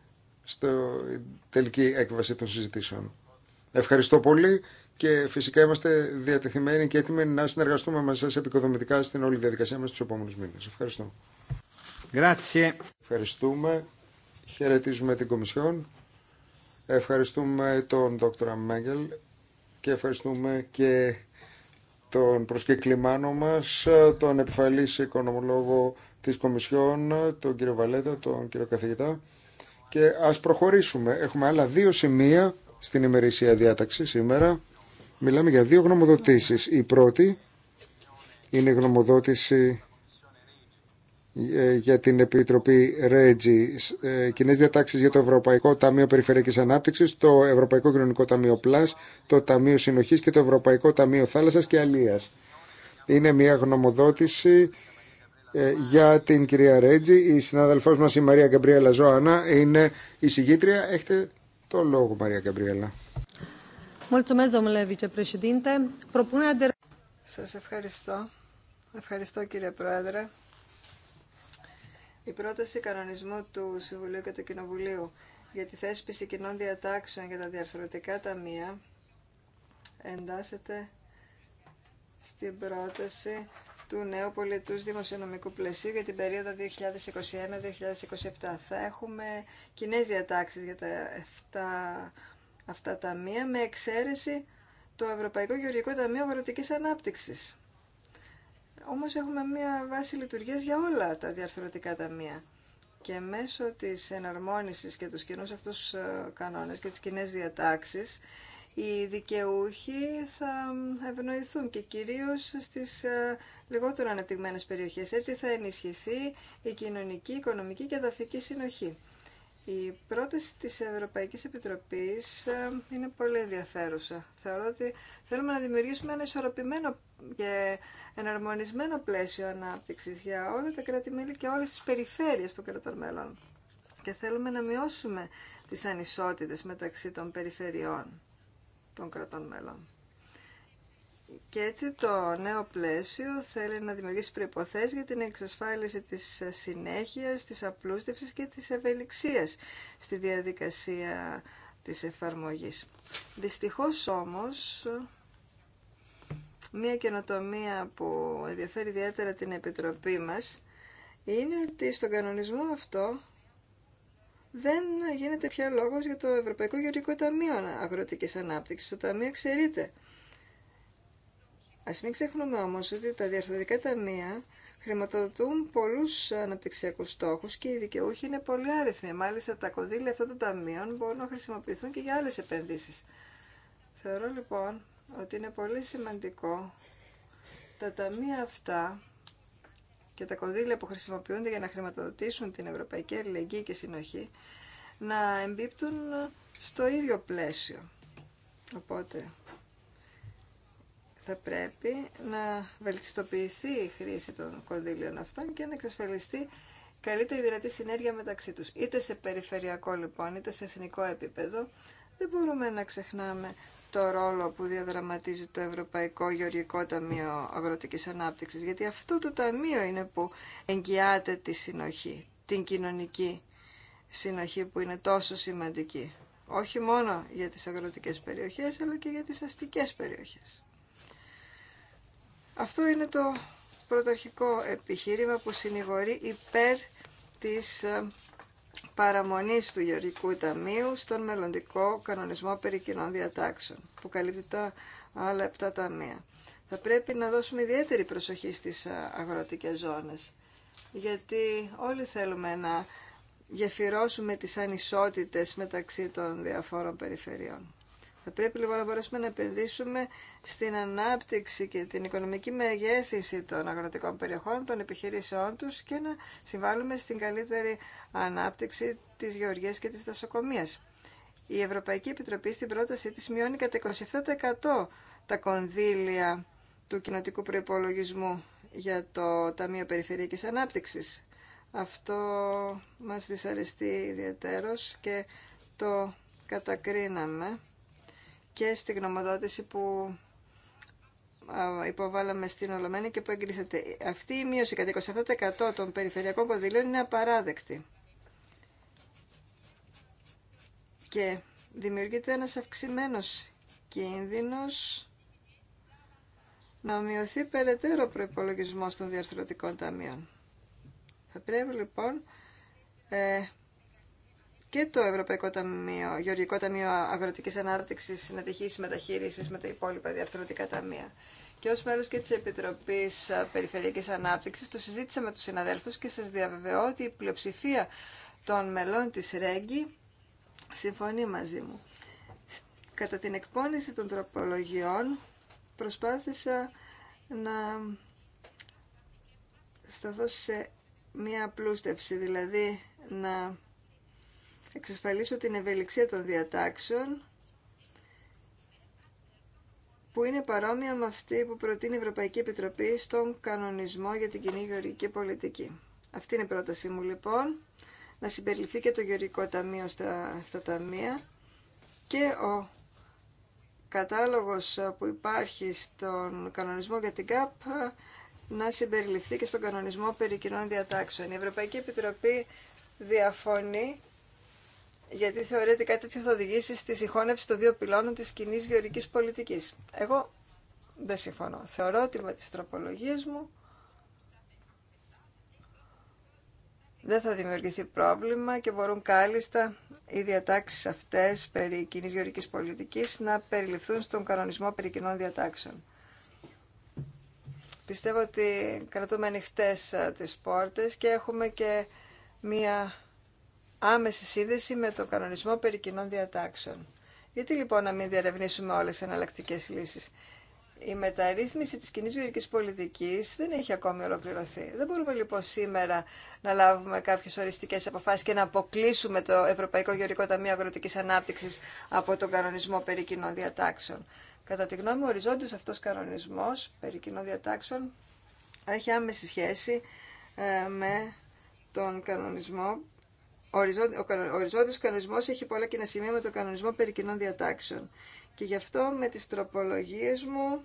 στο τελική έκβαση των συζητήσεων. Ευχαριστώ πολύ και φυσικά είμαστε διατεθειμένοι και έτοιμοι να συνεργαστούμε μαζί σας επικοδομητικά στην όλη διαδικασία μας τους επόμενους μήνες. Ευχαριστώ. Grazie. Ευχαριστούμε. Χαιρετίζουμε την Κομισιόν. Ευχαριστούμε τον Δόκτωρα Μέγκελ και ευχαριστούμε και τον προσκεκλημάνο μας, τον επιφαλής οικονομολόγο της Κομισιόν, τον κύριο Βαλέτα, τον κύριο καθηγητά και ας προχωρήσουμε. Έχουμε άλλα δύο σημεία στην ημερησία διάταξη σήμερα. Μιλάμε για δύο γνωμοδοτήσεις. Η πρώτη είναι η γνωμοδότηση ε, για την Επιτροπή Ρέτζι, ε, κοινέ διατάξει για το Ευρωπαϊκό Ταμείο Περιφερειακή Ανάπτυξη, το Ευρωπαϊκό Κοινωνικό Ταμείο Πλάς, το Ταμείο Συνοχή και το Ευρωπαϊκό Ταμείο Θάλασσα και Αλία. Είναι μια γνωμοδότηση ε, για την κυρία Ρέτζη. Η συνάδελφός μα η Μαρία Καμπρίελα Ζωάνα είναι η συγγήτρια. Έχετε το λόγο Μαρία Γκαμπριέλα. Σας ευχαριστώ. Ευχαριστώ κύριε Πρόεδρε. Η πρόταση κανονισμού του Συμβουλίου και του Κοινοβουλίου για τη θέσπιση κοινών διατάξεων για τα διαρθρωτικά ταμεία εντάσσεται στην πρόταση του νέου πολιτούς δημοσιονομικού πλαισίου για την περίοδο 2021-2027. Θα έχουμε κοινέ διατάξεις για τα 7 αυτά ταμεία με εξαίρεση το Ευρωπαϊκό Γεωργικό Ταμείο Αγροτικής Ανάπτυξης. Όμως έχουμε μία βάση λειτουργίας για όλα τα διαρθρωτικά ταμεία και μέσω της εναρμόνισης και τους κοινούς αυτούς ε, κανόνες και τις κοινέ διατάξεις οι δικαιούχοι θα ευνοηθούν και κυρίως στις ε, λιγότερο αναπτυγμένες περιοχές. Έτσι θα ενισχυθεί η κοινωνική, οικονομική και εδαφική συνοχή. Η πρόταση της Ευρωπαϊκής Επιτροπής ε, είναι πολύ ενδιαφέρουσα. Θεωρώ ότι θέλουμε να δημιουργήσουμε ένα ισορροπημένο και εναρμονισμένο πλαίσιο ανάπτυξης για όλα τα κράτη-μέλη και όλες τις περιφέρειες των κρατών μέλων. Και θέλουμε να μειώσουμε τις ανισότητες μεταξύ των περιφερειών των κρατών μέλων. Και έτσι το νέο πλαίσιο θέλει να δημιουργήσει προϋποθέσεις για την εξασφάλιση της συνέχειας, της απλούστευσης και της ευελιξίας στη διαδικασία της εφαρμογής. Δυστυχώς όμως, μία καινοτομία που ενδιαφέρει ιδιαίτερα την Επιτροπή μας είναι ότι στον κανονισμό αυτό δεν γίνεται πια λόγος για το Ευρωπαϊκό Γεωργικό Ταμείο Αγροτικής Ανάπτυξης. Το Ταμείο ξέρετε Ας μην ξεχνούμε όμως ότι τα διαρθρωτικά ταμεία χρηματοδοτούν πολλούς αναπτυξιακούς στόχους και οι δικαιούχοι είναι πολύ άριθμοι. Μάλιστα τα κονδύλια αυτών των ταμείων μπορούν να χρησιμοποιηθούν και για άλλες επενδύσεις. Θεωρώ λοιπόν ότι είναι πολύ σημαντικό τα ταμεία αυτά και τα κονδύλια που χρησιμοποιούνται για να χρηματοδοτήσουν την Ευρωπαϊκή Αλληλεγγύη και Συνοχή να εμπίπτουν στο ίδιο πλαίσιο. Οπότε θα πρέπει να βελτιστοποιηθεί η χρήση των κονδύλιων αυτών και να εξασφαλιστεί καλύτερη δυνατή συνέργεια μεταξύ τους. Είτε σε περιφερειακό λοιπόν, είτε σε εθνικό επίπεδο, δεν μπορούμε να ξεχνάμε το ρόλο που διαδραματίζει το Ευρωπαϊκό Γεωργικό Ταμείο Αγροτικής Ανάπτυξης, γιατί αυτό το ταμείο είναι που εγγυάται τη συνοχή, την κοινωνική συνοχή που είναι τόσο σημαντική, όχι μόνο για τις αγροτικές περιοχές, αλλά και για τις αστικές περιοχές. Αυτό είναι το πρωταρχικό επιχείρημα που συνηγορεί υπέρ της ε, παραμονής του Γεωργικού Ταμείου στον μελλοντικό κανονισμό περί κοινών διατάξεων, που καλύπτει τα άλλα 7 ταμεία. Θα πρέπει να δώσουμε ιδιαίτερη προσοχή στις αγροτικές ζώνες, γιατί όλοι θέλουμε να γεφυρώσουμε τις ανισότητες μεταξύ των διαφόρων περιφερειών. Θα πρέπει λοιπόν να μπορέσουμε να επενδύσουμε στην ανάπτυξη και την οικονομική μεγέθυνση των αγροτικών περιοχών, των επιχειρήσεών τους και να συμβάλλουμε στην καλύτερη ανάπτυξη της γεωργίας και της δασοκομείας. Η Ευρωπαϊκή Επιτροπή στην πρότασή της μειώνει κατά 27% τα κονδύλια του κοινοτικού προϋπολογισμού για το Ταμείο Περιφερειακής Ανάπτυξης. Αυτό μας δυσαρεστεί ιδιαίτερος και το κατακρίναμε και στην γνωμοδότηση που υποβάλαμε στην Ολομένη και που εγκρίθεται. Αυτή η μείωση κατά 27% των περιφερειακών κονδυλίων είναι απαράδεκτη. Και δημιουργείται ένας αυξημένος κίνδυνος να μειωθεί περαιτέρω ο προϋπολογισμός των διαρθρωτικών ταμείων. Θα πρέπει λοιπόν ε, και το Ευρωπαϊκό Ταμείο, Γεωργικό Ταμείο Αγροτική Ανάπτυξης να μεταχείριση μεταχείρισης με τα υπόλοιπα διαρθρωτικά ταμεία. Και ω μέλο και τη επιτροπή Περιφερειακής Ανάπτυξη, το συζήτησα με τους συναδέλφους και σας διαβεβαιώ ότι η πλειοψηφία των μελών τη ΡΕΓΚΙ συμφωνεί μαζί μου. Κατά την εκπόνηση των τροπολογιών προσπάθησα να σταθώ σε μία απλούστευση, δηλαδή να εξασφαλίσω την ευελιξία των διατάξεων που είναι παρόμοια με αυτή που προτείνει η Ευρωπαϊκή Επιτροπή στον κανονισμό για την κοινή γεωργική πολιτική. Αυτή είναι η πρότασή μου λοιπόν, να συμπεριληφθεί και το γεωργικό ταμείο στα, ταμεία και ο κατάλογος που υπάρχει στον κανονισμό για την ΚΑΠ να συμπεριληφθεί και στον κανονισμό περί κοινών διατάξεων. Η Ευρωπαϊκή Επιτροπή διαφωνεί γιατί θεωρείται κάτι τέτοιο θα οδηγήσει στη συγχώνευση των δύο πυλώνων της κοινή γεωρικής πολιτικής. Εγώ δεν συμφωνώ. Θεωρώ ότι με τις τροπολογίες μου δεν θα δημιουργηθεί πρόβλημα και μπορούν κάλλιστα οι διατάξεις αυτές περί κοινή γεωρικής πολιτικής να περιληφθούν στον κανονισμό περί κοινών διατάξεων. Πιστεύω ότι κρατούμε ανοιχτέ ε, τις πόρτες και έχουμε και μία άμεση σύνδεση με το κανονισμό περί κοινών διατάξεων. Γιατί λοιπόν να μην διαρευνήσουμε όλε τι εναλλακτικέ λύσει, Η μεταρρύθμιση τη κοινή γεωργικής πολιτική δεν έχει ακόμη ολοκληρωθεί. Δεν μπορούμε λοιπόν σήμερα να λάβουμε κάποιε οριστικέ αποφάσει και να αποκλείσουμε το Ευρωπαϊκό Γεωργικό Ταμείο Αγροτικής ανάπτυξη από τον κανονισμό περί κοινών διατάξεων. Κατά τη γνώμη μου, οριζόντιο αυτός κανονισμό περί κοινών διατάξεων έχει άμεση σχέση ε, με τον κανονισμό ο οριζόντιος κανονισμός έχει πολλά κοινά σημεία με τον κανονισμό περί κοινών διατάξεων. Και γι' αυτό με τις τροπολογίες μου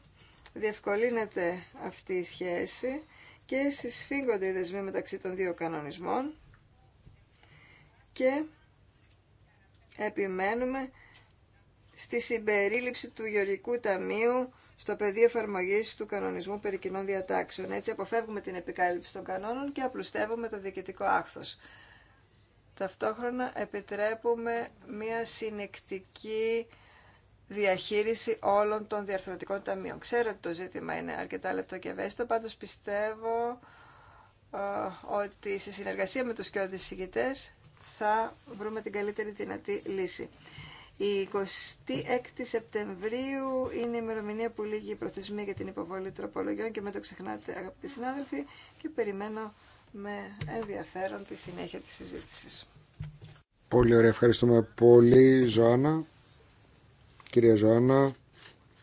διευκολύνεται αυτή η σχέση και συσφίγγονται οι δεσμοί μεταξύ των δύο κανονισμών και επιμένουμε στη συμπερίληψη του Γεωργικού Ταμείου στο πεδίο εφαρμογή του κανονισμού περί κοινών διατάξεων. Έτσι αποφεύγουμε την επικάλυψη των κανόνων και απλουστεύουμε το διοικητικό άχθος. Ταυτόχρονα επιτρέπουμε μια συνεκτική διαχείριση όλων των διαρθρωτικών ταμείων. Ξέρω ότι το ζήτημα είναι αρκετά λεπτό και ευαίσθητο, πάντως πιστεύω ε, ότι σε συνεργασία με τους και οδησηγητές θα βρούμε την καλύτερη δυνατή λύση. Η 26η Σεπτεμβρίου είναι η ημερομηνία που λύγει η προθεσμία για την υποβολή τροπολογιών και με το ξεχνάτε αγαπητοί συνάδελφοι και περιμένω με ενδιαφέρον τη συνέχεια της συζήτησης. Πολύ ωραία, ευχαριστούμε πολύ Ζωάννα. Κυρία Ζωάννα,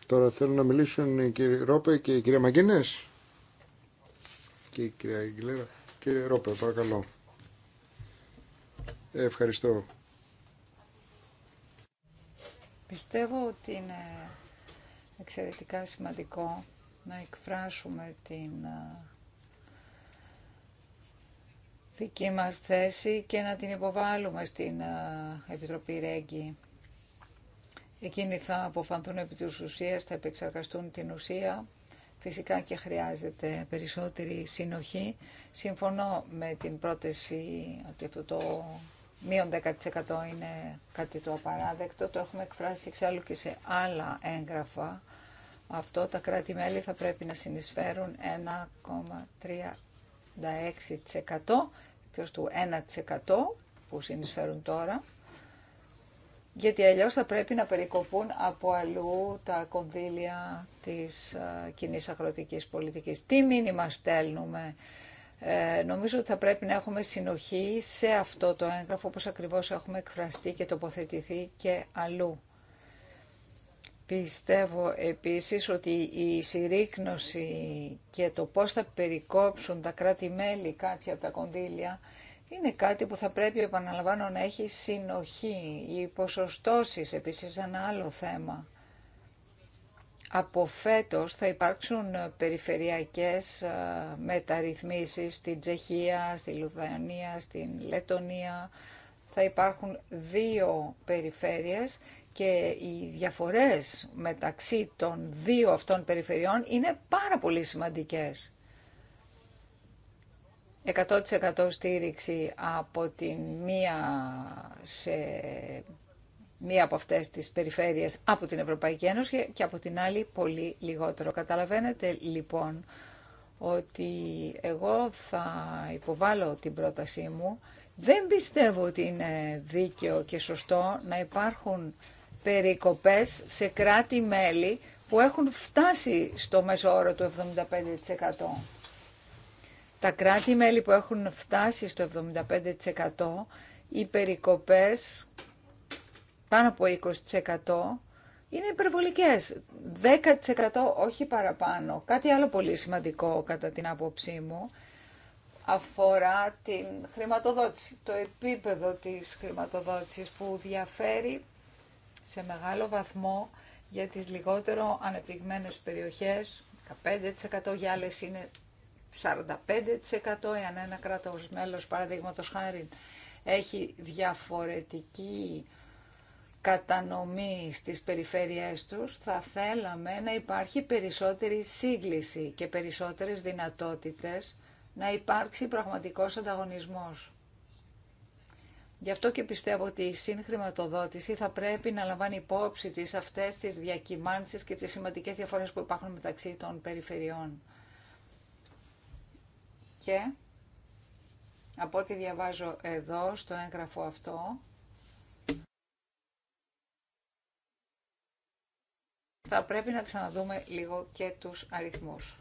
τώρα θέλουν να μιλήσουν η κυρία Ρόπε και η κυρία Μαγκίνες. Και η κυρία Κύριε Ρόπε, παρακαλώ. Ε, ευχαριστώ. Πιστεύω ότι είναι εξαιρετικά σημαντικό να εκφράσουμε την ε, δική μας θέση και να την υποβάλουμε στην Επιτροπή Ρέγκη. Εκείνοι θα αποφανθούν επί της ουσίας, θα επεξεργαστούν την ουσία. Φυσικά και χρειάζεται περισσότερη συνοχή. Συμφωνώ με την πρόταση ότι αυτό το μείον 10% είναι κάτι το απαράδεκτο. Το έχουμε εκφράσει εξάλλου και σε άλλα έγγραφα. Αυτό τα κράτη-μέλη θα πρέπει να συνεισφέρουν 1,36% του 1% που συνεισφέρουν τώρα, γιατί αλλιώς θα πρέπει να περικοπούν από αλλού τα κονδύλια της ε, κοινή αγροτικής πολιτικής. Τι μήνυμα στέλνουμε. Ε, νομίζω ότι θα πρέπει να έχουμε συνοχή σε αυτό το έγγραφο, όπως ακριβώς έχουμε εκφραστεί και τοποθετηθεί και αλλού. Πιστεύω επίσης ότι η συρρήκνωση και το πώς θα περικόψουν τα κράτη-μέλη κάποια από τα κονδύλια είναι κάτι που θα πρέπει, επαναλαμβάνω, να έχει συνοχή. Οι ποσοστώσεις επίσης ένα άλλο θέμα. Από φέτος θα υπάρξουν περιφερειακές μεταρρυθμίσεις στην Τσεχία, στη Λουδανία, στην Λετονία. Θα υπάρχουν δύο περιφέρειες και οι διαφορές μεταξύ των δύο αυτών περιφερειών είναι πάρα πολύ σημαντικές. 100% στήριξη από την μία σε μία από αυτές τις περιφέρειες από την Ευρωπαϊκή Ένωση και από την άλλη πολύ λιγότερο. Καταλαβαίνετε λοιπόν ότι εγώ θα υποβάλω την πρότασή μου. Δεν πιστεύω ότι είναι δίκαιο και σωστό να υπάρχουν περικοπές σε κράτη-μέλη που έχουν φτάσει στο μέσο όρο του 75%. Τα κράτη-μέλη που έχουν φτάσει στο 75%, οι περικοπές πάνω από 20% είναι υπερβολικές. 10% όχι παραπάνω. Κάτι άλλο πολύ σημαντικό κατά την άποψή μου αφορά την χρηματοδότηση, το επίπεδο της χρηματοδότησης που διαφέρει σε μεγάλο βαθμό για τις λιγότερο ανεπτυγμένες περιοχές, 15% για άλλες είναι 45% εάν ένα κράτος μέλος, παραδείγματος χάρη, έχει διαφορετική κατανομή στις περιφέρειές τους, θα θέλαμε να υπάρχει περισσότερη σύγκληση και περισσότερες δυνατότητες να υπάρξει πραγματικός ανταγωνισμός. Γι' αυτό και πιστεύω ότι η συγχρηματοδότηση θα πρέπει να λαμβάνει υπόψη τις αυτές τις διακυμάνσεις και τις σημαντικές διαφορές που υπάρχουν μεταξύ των περιφερειών. Και από ό,τι διαβάζω εδώ στο έγγραφο αυτό, θα πρέπει να ξαναδούμε λίγο και τους αριθμούς.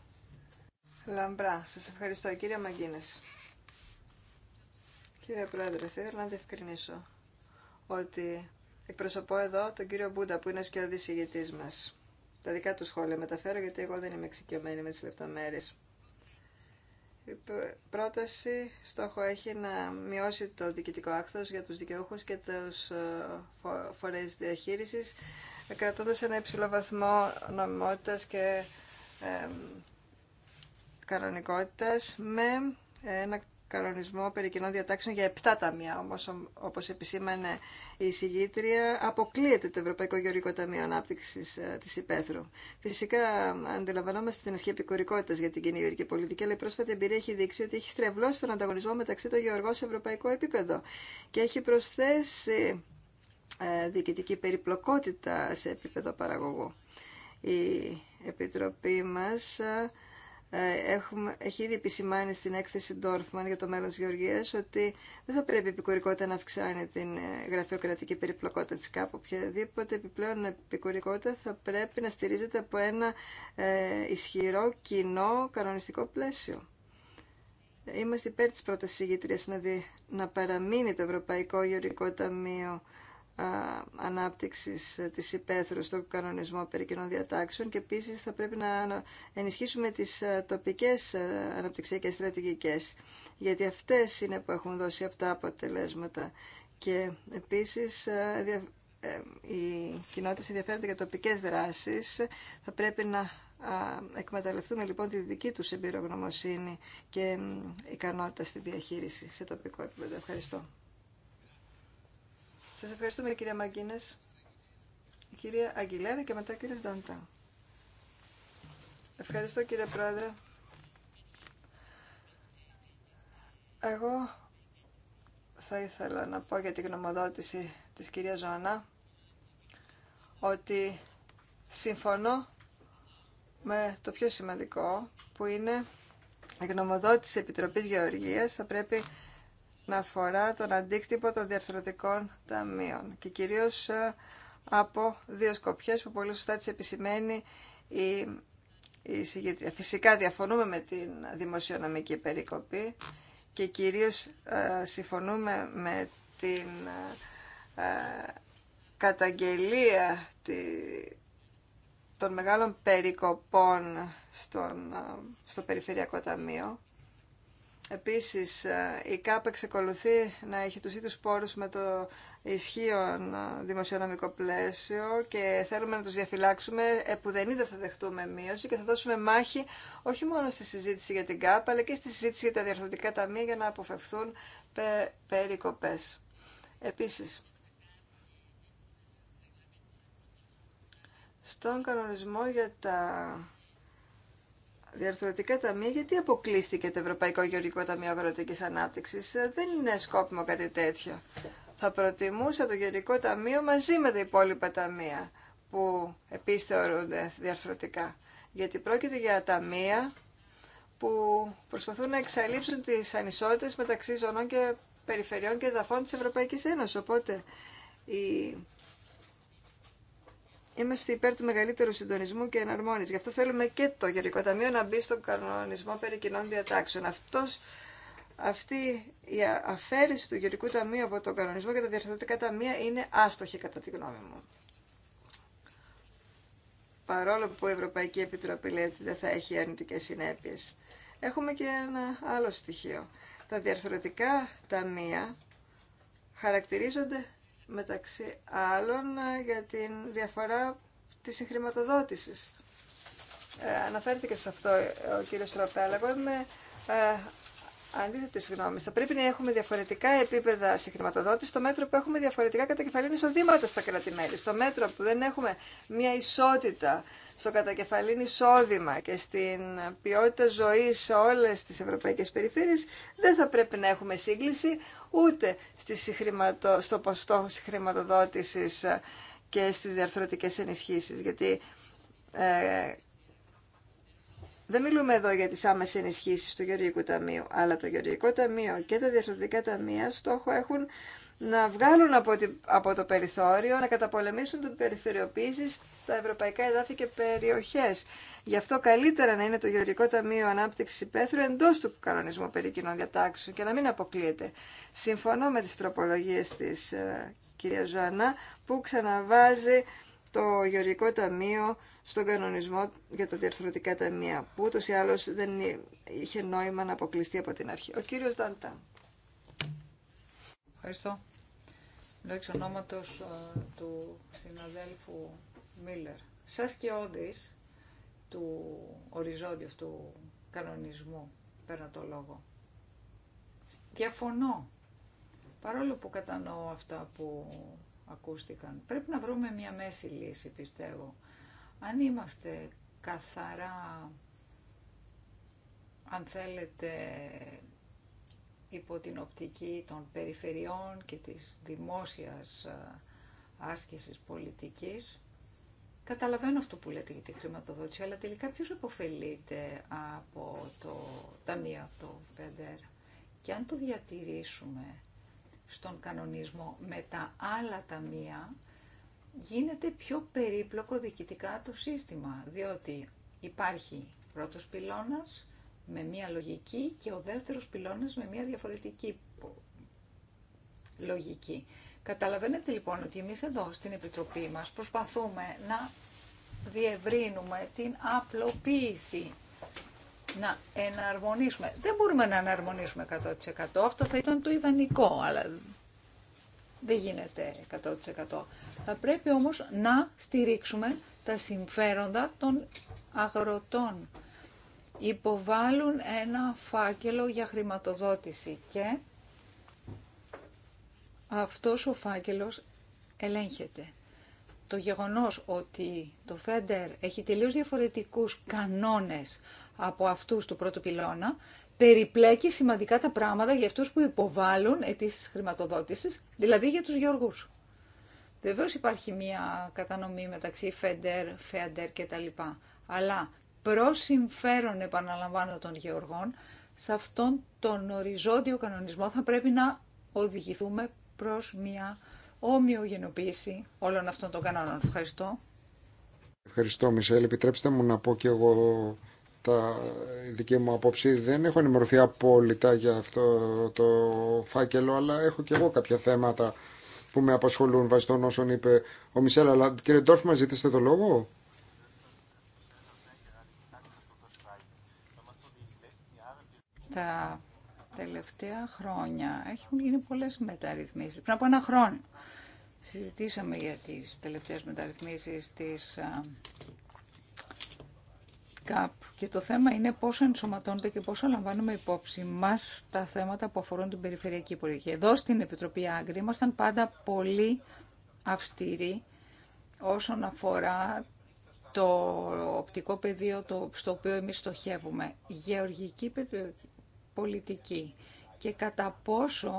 Λαμπρά, σας ευχαριστώ κύριε Μαγκίνες. Κύριε Πρόεδρε, θα ήθελα να διευκρινίσω ότι εκπροσωπώ εδώ τον κύριο Μπούντα που είναι ο σκιώδης Τα δικά του σχόλια μεταφέρω γιατί εγώ δεν είμαι εξοικειωμένη με τις λεπτομέρειες. Η πρόταση στόχο έχει να μειώσει το διοικητικό άκθος για τους δικαιούχους και τους ε, φορείς διαχείρισης, κρατώντας ένα υψηλό βαθμό νομιμότητας και ε, κανονικότητας με ένα κανονισμό περί κοινών διατάξεων για 7 ταμεία. Όμως, όπως επισήμανε η συγγήτρια, αποκλείεται το Ευρωπαϊκό Γεωργικό Ταμείο Ανάπτυξης ε, της Υπέθρου. Φυσικά, αντιλαμβανόμαστε την αρχή επικουρικότητα για την κοινή γεωργική πολιτική, αλλά η πρόσφατη εμπειρία έχει δείξει ότι έχει στρεβλώσει τον ανταγωνισμό μεταξύ των γεωργών σε ευρωπαϊκό επίπεδο και έχει προσθέσει ε, διοικητική περιπλοκότητα σε επίπεδο παραγωγού. Η Επιτροπή μας ε, ε, έχουμε, έχει ήδη επισημάνει στην έκθεση Dorfman για το μέλλον της Γεωργίας ότι δεν θα πρέπει η επικουρικότητα να αυξάνει την ε, γραφειοκρατική περιπλοκότητα της κάπου Οποιαδήποτε επιπλέον επικουρικότητα θα πρέπει να στηρίζεται από ένα ε, ισχυρό κοινό κανονιστικό πλαίσιο. Είμαστε υπέρ της πρότασης ηγητρίας να, να παραμείνει το Ευρωπαϊκό Γεωργικό Ταμείο ανάπτυξης ε, της υπαίθρου στον κανονισμό περί κοινών διατάξεων και επίσης θα πρέπει να ενισχύσουμε τις ε, τοπικές ε, αναπτυξιακές στρατηγικές γιατί αυτές είναι που έχουν δώσει αυτά αποτελέσματα και επίσης οι κοινότητες ενδιαφέρονται για τοπικές δράσεις θα πρέπει να εκμεταλλευτούμε λοιπόν τη δική τους εμπειρογνωμοσύνη και ικανότητα στη διαχείριση σε τοπικό επίπεδο. Ευχαριστώ. Σας ευχαριστούμε κυρία Μαγκίνες, η κυρία Αγγιλέρα και μετά κύριος Δαντάν. Ευχαριστώ κύριε Πρόεδρε. Εγώ θα ήθελα να πω για την γνωμοδότηση της κυρία Ζωανά ότι συμφωνώ με το πιο σημαντικό που είναι η γνωμοδότηση Επιτροπής Γεωργίας θα πρέπει να αφορά τον αντίκτυπο των διαρθρωτικών ταμείων και κυρίως ε, από δύο σκοπιές που πολύ σωστά τις επισημαίνει η, η Φυσικά διαφωνούμε με την δημοσιονομική περικοπή και κυρίως ε, συμφωνούμε με την ε, καταγγελία των μεγάλων περικοπών στον, στο Περιφερειακό Ταμείο Επίσης, η ΚΑΠ εξεκολουθεί να έχει τους ίδιους πόρους με το ισχύον δημοσιονομικό πλαίσιο και θέλουμε να τους διαφυλάξουμε που δεν θα δεχτούμε μείωση και θα δώσουμε μάχη όχι μόνο στη συζήτηση για την ΚΑΠ αλλά και στη συζήτηση για τα διαρθρωτικά ταμεία για να αποφευθούν πε, περικοπές. Επίσης, στον κανονισμό για τα διαρθρωτικά ταμεία, γιατί αποκλείστηκε το Ευρωπαϊκό Γεωργικό Ταμείο Αγροτική Ανάπτυξη. Ε, δεν είναι σκόπιμο κάτι τέτοιο. Θα προτιμούσα το Γεωργικό Ταμείο μαζί με τα υπόλοιπα ταμεία που επίση θεωρούνται διαρθρωτικά. Γιατί πρόκειται για ταμεία που προσπαθούν να εξαλείψουν τι ανισότητες μεταξύ ζωνών και περιφερειών και εδαφών τη Ευρωπαϊκή Ένωση. Οπότε η είμαστε υπέρ του μεγαλύτερου συντονισμού και εναρμόνιση. Γι' αυτό θέλουμε και το Γερικό Ταμείο να μπει στον κανονισμό περί κοινών διατάξεων. Αυτός, αυτή η αφαίρεση του Γερικού Ταμείου από τον κανονισμό και τα διαρθρωτικά ταμεία είναι άστοχη κατά τη γνώμη μου. Παρόλο που η Ευρωπαϊκή Επιτροπή λέει ότι δεν θα έχει αρνητικές συνέπειες. Έχουμε και ένα άλλο στοιχείο. Τα διαρθρωτικά ταμεία χαρακτηρίζονται μεταξύ άλλων ε, για τη διαφορά της συγχρηματοδότησης. Ε, αναφέρθηκε σε αυτό ο κύριος Ροπέλα αντίθετε συγγνώμη, Θα πρέπει να έχουμε διαφορετικά επίπεδα συγχρηματοδότηση στο μέτρο που έχουμε διαφορετικά κατακεφαλήν εισοδήματα στα κράτη-μέλη. Στο μέτρο που δεν έχουμε μια ισότητα στο κατακεφαλήν εισόδημα και στην ποιότητα ζωή σε όλε τι ευρωπαϊκέ περιφέρειε, δεν θα πρέπει να έχουμε σύγκληση ούτε στο ποστό χρηματοδότηση και στι διαρθρωτικέ ενισχύσει. γιατί ε, δεν μιλούμε εδώ για τις άμεσες ενισχύσεις του Γεωργικού Ταμείου, αλλά το Γεωργικό Ταμείο και τα Διευθυντικά Ταμεία στόχο έχουν να βγάλουν από, το περιθώριο, να καταπολεμήσουν την περιθωριοποίηση στα ευρωπαϊκά εδάφη και περιοχές. Γι' αυτό καλύτερα να είναι το Γεωργικό Ταμείο Ανάπτυξης Υπαίθρου εντός του κανονισμού περί κοινών διατάξεων και να μην αποκλείεται. Συμφωνώ με τις τροπολογίες της ε, κυρία Ζωανά που ξαναβάζει το Γεωργικό Ταμείο στον κανονισμό για τα διαρθρωτικά ταμεία, που ούτως ή άλλως δεν είχε νόημα να αποκλειστεί από την αρχή. Ο κύριος Δαντά. Ευχαριστώ. εξ ονόματος ε, του συναδέλφου Μίλλερ. Σας και του οριζόντιου αυτού κανονισμού, παίρνω το λόγο. Διαφωνώ. Παρόλο που κατανοώ αυτά που ακούστηκαν. Πρέπει να βρούμε μια μέση λύση, πιστεύω. Αν είμαστε καθαρά, αν θέλετε, υπό την οπτική των περιφερειών και της δημόσιας ε, άσκησης πολιτικής, Καταλαβαίνω αυτό που λέτε για τη χρηματοδότηση, αλλά τελικά ποιος υποφελείται από το ταμείο, από το ΠΕΝΤΕΡ. Και αν το διατηρήσουμε στον κανονισμό με τα άλλα ταμεία, γίνεται πιο περίπλοκο διοικητικά το σύστημα, διότι υπάρχει πρώτος πυλώνας με μία λογική και ο δεύτερος πυλώνας με μία διαφορετική λογική. Καταλαβαίνετε λοιπόν ότι εμείς εδώ στην Επιτροπή μας προσπαθούμε να διευρύνουμε την απλοποίηση να εναρμονίσουμε. Δεν μπορούμε να εναρμονίσουμε 100%. Αυτό θα ήταν το ιδανικό, αλλά δεν γίνεται 100%. Θα πρέπει όμως να στηρίξουμε τα συμφέροντα των αγροτών. Υποβάλλουν ένα φάκελο για χρηματοδότηση και αυτός ο φάκελος ελέγχεται. Το γεγονός ότι το ΦΕΝΤΕΡ έχει τελείως διαφορετικούς κανόνες από αυτούς του πρώτου πυλώνα περιπλέκει σημαντικά τα πράγματα για αυτούς που υποβάλλουν αιτήσει χρηματοδότησης, δηλαδή για τους γεωργούς. Βεβαίω υπάρχει μια κατανομή μεταξύ Φέντερ, Φέαντερ κτλ. Αλλά προ συμφέρον, επαναλαμβάνω, των γεωργών, σε αυτόν τον οριζόντιο κανονισμό θα πρέπει να οδηγηθούμε προς μια ομοιογενοποίηση όλων αυτών των κανόνων. Ευχαριστώ. Ευχαριστώ Μισελ. Επιτρέψτε μου να πω και εγώ τα δική μου απόψη. Δεν έχω ενημερωθεί απόλυτα για αυτό το φάκελο, αλλά έχω και εγώ κάποια θέματα που με απασχολούν βάσει όσων είπε ο Μισελ. Αλλά κύριε Ντόρφμα, ζητήστε το λόγο. Τα τελευταία χρόνια έχουν γίνει πολλές μεταρρυθμίσεις. Πριν από ένα χρόνο συζητήσαμε για τις τελευταίες μεταρρυθμίσεις της και το θέμα είναι πόσο ενσωματώνεται και πόσο λαμβάνουμε υπόψη μα τα θέματα που αφορούν την περιφερειακή πολιτική. Εδώ στην Επιτροπή Άγκρη ήμασταν πάντα πολύ αυστηροί όσον αφορά το οπτικό πεδίο το, στο οποίο εμείς στοχεύουμε. Γεωργική πολιτική και κατά πόσο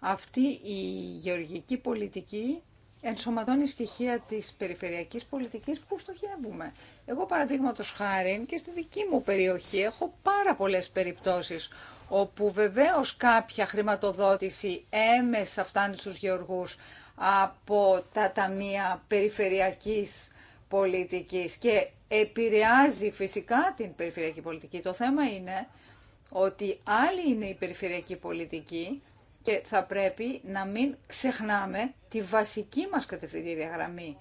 αυτή η γεωργική πολιτική ενσωματώνει στοιχεία της περιφερειακής πολιτικής που στοχεύουμε. Εγώ παραδείγματο χάρη και στη δική μου περιοχή έχω πάρα πολλές περιπτώσεις όπου βεβαίως κάποια χρηματοδότηση έμεσα φτάνει στους γεωργούς από τα ταμεία περιφερειακής πολιτικής και επηρεάζει φυσικά την περιφερειακή πολιτική. Το θέμα είναι ότι άλλη είναι η περιφερειακή πολιτική και θα πρέπει να μην ξεχνάμε τη βασική μας κατευθυντήρια γραμμή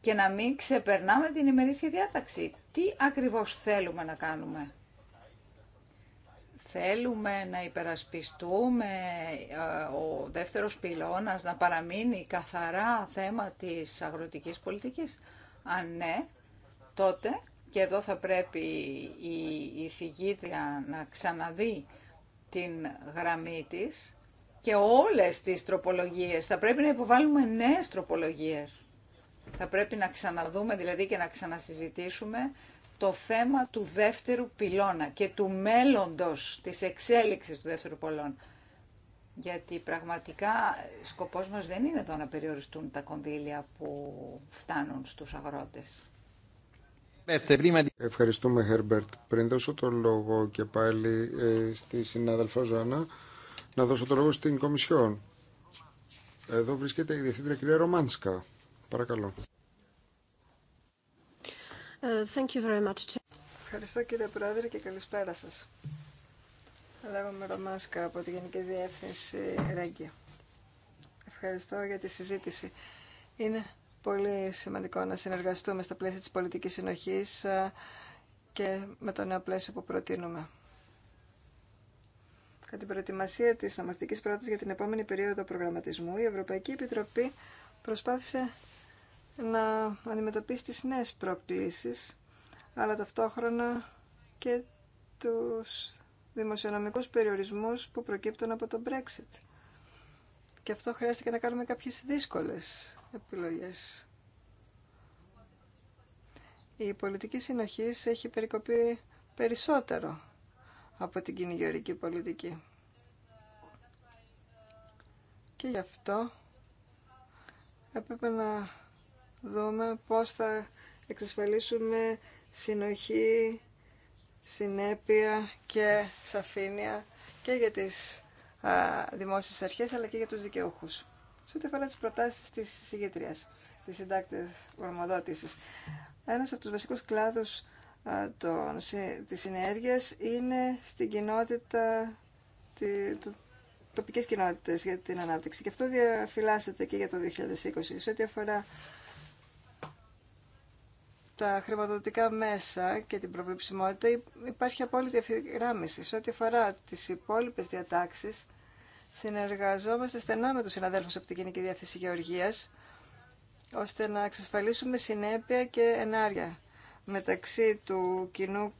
και να μην ξεπερνάμε την ημερήσια διάταξη. Τι ακριβώς θέλουμε να κάνουμε. Θέλουμε να υπερασπιστούμε ε, ο δεύτερος πυλώνας να παραμείνει καθαρά θέμα της αγροτικής πολιτικής. Αν ναι, τότε και εδώ θα πρέπει η εισηγήτρια να ξαναδεί την γραμμή της και όλες τις τροπολογίες. Θα πρέπει να υποβάλουμε νέες τροπολογίες. Θα πρέπει να ξαναδούμε δηλαδή και να ξανασυζητήσουμε το θέμα του δεύτερου πυλώνα και του μέλλοντος της εξέλιξης του δεύτερου πυλώνα. Γιατί πραγματικά σκοπός μας δεν είναι εδώ να περιοριστούν τα κονδύλια που φτάνουν στους αγρότες. Ευχαριστούμε, Χέρμπερτ. Πριν δώσω το λόγο και πάλι ε, στη συνάδελφα Ζωάννα, να δώσω το λόγο στην Κομισιόν. Εδώ βρίσκεται η Διευθύντρια κυρία Ρομάνσκα. Παρακαλώ. Ε, thank you very much. Ευχαριστώ κύριε Πρόεδρε και καλησπέρα σας. Λέγομαι Ρομάνσκα από τη Γενική Διεύθυνση Ρέγγια. Ευχαριστώ για τη συζήτηση. Είναι πολύ σημαντικό να συνεργαστούμε στα πλαίσια της πολιτικής συνοχής ε, και με το νέο πλαίσιο που προτείνουμε. Κατά την προετοιμασία της αμαθητικής πρότασης για την επόμενη περίοδο προγραμματισμού, η Ευρωπαϊκή Επιτροπή προσπάθησε να αντιμετωπίσει τις νέες προκλήσεις, αλλά ταυτόχρονα και τους δημοσιονομικούς περιορισμούς που προκύπτουν από το Brexit. Και αυτό χρειάστηκε να κάνουμε κάποιες δύσκολες επιλογές. Η πολιτική συνοχή έχει περικοπεί περισσότερο από την κυνηγιορική πολιτική. Και γι' αυτό έπρεπε να δούμε πώς θα εξασφαλίσουμε συνοχή, συνέπεια και σαφήνεια και για τις δημόσιες αρχές αλλά και για τους δικαιούχους. Σε ό,τι αφορά τις προτάσεις της συγγετρίας, της συντάκτης γνωμοδότησης. Ένας από τους βασικούς κλάδους των, της συνέργειας είναι στην κοινότητα, τη, το, τοπικές κοινότητες για την ανάπτυξη. Και αυτό διαφυλάσσεται και για το 2020. Σε ό,τι αφορά τα χρηματοδοτικά μέσα και την προβλεψιμότητα υπάρχει απόλυτη ευθυγράμμιση. Σε ό,τι αφορά τις υπόλοιπες διατάξεις, Συνεργαζόμαστε στενά με τους συναδέλφους από την Κοινική Διάθεση Γεωργίας, ώστε να εξασφαλίσουμε συνέπεια και ενάρια μεταξύ του, κοινού,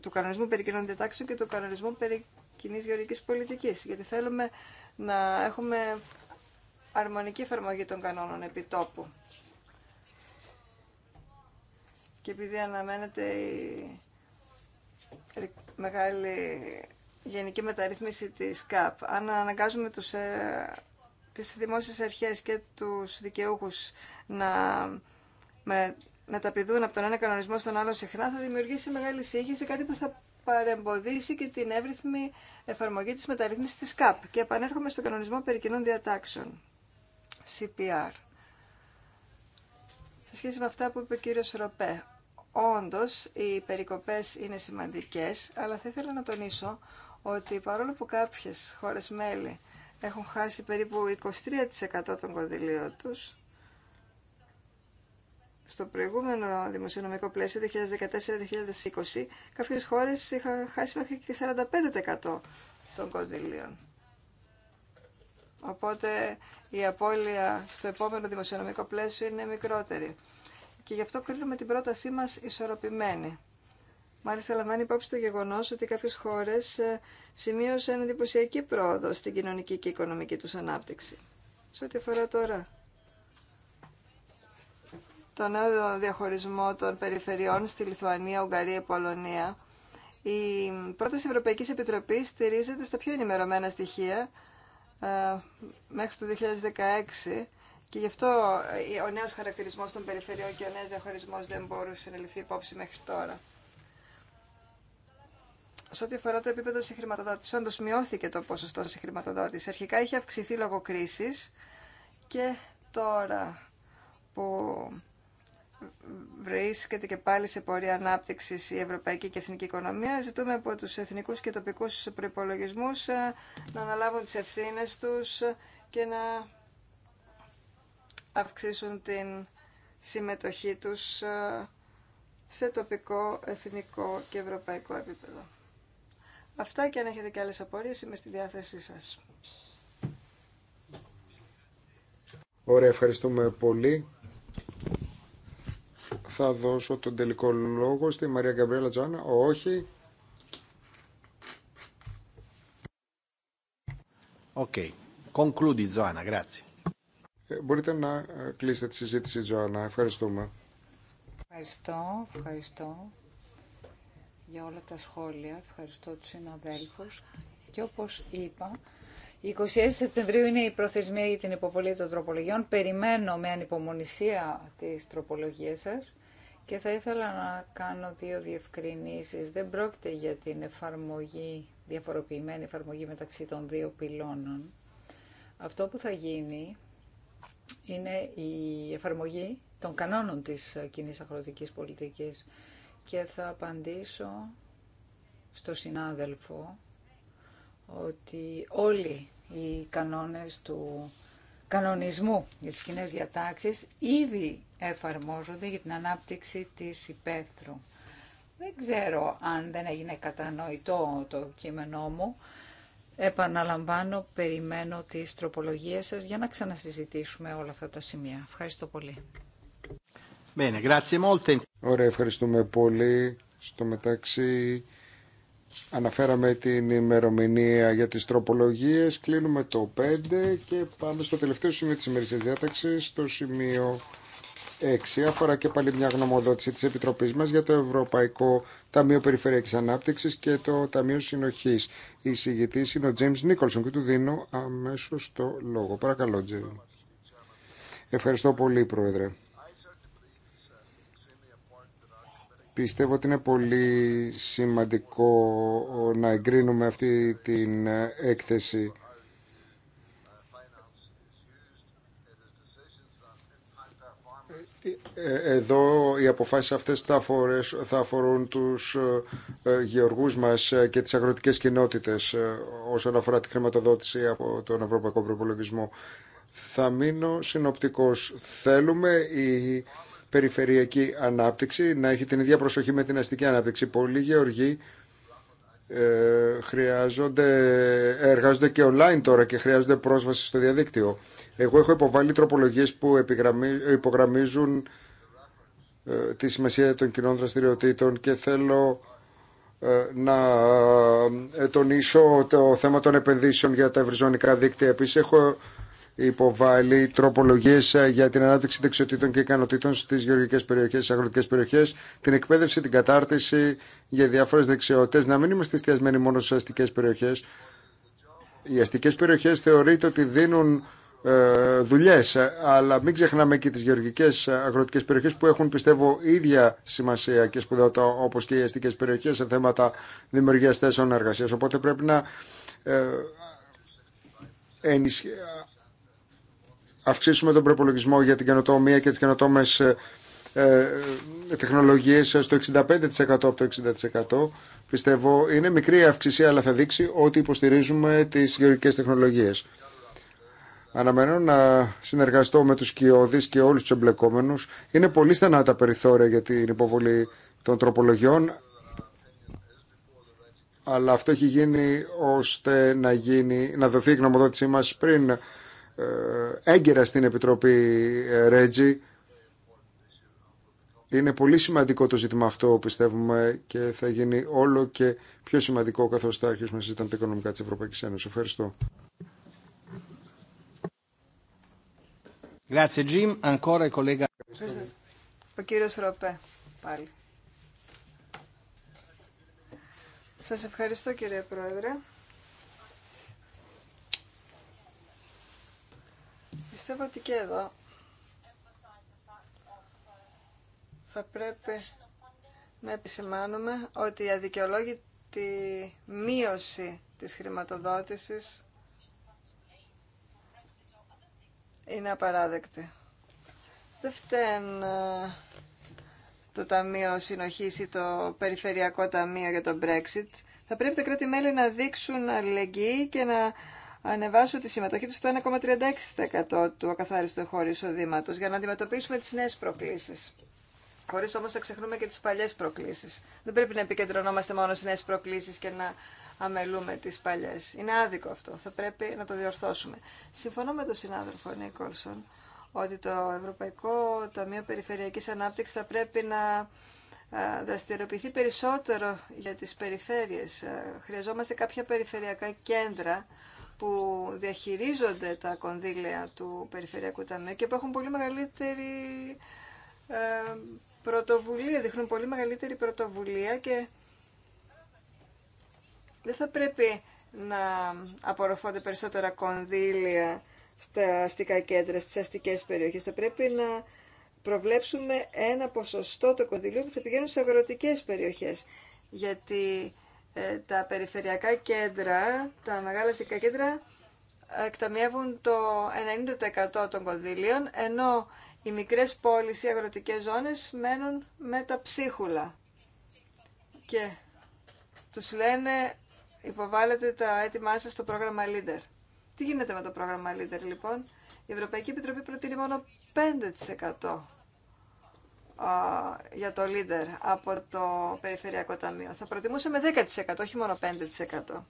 του κανονισμού περί κοινών διατάξεων και του κανονισμού περί κοινή γεωργικής πολιτικής, γιατί θέλουμε να έχουμε αρμονική εφαρμογή των κανόνων επιτόπου. Και επειδή αναμένεται η μεγάλη γενική μεταρρύθμιση της ΚΑΠ, αν αναγκάζουμε τους, ε, τις δημόσιες αρχές και τους δικαιούχους να με, μεταπηδούν από τον ένα κανονισμό στον άλλο συχνά, θα δημιουργήσει μεγάλη σύγχυση, κάτι που θα παρεμποδίσει και την εύρυθμη εφαρμογή της μεταρρύθμισης της ΚΑΠ. Και επανέρχομαι στον κανονισμό περί κοινών διατάξεων, CPR. Σε σχέση με αυτά που είπε ο κύριος Ροπέ, όντως οι περικοπές είναι σημαντικές, αλλά θα ήθελα να τονίσω ότι παρόλο που κάποιες χώρες μέλη έχουν χάσει περίπου 23% των κονδυλίων τους, στο προηγούμενο δημοσιονομικό πλαίσιο, 2014-2020, κάποιες χώρες είχαν χάσει μέχρι και 45% των κονδυλίων. Οπότε η απώλεια στο επόμενο δημοσιονομικό πλαίσιο είναι μικρότερη. Και γι' αυτό κρίνουμε την πρότασή μας ισορροπημένη. Μάλιστα, λαμβάνει υπόψη το γεγονό ότι κάποιε χώρε ε, σημείωσαν εντυπωσιακή πρόοδο στην κοινωνική και οικονομική του ανάπτυξη. Σε ό,τι αφορά τώρα το νέο διαχωρισμό των περιφερειών στη Λιθουανία, Ουγγαρία Πολωνία, η πρόταση Ευρωπαϊκή Επιτροπή στηρίζεται στα πιο ενημερωμένα στοιχεία ε, μέχρι το 2016 και γι' αυτό ε, ο νέος χαρακτηρισμός των περιφερειών και ο νέος διαχωρισμός δεν μπορούσε να ληφθεί υπόψη μέχρι τώρα. Σε ό,τι αφορά το επίπεδο συγχρηματοδότηση, όντω μειώθηκε το ποσοστό συγχρηματοδότηση. Αρχικά είχε αυξηθεί λόγω κρίση και τώρα που βρίσκεται και πάλι σε πορεία ανάπτυξη η ευρωπαϊκή και εθνική οικονομία, ζητούμε από του εθνικού και τοπικού προπολογισμού ε, να αναλάβουν τι ευθύνε του και να αυξήσουν την συμμετοχή τους ε, σε τοπικό, εθνικό και ευρωπαϊκό επίπεδο. Αυτά και αν έχετε και άλλες απορίες είμαι στη διάθεσή σας. Ωραία, ευχαριστούμε πολύ. Θα δώσω τον τελικό λόγο στη Μαρία Γκαμπρέλα Τζοάνα. Όχι. Οκ. Ε, μπορείτε να ε, κλείσετε τη συζήτηση, Τζοάννα. Ευχαριστούμε. Ευχαριστώ, ευχαριστώ για όλα τα σχόλια. Ευχαριστώ τους συναδέλφους. Και όπως είπα, 26 Σεπτεμβρίου είναι η προθεσμία για την υποβολή των τροπολογιών. Περιμένω με ανυπομονησία τις τροπολογίες σας και θα ήθελα να κάνω δύο διευκρινήσεις. Δεν πρόκειται για την εφαρμογή, διαφοροποιημένη εφαρμογή μεταξύ των δύο πυλώνων. Αυτό που θα γίνει είναι η εφαρμογή των κανόνων της κοινή αγροτικής πολιτικής και θα απαντήσω στο συνάδελφο ότι όλοι οι κανόνες του κανονισμού για τις κοινέ διατάξεις ήδη εφαρμόζονται για την ανάπτυξη της υπαίθρου. Δεν ξέρω αν δεν έγινε κατανοητό το κείμενό μου. Επαναλαμβάνω, περιμένω τις τροπολογίες σας για να ξανασυζητήσουμε όλα αυτά τα σημεία. Ευχαριστώ πολύ. Ωραία, ευχαριστούμε πολύ. Στο μεταξύ αναφέραμε την ημερομηνία για τις τροπολογίες. Κλείνουμε το 5 και πάμε στο τελευταίο σημείο της ημερήσιας διάταξης, στο σημείο 6. Αφορά και πάλι μια γνωμοδότηση της Επιτροπής μας για το Ευρωπαϊκό Ταμείο Περιφερειακής Ανάπτυξης και το Ταμείο Συνοχής. Η συγητής είναι ο Τζέιμς Νίκολσον και του δίνω αμέσως το λόγο. Παρακαλώ, Τζέιμ. Ευχαριστώ πολύ, Πρόεδρε. Πιστεύω ότι είναι πολύ σημαντικό να εγκρίνουμε αυτή την ε, έκθεση. Ε, ε, εδώ οι αποφάσεις αυτές θα, θα αφορούν τους γεωργούς μας και τις αγροτικές κοινότητες όσον αφορά τη χρηματοδότηση από τον Ευρωπαϊκό Προπολογισμό. Θα μείνω συνοπτικός. Θέλουμε η περιφερειακή ανάπτυξη να έχει την ίδια προσοχή με την αστική ανάπτυξη. Πολλοί γεωργοί ε, χρειάζονται, εργάζονται και online τώρα και χρειάζονται πρόσβαση στο διαδίκτυο. Εγώ έχω υποβάλει τροπολογίες που υπογραμμίζουν ε, τη σημασία των κοινών δραστηριοτήτων και θέλω ε, να ε, τονίσω το θέμα των επενδύσεων για τα ευρυζωνικά δίκτυα. Επίσης έχω υποβάλλει τροπολογίε ε, για την ανάπτυξη δεξιοτήτων και ικανοτήτων στι γεωργικές περιοχέ, στις αγροτικές περιοχές, την εκπαίδευση, την κατάρτιση για διάφορε δεξιότητε να μην είμαστε εστιασμένοι μόνο στι αστικέ περιοχέ. Οι αστικέ περιοχέ θεωρείται ότι δίνουν ε, δουλειέ, αλλά μην ξεχνάμε και τι γεωργικέ ε, αγροτικέ περιοχέ που έχουν πιστεύω ίδια σημασία και σπουδαιότητα όπω και οι αστικέ περιοχέ σε θέματα δημιουργία θέσεων εργασία. Οπότε πρέπει να αυξήσουμε τον προπολογισμό για την καινοτομία και τις καινοτόμες ε, ε τεχνολογίες στο 65% από το 60%. Πιστεύω είναι μικρή αυξησία αλλά θα δείξει ότι υποστηρίζουμε τις γεωργικές τεχνολογίες. Αναμένω να συνεργαστώ με τους κοιόδης και όλους τους εμπλεκόμενους. Είναι πολύ στενά τα περιθώρια για την υποβολή των τροπολογιών, αλλά αυτό έχει γίνει ώστε να, γίνει, δοθεί η γνωμοδότησή μας πριν ε, έγκαιρα στην Επιτροπή ε, Ρέτζι. Είναι πολύ σημαντικό το ζήτημα αυτό, πιστεύουμε, και θα γίνει όλο και πιο σημαντικό καθώς θα αρχίσουμε να συζητάμε τα οικονομικά τη Ευρωπαϊκή Ένωση. Ευχαριστώ. Ο Ροπέ, πάλι. Σας ευχαριστώ κύριε Πρόεδρε. Πιστεύω ότι και εδώ θα πρέπει να επισημάνουμε ότι η αδικαιολόγητη μείωση της χρηματοδότησης είναι απαράδεκτη. Δεν φταίνουν ε, το Ταμείο Συνοχής ή το Περιφερειακό Ταμείο για το Brexit. Θα πρέπει τα κράτη-μέλη να δείξουν αλληλεγγύη και να Ανεβάσω τη συμμετοχή του στο 1,36% του ακαθάριστου εγχώριου εισοδήματο για να αντιμετωπίσουμε τι νέε προκλήσει. Χωρί όμω να ξεχνούμε και τι παλιέ προκλήσει. Δεν πρέπει να επικεντρωνόμαστε μόνο στι νέε προκλήσει και να αμελούμε τι παλιέ. Είναι άδικο αυτό. Θα πρέπει να το διορθώσουμε. Συμφωνώ με τον συνάδελφο Νίκολσον ότι το Ευρωπαϊκό Ταμείο Περιφερειακής Ανάπτυξης θα πρέπει να ε, δραστηριοποιηθεί περισσότερο για τις περιφέρειες. Ε, χρειαζόμαστε κάποια περιφερειακά κέντρα που διαχειρίζονται τα κονδύλια του Περιφερειακού Ταμείου και που έχουν πολύ μεγαλύτερη ε, πρωτοβουλία, δείχνουν πολύ μεγαλύτερη πρωτοβουλία και δεν θα πρέπει να απορροφώνται περισσότερα κονδύλια στα αστικά κέντρα, στις αστικές περιοχές. Θα πρέπει να προβλέψουμε ένα ποσοστό το κονδυλίου που θα πηγαίνουν σε αγροτικές περιοχές. Γιατί ε, τα περιφερειακά κέντρα, τα μεγάλα αστικά κέντρα, εκταμιεύουν το 90% των κονδύλιων, ενώ οι μικρές πόλεις, ή αγροτικές ζώνες μένουν με τα ψίχουλα. Και τους λένε υποβάλλετε τα έτοιμά σας στο πρόγραμμα Leader. Τι γίνεται με το πρόγραμμα Leader λοιπόν. Η Ευρωπαϊκή Επιτροπή προτείνει μόνο 5% για το Leader από το Περιφερειακό Ταμείο. Θα προτιμούσαμε 10%, όχι μόνο 5%.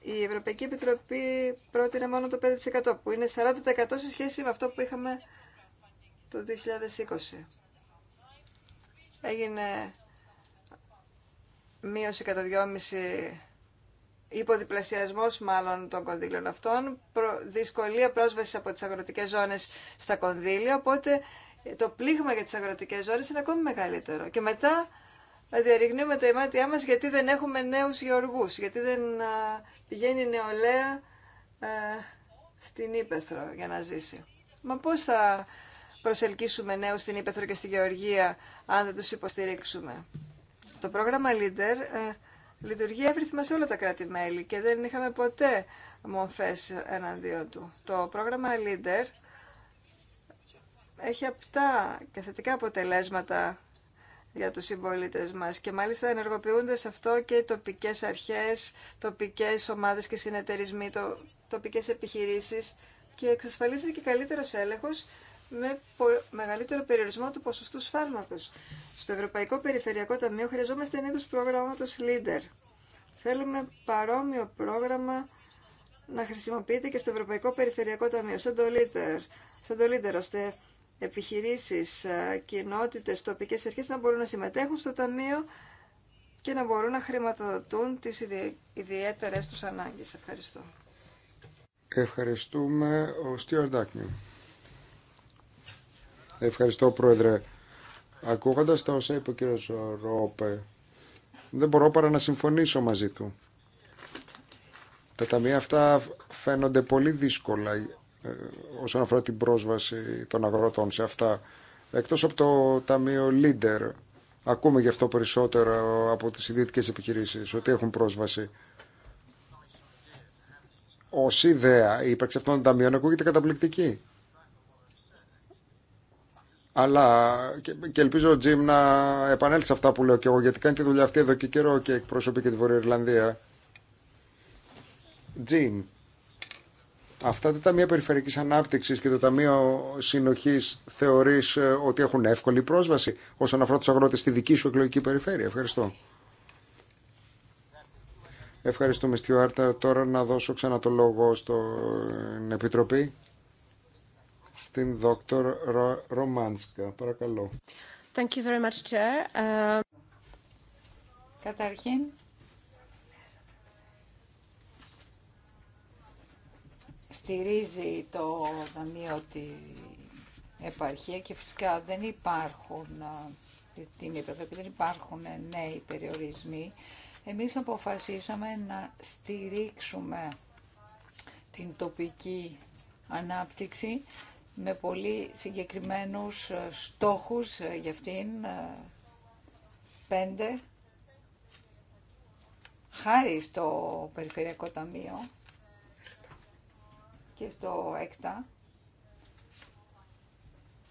Η Ευρωπαϊκή Επιτροπή πρότεινε μόνο το 5%, που είναι 40% σε σχέση με αυτό που είχαμε το 2020. Έγινε μείωση κατά 2,5% υποδιπλασιασμός μάλλον των κονδύλων αυτών, δυσκολία πρόσβασης από τις αγροτικές ζώνες στα κονδύλια, οπότε το πλήγμα για τις αγροτικές ζώνες είναι ακόμη μεγαλύτερο. Και μετά διαρριγνύουμε τα ημάτια μας γιατί δεν έχουμε νέους γεωργούς, γιατί δεν πηγαίνει νεολαία στην Ήπεθρο για να ζήσει. Μα πώς θα προσελκύσουμε νέους στην Ήπεθρο και στη Γεωργία αν δεν τους υποστηρίξουμε. Το πρόγραμμα Leader ε, λειτουργεί εύρυθμα σε όλα τα κράτη-μέλη και δεν είχαμε ποτέ μομφές εναντίον του. Το πρόγραμμα Leader έχει απτά και θετικά αποτελέσματα για τους συμπολίτε μας και μάλιστα ενεργοποιούνται σε αυτό και οι τοπικές αρχές, τοπικές ομάδες και συνεταιρισμοί, το, τοπικές επιχειρήσεις και εξασφαλίζεται και καλύτερος έλεγχος με μεγαλύτερο περιορισμό του ποσοστού σφάλματος. Στο Ευρωπαϊκό Περιφερειακό Ταμείο χρειαζόμαστε ένα είδος προγράμματος LEADER. Θέλουμε παρόμοιο πρόγραμμα να χρησιμοποιείται και στο Ευρωπαϊκό Περιφερειακό Ταμείο, σαν το LEADER, το επιχειρήσεις, ε, κοινότητες, τοπικές αρχές να μπορούν να συμμετέχουν στο Ταμείο και να μπορούν να χρηματοδοτούν τις ιδιαίτερες τους ανάγκες. Ευχαριστώ. Ευχαριστούμε. Ο Στίορ Ντάκνιου. Ευχαριστώ, Πρόεδρε. Ακούγοντας τα όσα είπε ο κύριος Ρόπε, δεν μπορώ παρά να συμφωνήσω μαζί του. Τα ταμεία αυτά φαίνονται πολύ δύσκολα ε, όσον αφορά την πρόσβαση των αγροτών σε αυτά. Εκτός από το Ταμείο Leader, ακούμε γι' αυτό περισσότερο από τις ιδιωτικές επιχειρήσεις, ότι έχουν πρόσβαση. Ω ιδέα, η ύπαρξη αυτών των ταμείων ακούγεται καταπληκτική. Αλλά και, και ελπίζω, Τζιμ, να επανέλθει σε αυτά που λέω και εγώ, γιατί κάνει τη δουλειά αυτή εδώ και καιρό και εκπροσωπεί και τη Βόρεια Τζιμ, Αυτά τα ταμεία περιφερειακή ανάπτυξη και το Ταμείο Συνοχή θεωρεί ε, ότι έχουν εύκολη πρόσβαση όσον αφορά του αγρότε στη δική σου εκλογική περιφέρεια. Ευχαριστώ. Ευχαριστούμε, Στιουάρτα. Τώρα να δώσω ξανά το λόγο στην Επιτροπή. Στην Δόκτωρ Ρομάνσκα. Παρακαλώ. Thank you ε, Καταρχήν, στηρίζει το Ταμείο τη Επαρχία και φυσικά δεν υπάρχουν, την δεν υπάρχουν νέοι περιορισμοί. Εμείς αποφασίσαμε να στηρίξουμε την τοπική ανάπτυξη με πολύ συγκεκριμένους στόχους ε, για αυτήν, πέντε, χάρη στο Περιφερειακό Ταμείο και στο ΕΚΤΑ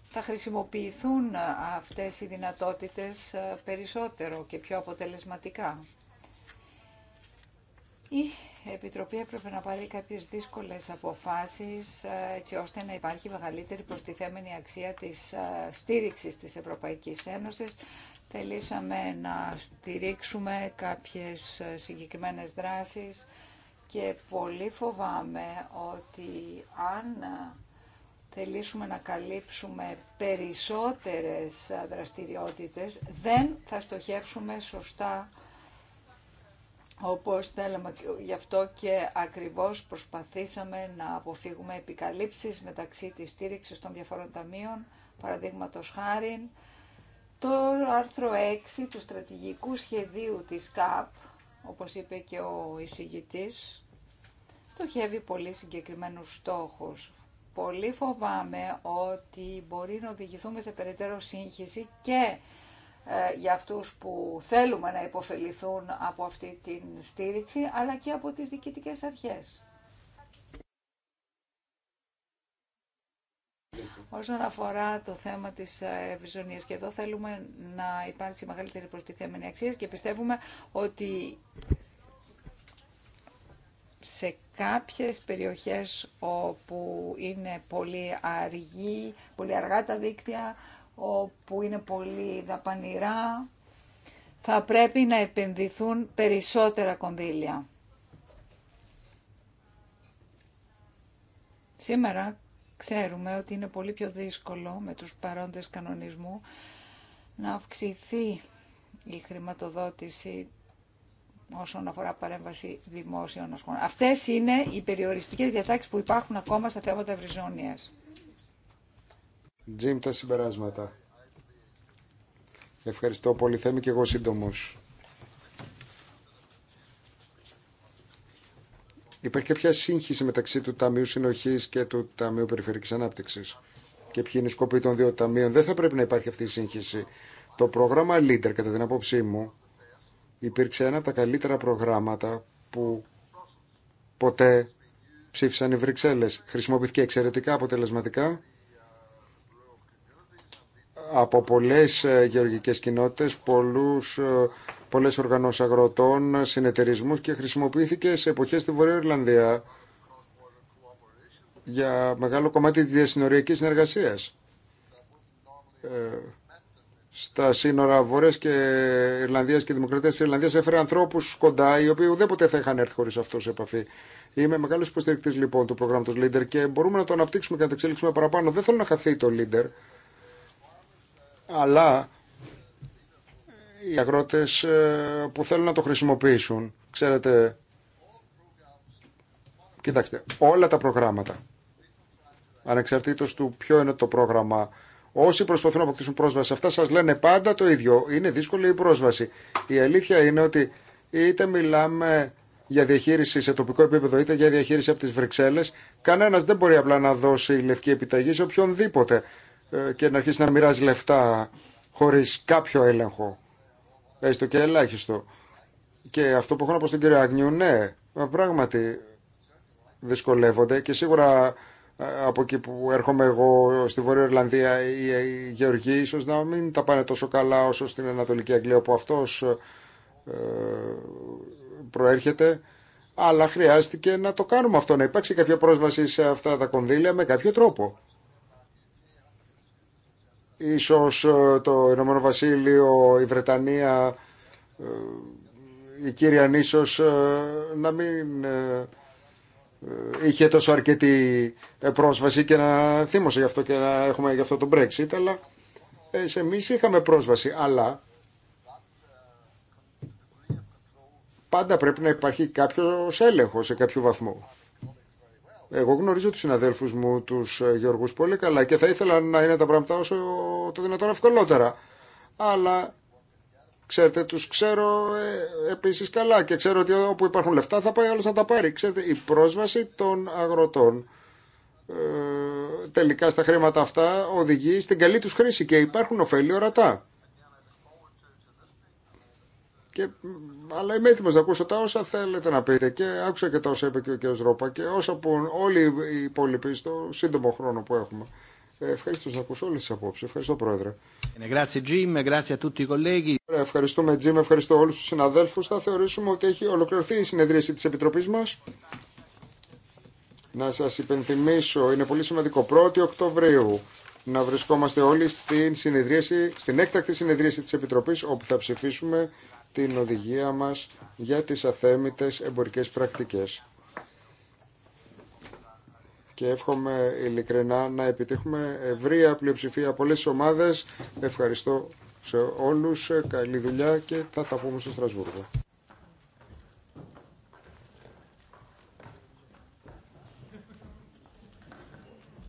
θα χρησιμοποιηθούν αυτές οι δυνατότητες ε, περισσότερο και πιο αποτελεσματικά. Η Επιτροπή έπρεπε να πάρει κάποιες δύσκολες αποφάσεις ε, έτσι ώστε να υπάρχει μεγαλύτερη προστιθέμενη αξία της ε, στήριξης της Ευρωπαϊκής Ένωσης. Θελήσαμε να στηρίξουμε κάποιες συγκεκριμένες δράσεις και πολύ φοβάμαι ότι αν θελήσουμε να καλύψουμε περισσότερες δραστηριότητες, δεν θα στοχεύσουμε σωστά όπως θέλαμε. Γι' αυτό και ακριβώς προσπαθήσαμε να αποφύγουμε επικαλύψεις μεταξύ της στήριξης των διαφορών ταμείων, παραδείγματος χάριν, το άρθρο 6 του στρατηγικού σχεδίου της ΚΑΠ, όπως είπε και ο εισηγητής, στοχεύει πολύ συγκεκριμένους στόχους. Πολύ φοβάμαι ότι μπορεί να οδηγηθούμε σε περαιτέρω σύγχυση και ε, για αυτούς που θέλουμε να υποφεληθούν από αυτή την στήριξη, αλλά και από τις διοικητικές αρχές. όσον αφορά το θέμα της ε, ευρυζωνίας. Και εδώ θέλουμε να υπάρξει μεγαλύτερη προστιθέμενη αξία και πιστεύουμε ότι σε κάποιες περιοχές όπου είναι πολύ αργή, πολύ αργά τα δίκτυα, όπου είναι πολύ δαπανηρά, θα πρέπει να επενδυθούν περισσότερα κονδύλια. Σήμερα Ξέρουμε ότι είναι πολύ πιο δύσκολο με τους παρόντες κανονισμού να αυξηθεί η χρηματοδότηση όσον αφορά παρέμβαση δημόσιων ασχολών. Αυτές είναι οι περιοριστικές διατάξεις που υπάρχουν ακόμα στα θέματα ευρυζώνειας. Τζιμ, τα συμπεράσματα. Ευχαριστώ πολύ. Θέμη και εγώ σύντομος. Υπάρχει κάποια σύγχυση μεταξύ του Ταμείου Συνοχή και του Ταμείου Περιφερειακή Ανάπτυξη. Και ποιοι είναι οι σκοποί των δύο ταμείων. Δεν θα πρέπει να υπάρχει αυτή η σύγχυση. Το πρόγραμμα Leader, κατά την άποψή μου, υπήρξε ένα από τα καλύτερα προγράμματα που ποτέ ψήφισαν οι Βρυξέλλε. Χρησιμοποιήθηκε εξαιρετικά αποτελεσματικά από πολλές ε, γεωργικές κοινότητες, πολλούς ε, πολλέ οργανώσει αγροτών, συνεταιρισμού και χρησιμοποιήθηκε σε εποχέ στη Βορεια Ιρλανδία για μεγάλο κομμάτι τη διασυνοριακή συνεργασία. Ε, στα σύνορα Βορρέ και Ιρλανδία και Δημοκρατία τη Ιρλανδία έφερε ανθρώπου κοντά οι οποίοι ουδέποτε θα είχαν έρθει χωρί αυτό σε επαφή. Είμαι μεγάλο υποστηρικτή λοιπόν του προγράμματο Leader και μπορούμε να το αναπτύξουμε και να το εξέλιξουμε παραπάνω. Δεν θέλω να χαθεί το Leader. Αλλά οι αγρότες ε, που θέλουν να το χρησιμοποιήσουν. Ξέρετε, κοιτάξτε, όλα τα προγράμματα, ανεξαρτήτως του ποιο είναι το πρόγραμμα, όσοι προσπαθούν να αποκτήσουν πρόσβαση αυτά σας λένε πάντα το ίδιο, είναι δύσκολη η πρόσβαση. Η αλήθεια είναι ότι είτε μιλάμε για διαχείριση σε τοπικό επίπεδο είτε για διαχείριση από τις Βρυξέλλες, κανένας δεν μπορεί απλά να δώσει λευκή επιταγή σε οποιονδήποτε ε, και να αρχίσει να μοιράζει λεφτά χωρίς κάποιο έλεγχο έστω και ελάχιστο. Και αυτό που έχω να πω στον κύριο Αγνιού, ναι, πράγματι δυσκολεύονται και σίγουρα ε, από εκεί που έρχομαι εγώ στη Βόρεια Ιρλανδία οι Γεωργοί ίσως να μην τα πάνε τόσο καλά όσο στην Ανατολική Αγγλία που αυτός ε, προέρχεται αλλά χρειάστηκε να το κάνουμε αυτό, να υπάρξει κάποια πρόσβαση σε αυτά τα κονδύλια με κάποιο τρόπο. Ίσως ε, το Ηνωμένο Βασίλειο, η Βρετανία, ε, η κύρια ίσως ε, να μην είχε τόσο αρκετή πρόσβαση και να θύμωσε γι' αυτό και να έχουμε γι' αυτό το Brexit, αλλά εμείς είχαμε πρόσβαση, αλλά πάντα πρέπει να υπάρχει κάποιος έλεγχος σε κάποιο βαθμό. Εγώ γνωρίζω του συναδέλφου μου, του ε, Γιώργου πολύ καλά και θα ήθελα να είναι τα πράγματα όσο το δυνατόν ευκολότερα. Αλλά ξέρετε, του ξέρω ε, επίση καλά και ξέρω ότι όπου υπάρχουν λεφτά θα πάει άλλο να τα πάρει. Ξέρετε, η πρόσβαση των αγροτών ε, τελικά στα χρήματα αυτά οδηγεί στην καλή του χρήση και υπάρχουν ωφέλη ορατά. Και αλλά είμαι έτοιμο να ακούσω τα όσα θέλετε να πείτε και άκουσα και τα όσα είπε και ο κ. Ρόπα και όσα που όλοι οι υπόλοιποι στο σύντομο χρόνο που έχουμε. Ε, ευχαριστώ να ακούσω όλε τι απόψει. Ευχαριστώ, Πρόεδρε. Ε, ε, ευχαριστούμε, Τζιμ. Ευχαριστώ όλου του συναδέλφου. Θα θεωρήσουμε ότι έχει ολοκληρωθεί η συνεδρίαση τη Επιτροπή μα. Να σα υπενθυμίσω, είναι πολύ σημαντικό. 1η Οκτωβρίου να βρισκόμαστε όλοι στην, συνεδρίαση, στην έκτακτη συνεδρίαση τη Επιτροπή, όπου θα ψηφίσουμε την οδηγία μας για τις αθέμητες εμπορικές πρακτικές. Και εύχομαι ειλικρινά να επιτύχουμε ευρεία πλειοψηφία από όλες ομάδες. Ευχαριστώ σε όλους, καλή δουλειά και θα τα πούμε στο Στρασβούργο.